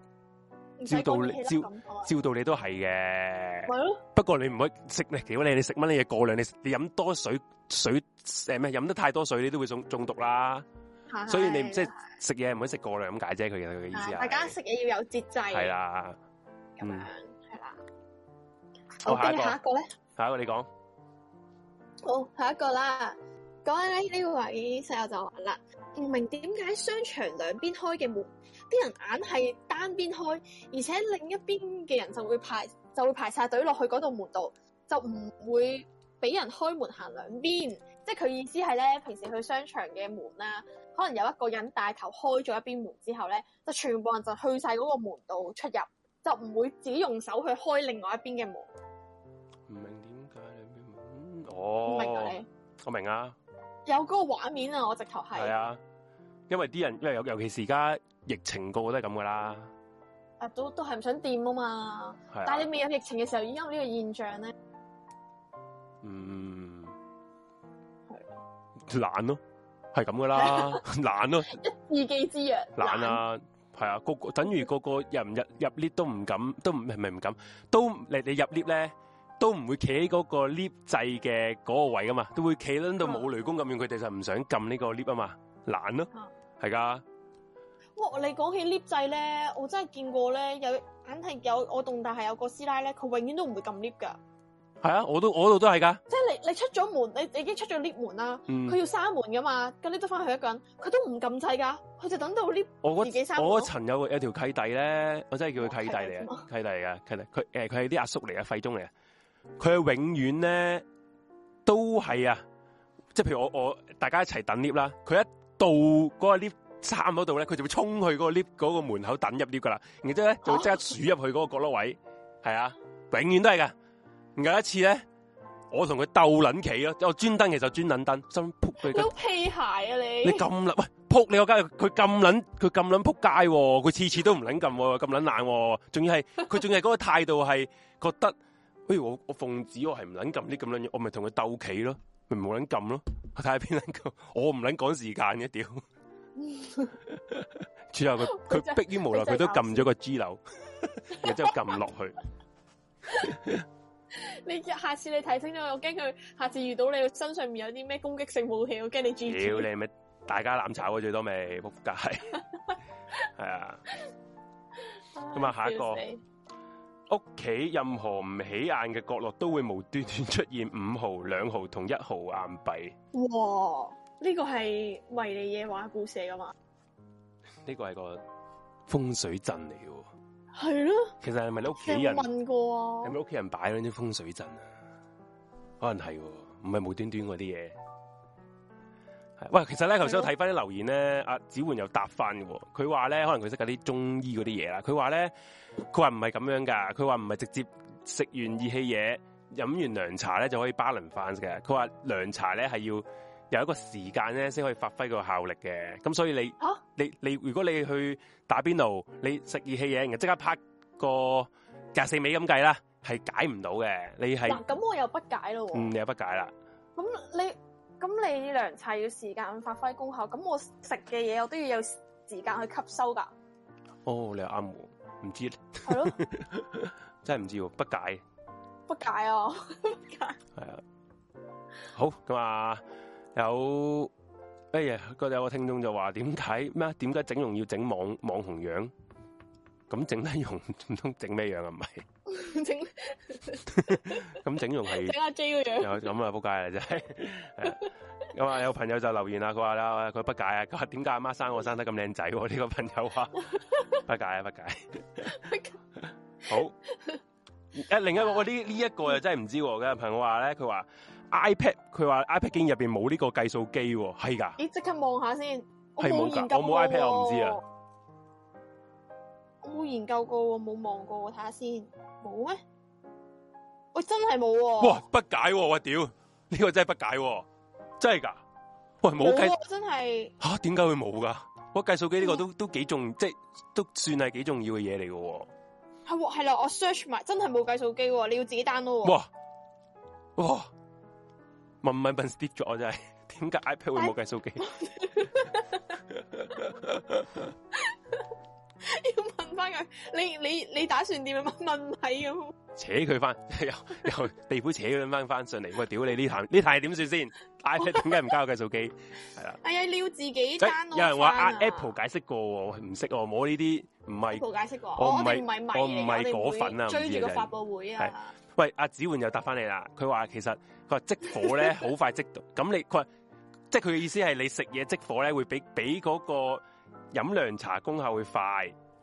樣照道理照照道理都係嘅，係咯了。不過你唔可以食咩幾好，你食乜嘢過量？你你飲多水水誒咩？飲得太多水，你都會中中毒啦。的所以你即係食嘢唔可以食過量咁解啫。佢嘅意思啊，大家食嘢要有節制。係啦的，咁樣。嗯好，跟住下一個咧，下一個你講。好、哦，下一個啦。講呢呢位細友就話啦，唔明點解商場兩邊開嘅門，啲人硬係單邊開，而且另一邊嘅人就會排就會排晒隊落去嗰度門度，就唔會俾人開門行兩邊。即係佢意思係咧，平時去商場嘅門啦、啊，可能有一個人帶頭開咗一邊門之後咧，就全部人就去晒嗰個門度出入，就唔會自己用手去開另外一邊嘅門。我明啊！我明啊！有嗰個畫面啊！我直頭係，係啊！因為啲人因為尤尤其是而家疫情個個都係咁噶啦，啊、都都係唔想掂啊嘛！啊但係你未有疫情嘅時候已經有呢個現象咧，嗯，係懶咯，係咁噶啦，懶咯，一言記之曰懶啊，係啊，個個等於個個人入唔入 lift 都唔敢，都唔係咪唔敢，都你你入 lift 咧。都唔會企喺嗰個 lift 掣嘅嗰個位啊嘛，都會企到冇雷公咁遠，佢哋就唔想撳呢個 lift 啊嘛，懶咯、啊，係噶。哇，你講起 lift 掣咧，我真係見過咧，有硬係有我動，但係有個師奶咧，佢永遠都唔會撳 lift 噶。係啊，我都我度都係噶。都即係你你出咗門，你已經出咗 lift、嗯、門啦，佢要閂門噶嘛，咁 lift 翻去一個人，佢都唔撳掣噶，佢就等到 lift 自己閂。我層有有條契弟咧，我真係叫佢契弟嚟啊，契弟啊，契弟，佢誒佢係啲阿叔嚟啊，廢中嚟啊。.佢永遠咧都係啊，即係譬如我我大家一齊等 lift 啦，佢一到嗰個 lift 站嗰度咧，佢就會衝去嗰個 lift 嗰個門口等入 lift 噶啦，然之後咧就即刻鼠入去嗰個角落位，係啊，啊，永遠都係噶，啊。然有一次咧，我同佢鬥捻棋咯，我專登其實專捻登，心扑佢。都屁鞋啊你，你！你撳啦喂，扑你個街，佢撳捻佢撳捻扑街，啊，佢次次都唔捻撳，咁捻難，啊，仲要係佢仲要係嗰個態度係覺得。不如我我奉旨，我係唔捻撳啲咁捻嘢，我咪同佢鬥棋咯，咪冇捻撳咯。睇下邊捻個，我唔捻趕時間嘅屌。 最後佢佢迫於無奈，佢 的都撳咗個 G 樓，然之後撳落去。 你下次你睇清楚，我驚佢下次遇到你身上面有啲咩攻擊性武器，我驚你 G 跳。屌你咪大家攬炒嘅，最多咪撲街，係啊。咁啊下一個。 屋企任何唔起眼嘅角落都會無端端出現五毫、兩毫同一毫硬幣。哇！呢個係迷你嘢畫故事嚟噶嘛？呢個係個風水陣嚟嘅。係咯的。其實係咪你屋企人？我問過啊。係咪屋企人擺嗰啲風水陣啊？可能係，唔係無端端嗰啲嘢。喂，其實咧，頭先我睇翻啲留言咧，阿的、啊、子煥又答翻嘅，佢話咧，可能佢識嗰啲中醫嗰啲嘢啦。佢話咧，佢話唔係咁樣噶，佢話唔係直接食完熱氣嘢，飲完涼茶咧就可以巴輪翻嘅。佢話涼茶咧係要有一個時間咧先可以發揮個效力嘅。咁所以你，啊，你你，你如果你去打邊爐，你食熱氣嘢，然即刻拍個廿四味咁計啦，係解唔到嘅。你係，咁、啊、我又不解咯、啊，嗯，你又不解啦。咁你。咁你涼茶要時間發揮功效，咁我食嘅嘢我都要有時間去吸收噶。哦，你又啱唔知係咯，了 真係唔知喎，不解不解哦。係啊，好咁啊、嗯，有哎呀，嗰度有個聽眾就話點解咩啊？點解整容要整網網紅樣？咁整得容唔通整咩樣啊？唔係弄，咁整容係整阿 J 嘅樣。又咁啊，撲街啦，真係。咁啊，有朋友就留言啦，佢話啦，佢不解啊，佢話點解阿媽生我生得咁靚仔？呢、這個朋友話 不解啊，不解。 好，誒，另 一個我呢一個又真係唔知喎。嘅、嗯、朋友話咧，佢話 iPad 佢話 iPad 機入邊冇呢個計數機，係噶。你即刻望下先。係冇噶，我冇 iPad，我唔知啊。我冇研究過，冇望過，我睇下先，冇咩？喂，真係冇喎！哇，不解喎、哦這個哦！喂，屌，呢個真係不解，真係噶？喂、啊，冇計。呢個真係。吓，點解會冇噶？我計數機呢個都都幾重，即係都算係幾重要嘅嘢嚟噶。係喎，係啦，我 search 埋，真係冇計數機，你要自己 download、哦。哇哇，唔係笨死咗我真係，點解 iPad 會冇計數機？ 翻佢，你你你打算點樣問問題咁？扯佢翻，又又地盤扯佢翻翻上嚟，我屌你呢下呢壇點算先 i p a 點解唔交計數機？係啦，哎呀，尿自己有人話 Apple 解釋過，我唔識我冇呢啲，唔係解釋過，我唔係我唔係果粉啊！追住個發布會啊！喂，阿子媛又答翻你啦，佢話其實佢話即火咧好快即，咁你佢即係佢嘅意思係你食嘢即火咧會比比嗰個飲涼茶功效會快。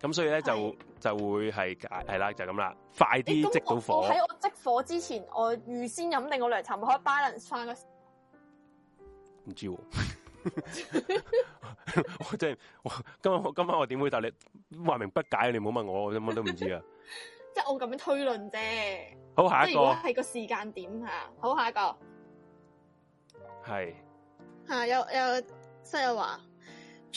咁所以咧是就就會係係啦，就咁啦，快啲積到火。喺、欸欸、我積火之前，我預先飲定嗰涼茶，開 balance 翻嘅。唔知喎、啊， 我真係，我今晚今晚我點回答你？話明不解、啊，你唔好問我，我今晚都唔知道啊。即係 我咁樣推論啫。好，下一個。即係如果係個時間點吓，好，下一個。係是。吓、啊，有有西友話。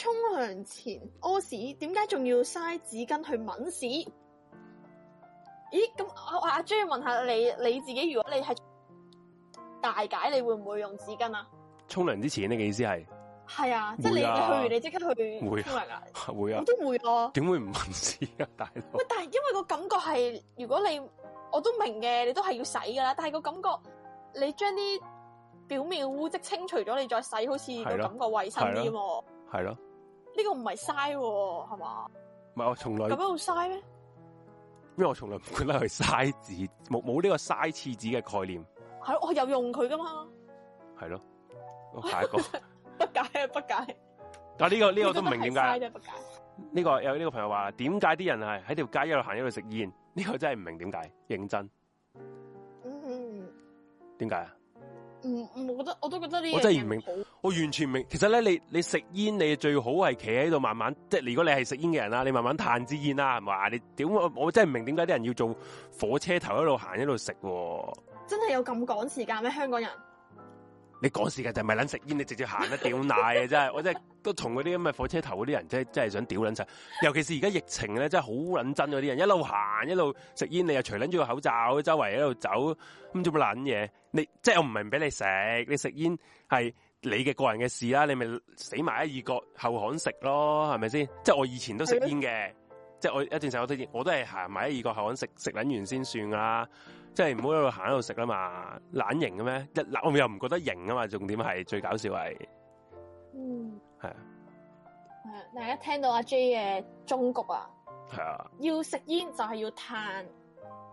沖涼前屙屎，點解仲要嘥紙巾去抆屎？咦，咁我阿朱要問下你,你自己如果你係大解，你會唔會用紙巾啊？沖涼之前，你嘅意思係？係啊，即係、啊、你去完你即刻去沖涼啊？會啊，我都會咯、啊。點會唔抆屎啊，大佬？喂，但係因為個感覺係，如果你我都明嘅，你都係要洗噶啦。但係個感覺，你將啲表面嘅污漬清除咗，你再洗，好似個感覺衛生啲啊？係咯、啊。是啊呢個唔係嘥係嘛？唔係我從來喺邊度嘥咩？因為我從來唔覺得佢嘥紙，冇冇呢個嘥廁紙嘅概念。係我有用佢噶嘛？係咯，我下一個 不解啊，不解。但呢、這個呢、這個都唔明點解。不解呢、這個有呢個朋友話點解啲人係喺條街一路行一路食煙？呢、這個真係唔明點解，認真。嗯嗯。點、嗯、解？為什麼唔，我覺得我都覺得呢，我真係唔明，我完全唔明。其實咧，你你食煙，你最好係企喺度慢慢，即係如果你係食煙嘅人啦，你慢慢嘆支煙啦，係嘛？你點我？我真係唔明點解啲人要做火車頭一路行一路食喎？真係有咁趕時間咩？香港人？你趕時間就係咪撚食煙？你直接行得屌奶啊！ 真係，我真係都同嗰啲咁嘅火車頭嗰啲人，真真係想屌撚晒。尤其是而家疫情咧，真係好撚憎嗰啲人一路行一路食煙，你又除撚住個口罩，周圍喺度走，咁做乜撚嘢？你即係我唔係唔俾你食，你食煙係你嘅個人嘅事啦。你咪死埋一二個後巷食咯，係咪先？即係我以前都食煙嘅，即係 我一定成日我都我都係行埋一二個後巷食食撚完先算啦。即係唔好喺度行喺度食啦嘛，懶型嘅咩？懶我又唔覺得型噶嘛，重點係最搞笑係，嗯，係啊，係啊，大家聽到阿 J 嘅忠局啊，係啊，要食煙就係要嘆，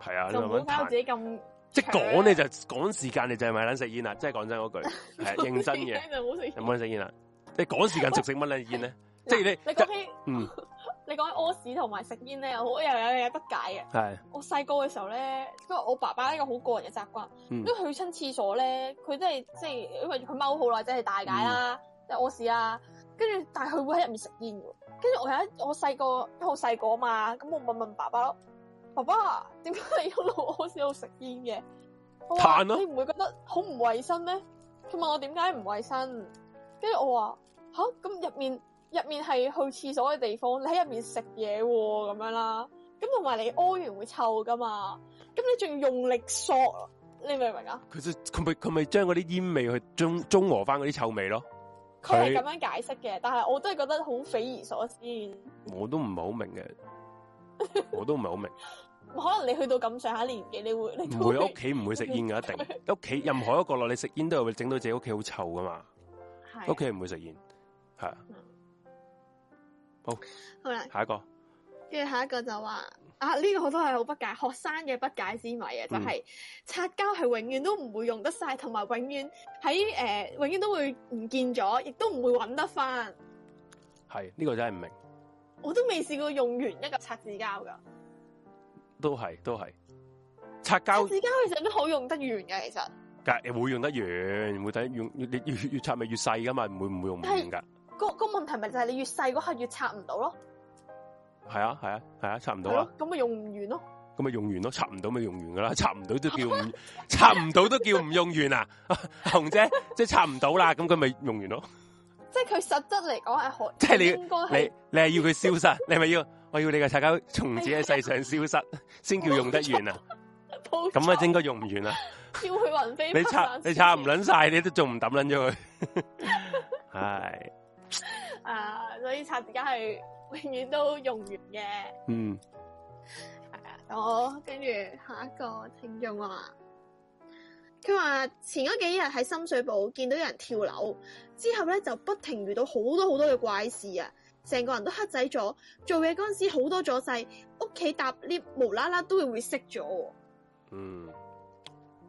係啊，你唔好靠自己咁即趕你就趕時間你就係咪捻食煙啦？真係講真嗰句，係認真嘅，唔好食食煙啦！你趕時間食食乜捻煙咧？即係你，你講起嗯。你講屙屎同埋食煙咧，好又有又有，有，有，有得解嘅。是我細個嘅時候咧，因為我爸爸呢個好個人嘅習慣，嗯、因為去親廁所咧，佢都係即係因為佢踎好耐，即、就、係、是、大解啦。即係屙屎啊。跟住、嗯啊、但係佢會喺入面食煙喎。跟住我有我細個都好細個啊嘛，咁我問問爸爸咯。爸爸點解你一路屙屎喺度食煙嘅？啊、你唔會覺得好唔衛生咩？佢問我點解唔衛生，跟住我話嚇咁入面。入面係去廁所嘅地方，你喺入面食嘢咁樣啦，咁同埋你屙完會臭噶嘛，咁你仲要用力嗦，你明唔明啊？佢佢咪佢咪將嗰啲煙味去中中和翻嗰啲臭味咯？佢係咁樣解釋嘅，但係我，我都係覺得好匪夷所思。我都唔係好明嘅，我都唔係好明。可能你去到咁上下年紀，你會你唔會屋企唔會食煙噶？一定屋企 任何一個角落你食煙都係會整到自己屋企好臭噶嘛？屋企唔會食煙係啊。是 Oh, 好了，好啦，下一個，跟住下一個就話啊呢、這個好多係好不解，學生嘅不解之謎啊，就係擦膠係永遠都唔會用得晒，同埋永遠喺誒、呃、永遠都會唔見咗，亦都唔會揾得翻。係呢、這個真係唔明，我都未試過用完一個擦紙膠噶，都係都係擦膠，擦紙膠其實都好用得完噶，其實，但會用得完，會睇用你越越擦咪越，越細噶嘛，會唔會用唔是用噶？個個問題咪就係你越細嗰刻越擦唔到咯，係啊係啊係啊擦唔到咯，咁咪用唔完咯，咁咪用完咯，擦唔到咪用完噶啦。擦唔到都叫唔擦唔到都叫唔用完啊，紅姐即係擦唔到啦，咁佢咪用完咯，即係佢實質嚟講係可，即係你你你係要佢消失，你咪要我要你個擦膠從此喺世上消失，先叫用得完啊，咁啊應該用唔完啊，叫佢雲飛，你擦你擦唔捻晒，你都仲唔抌捻咗佢，係。誒，uh, 所以擦紙巾係永遠都用完嘅。嗯，係、uh, 我跟住下一個聽眾啊。佢話 前嗰 幾日喺深水埗 見到有人跳樓，之後咧就不停遇到好多好多嘅怪事啊！成個人都黑仔咗，做嘢嗰陣時好多阻滯，屋企搭 lift 無啦啦都會會熄咗。嗯，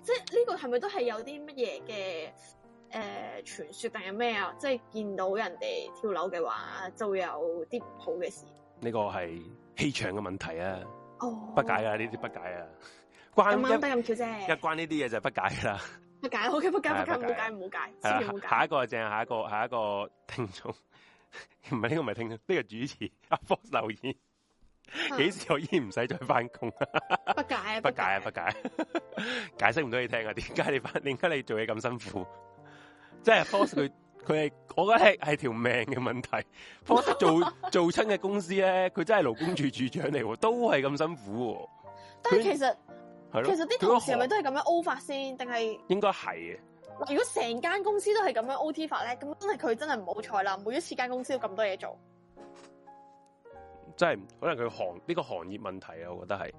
即係呢個係咪都係有啲乜嘢嘅？誒，傳說定係咩啊？即係見到人哋跳樓嘅話，就會有啲唔好嘅事。呢個係氣場嘅問題啊！哦，不解啊，呢啲不解啊，關一關呢啲嘢就係不解啦。不解，好嘅，不解，不解，唔好解，唔好解，解。下一個係正下一個，下一個聽眾，唔係呢個，唔係聽，呢個主持阿方留言，幾時可以唔使再翻工啊？不解，不解啊，不解，解釋唔到你聽啊？點解你翻？點解你做嘢咁辛苦？即係 force 佢，佢係我覺得係係條命嘅問題。force 做做親嘅公司咧，佢真係勞工處處長嚟，都係咁辛苦。但係其實，其實啲同事係咪都係咁樣 O 法先，定係？應該係嘅。如果成間公司都係咁樣 O T 法咧，咁真係佢真係唔好彩啦！每一次間公司要咁多嘢做，真係可能佢行呢個行業問題啊，我覺得係，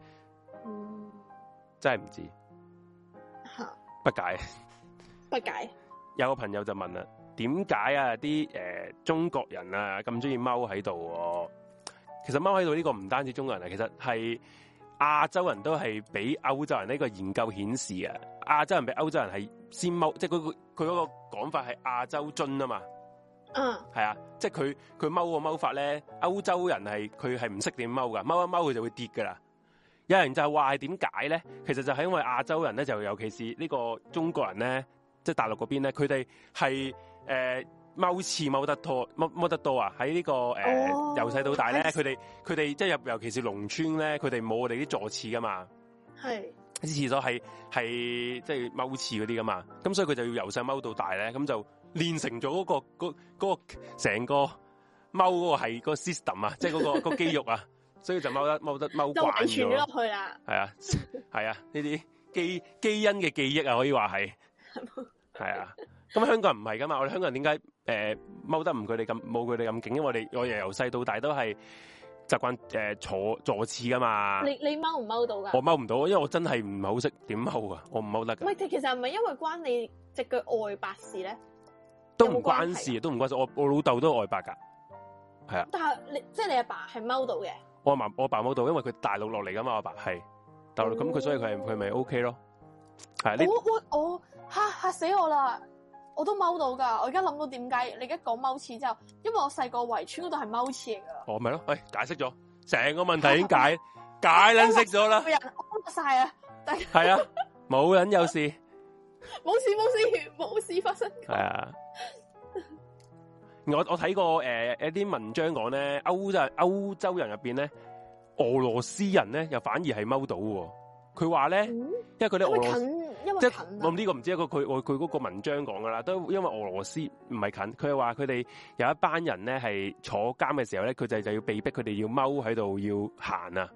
真係唔知，吓不解，不解。有個朋友就問啦，點解啊啲誒中國人啊咁中意踎喺度？其實踎喺度呢個唔單止中國人啊，其實係亞洲人都係比歐洲人，呢個研究顯示啊，亞洲人比歐洲人係先踎，即係佢佢嗰個講法係亞洲樽啊嘛。嗯，係啊，即係佢佢踎個踎法咧，歐洲人係佢係唔識點踎噶，踎一踎佢就會跌噶啦。有人就係話係點解咧？其實就係因為亞洲人咧，就尤其是呢個中國人咧。即大陸嗰邊咧，佢哋係誒踎廁踎得多，踎踎得多啊！喺呢、這個誒由細到大咧，佢哋佢哋即係尤尤其是農村咧，佢哋冇我哋啲坐廁噶嘛，係啲 Yes. 廁所係係即係踎廁嗰啲噶嘛，咁所以佢就要由細踎到大咧，咁就練成咗嗰、嗰個成、嗰個踎嗰、嗰個係個 system 啊，即係嗰個肌肉啊，所以就踎得踎得踎慣咗，遺傳咗落去啦，係啊係啊，呢啲、啊、基基因嘅記憶啊，可以話係。 係 啊，咁香港人唔係噶嘛，我哋香港人點解誒踎得唔佢哋咁冇佢哋咁勁？因為我哋我由由細到大都係習慣誒坐坐廁噶嘛。你你踎唔踎到噶？我踎唔到，因為我真係唔係好識點踎啊，我唔踎得噶。唔喂，其實係咪因為關你隻腳外八事咧？都唔關事、啊，都唔關事。我我老豆都外八噶，係啊。但係你即係你阿爸係踎到嘅？我阿媽我爸踎到，因為佢大陸落嚟噶嘛，阿爸係大陸，咁佢、哦、所以佢佢咪 OK 咯？係呢？我我。吓嚇死我啦！我都踎到噶，我而家諗到點解你而家講踎廁之後，因為我細個圍村嗰度係踎廁噶。哦，咪、就、咯、是，喂、哎，解釋咗成個問題已經解解撚識咗啦。冇人，我晒家啊！係啊，冇人有事，冇事冇事，冇事，事發生。係啊， 我我睇過誒、呃、一啲文章講咧，歐洲歐洲人入邊咧，俄羅斯人咧又反而係踎到。佢話咧，嗯、因為佢哋俄。因為即我呢、呢個唔知，不過佢佢嗰個文章講噶啦，都因為俄羅斯唔係近，佢係話佢哋有一班人咧係坐監嘅時候咧，佢哋就要被逼佢哋要踎喺度要行啊，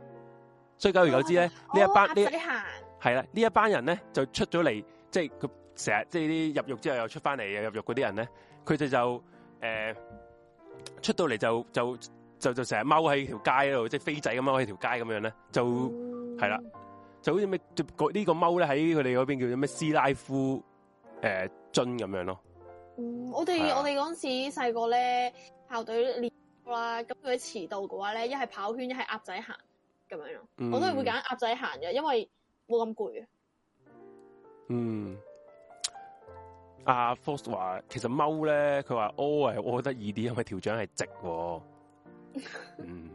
所以久而久之咧，呢、哦、一班、哦、呢係啦，呢一班人咧就出咗嚟，即係佢成日即係啲入獄之後又出翻嚟又入獄嗰啲人咧，佢哋就誒、呃、出到嚟就就就就成日踎喺條街度，即、就、係、是、飛仔咁踎喺條街咁樣咧，就係啦。嗯就好似咩，呢個踎咧喺佢哋嗰邊叫做咩，斯拉夫誒樽咁樣咯。嗯，我哋我哋嗰陣時細個咧，校隊練啦，咁佢遲到嘅話咧，一係跑圈，一係鴨仔行咁樣。嗯，我都係會揀鴨仔行嘅，因為冇咁攰。嗯，阿 Fox 話，其實踎咧，佢話哦，我覺得易啲，因為條腸係直喎。嗯。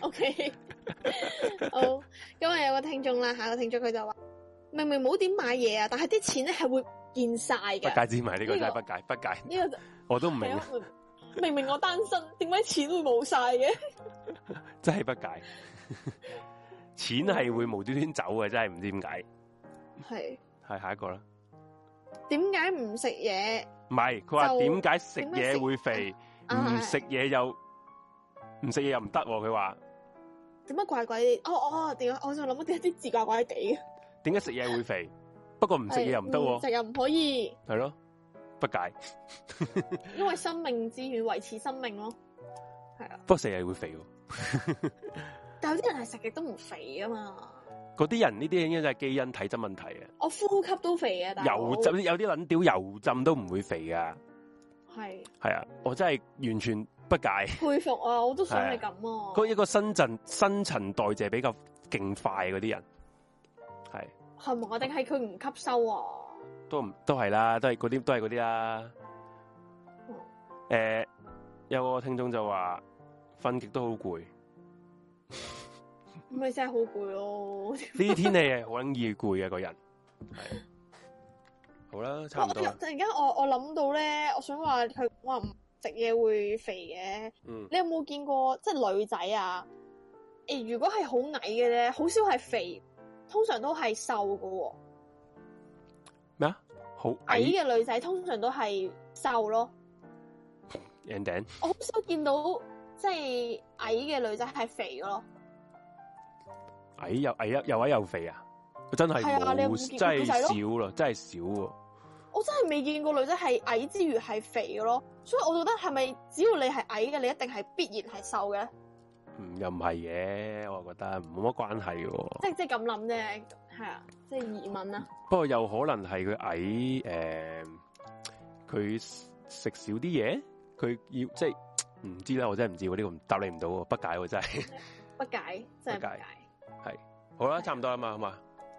O K。 好，今日有個聽眾啦，下一個聽眾佢就話：明明冇點買嘢啊，但係啲錢咧係會見晒嘅。不解之謎呢、這個真係不解，這個、不解呢個就我都唔明白，明明我單身，點解錢會冇晒嘅？真係不解，錢係會無端端走嘅，真係唔知點解。係係是下一個啦。點解唔食嘢？唔係，佢話點解食嘢會肥，唔食嘢又唔食嘢又唔得，佢話。點乜怪怪啲？哦哦，點解我喺度諗一啲一啲字怪怪地嘅。點解食嘢會肥？不過唔食嘢又唔得，啊，食，哎嗯、又唔可以。係咯，不解。因為生命之源維持生命咯，係啊。不過食嘢會肥，但有啲人係食嘢都唔肥啊嘛。嗰啲人呢啲應該就係基因體質問題啊。我呼吸都肥啊，油浸有啲撚屌油浸都唔會肥噶，係係啊，我真係完全。不解，佩服啊！我都想係咁啊。嗰、啊、一個新陳新陳代謝比較勁快嗰啲人，係係我定係佢唔吸收啊？都唔都係啦，都係嗰啲，都係嗰啲啦。誒、嗯欸，有個聽眾就話訓極都好攰，咪真係好攰咯。呢啲天氣係好容易攰啊！個人係好啦，差唔多我我突然間，我我諗到咧，我想話佢，我唔。食嘢會肥嘅，嗯、你有冇見過即係、就是、女仔啊？誒，如果係好矮嘅咧，好少係肥，通常都係瘦嘅。咩啊？好矮嘅女仔通常都係瘦咯。And then? 我好少見到即係、就是、矮嘅女仔係肥嘅咯。矮又矮啊，又矮又肥啊，真係，係啊，你有冇真係少咯？真係少。我真係未見過女仔係矮之餘係肥嘅咯，所以我覺得係咪只要你係矮嘅，你一定係必然係瘦嘅？嗯，又唔係嘅，我覺得冇乜關係嘅。即即咁諗啫，係啊，即、係、疑問啊、嗯。不過又可能係佢矮，誒、呃，佢食少啲嘢，佢要即係唔知啦，我真係唔知，我、這、呢個答你唔到，不解喎真係，不解真係不解，係好啦，是啊、差唔多啦嘛，好嘛。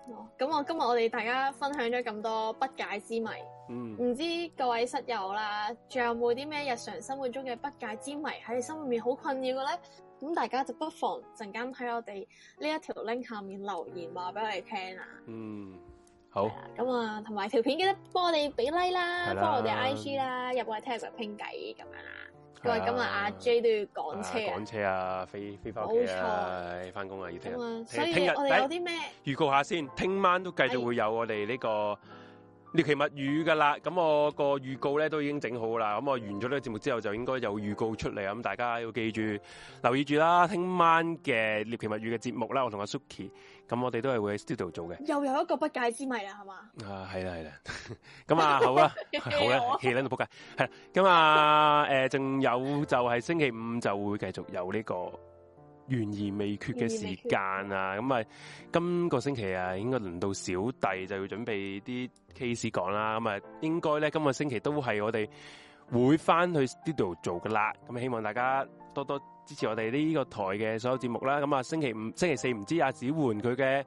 哦，咁我今日我哋大家分享咗咁多不解之謎，唔、嗯、知各位室友啦，仲有冇啲咩日常生活中嘅不解之謎喺你心裏面好困擾嘅咧？咁大家就不妨陣間喺我哋呢一條 link 下面留言話俾我哋聽啦。嗯，好。咁啊，同埋條片記得幫我哋俾 like 啦，幫的我哋 IG 啦，的入我哋 Telegram 傾偈咁樣啦。因為、啊、今日阿 J 都要趕車趕車啊，啊，趕車啊飛飛翻屋企啊翻工啊了要聽日、嗯、天所以聽日我哋有啲咩預告下先，聽晚都繼續會有我哋呢、這個獵奇物語噶啦，咁我個預告咧都已經整好啦，咁我完咗呢個節目之後就應該有預告出嚟，咁大家要記住留意住啦，聽晚嘅獵奇物語嘅節目啦，我同阿 Suki，咁我哋都係會喺 studio 做嘅。又有一個不解之謎啦，係嘛？啊，係啦係啦，咁 啊好啦，好啦，企喺度扑街，係，咁啊，誒、 啊，仲、啊 啊、有就係星期五就會繼續有呢、這個。懸而未決嘅時間啊，咁、嗯、啊，今個星期啊，應該輪到小弟就要準備啲 case 講啦，咁、嗯、啊，應該咧今個星期都係我哋會翻去 studio 做噶啦，咁、嗯嗯、希望大家多多支持我哋呢個台嘅所有節目啦，咁、嗯、啊，星期五、星期四唔知阿子煥佢嘅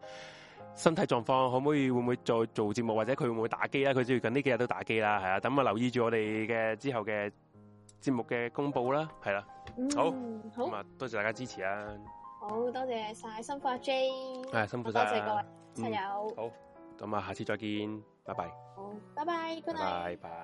身體狀況可唔可以，會唔會再做節目，或者佢會唔會打機啦？佢最近呢幾日都打機啦，係啊，咁啊，留意住我哋嘅之後嘅。節目嘅公佈啦，係啦，好，咁啊，多謝大家支持啊，好多謝晒，辛苦阿 J，係辛苦晒，多謝各位朋友，好，咁啊，下次再見，拜拜，好，拜拜，拜拜。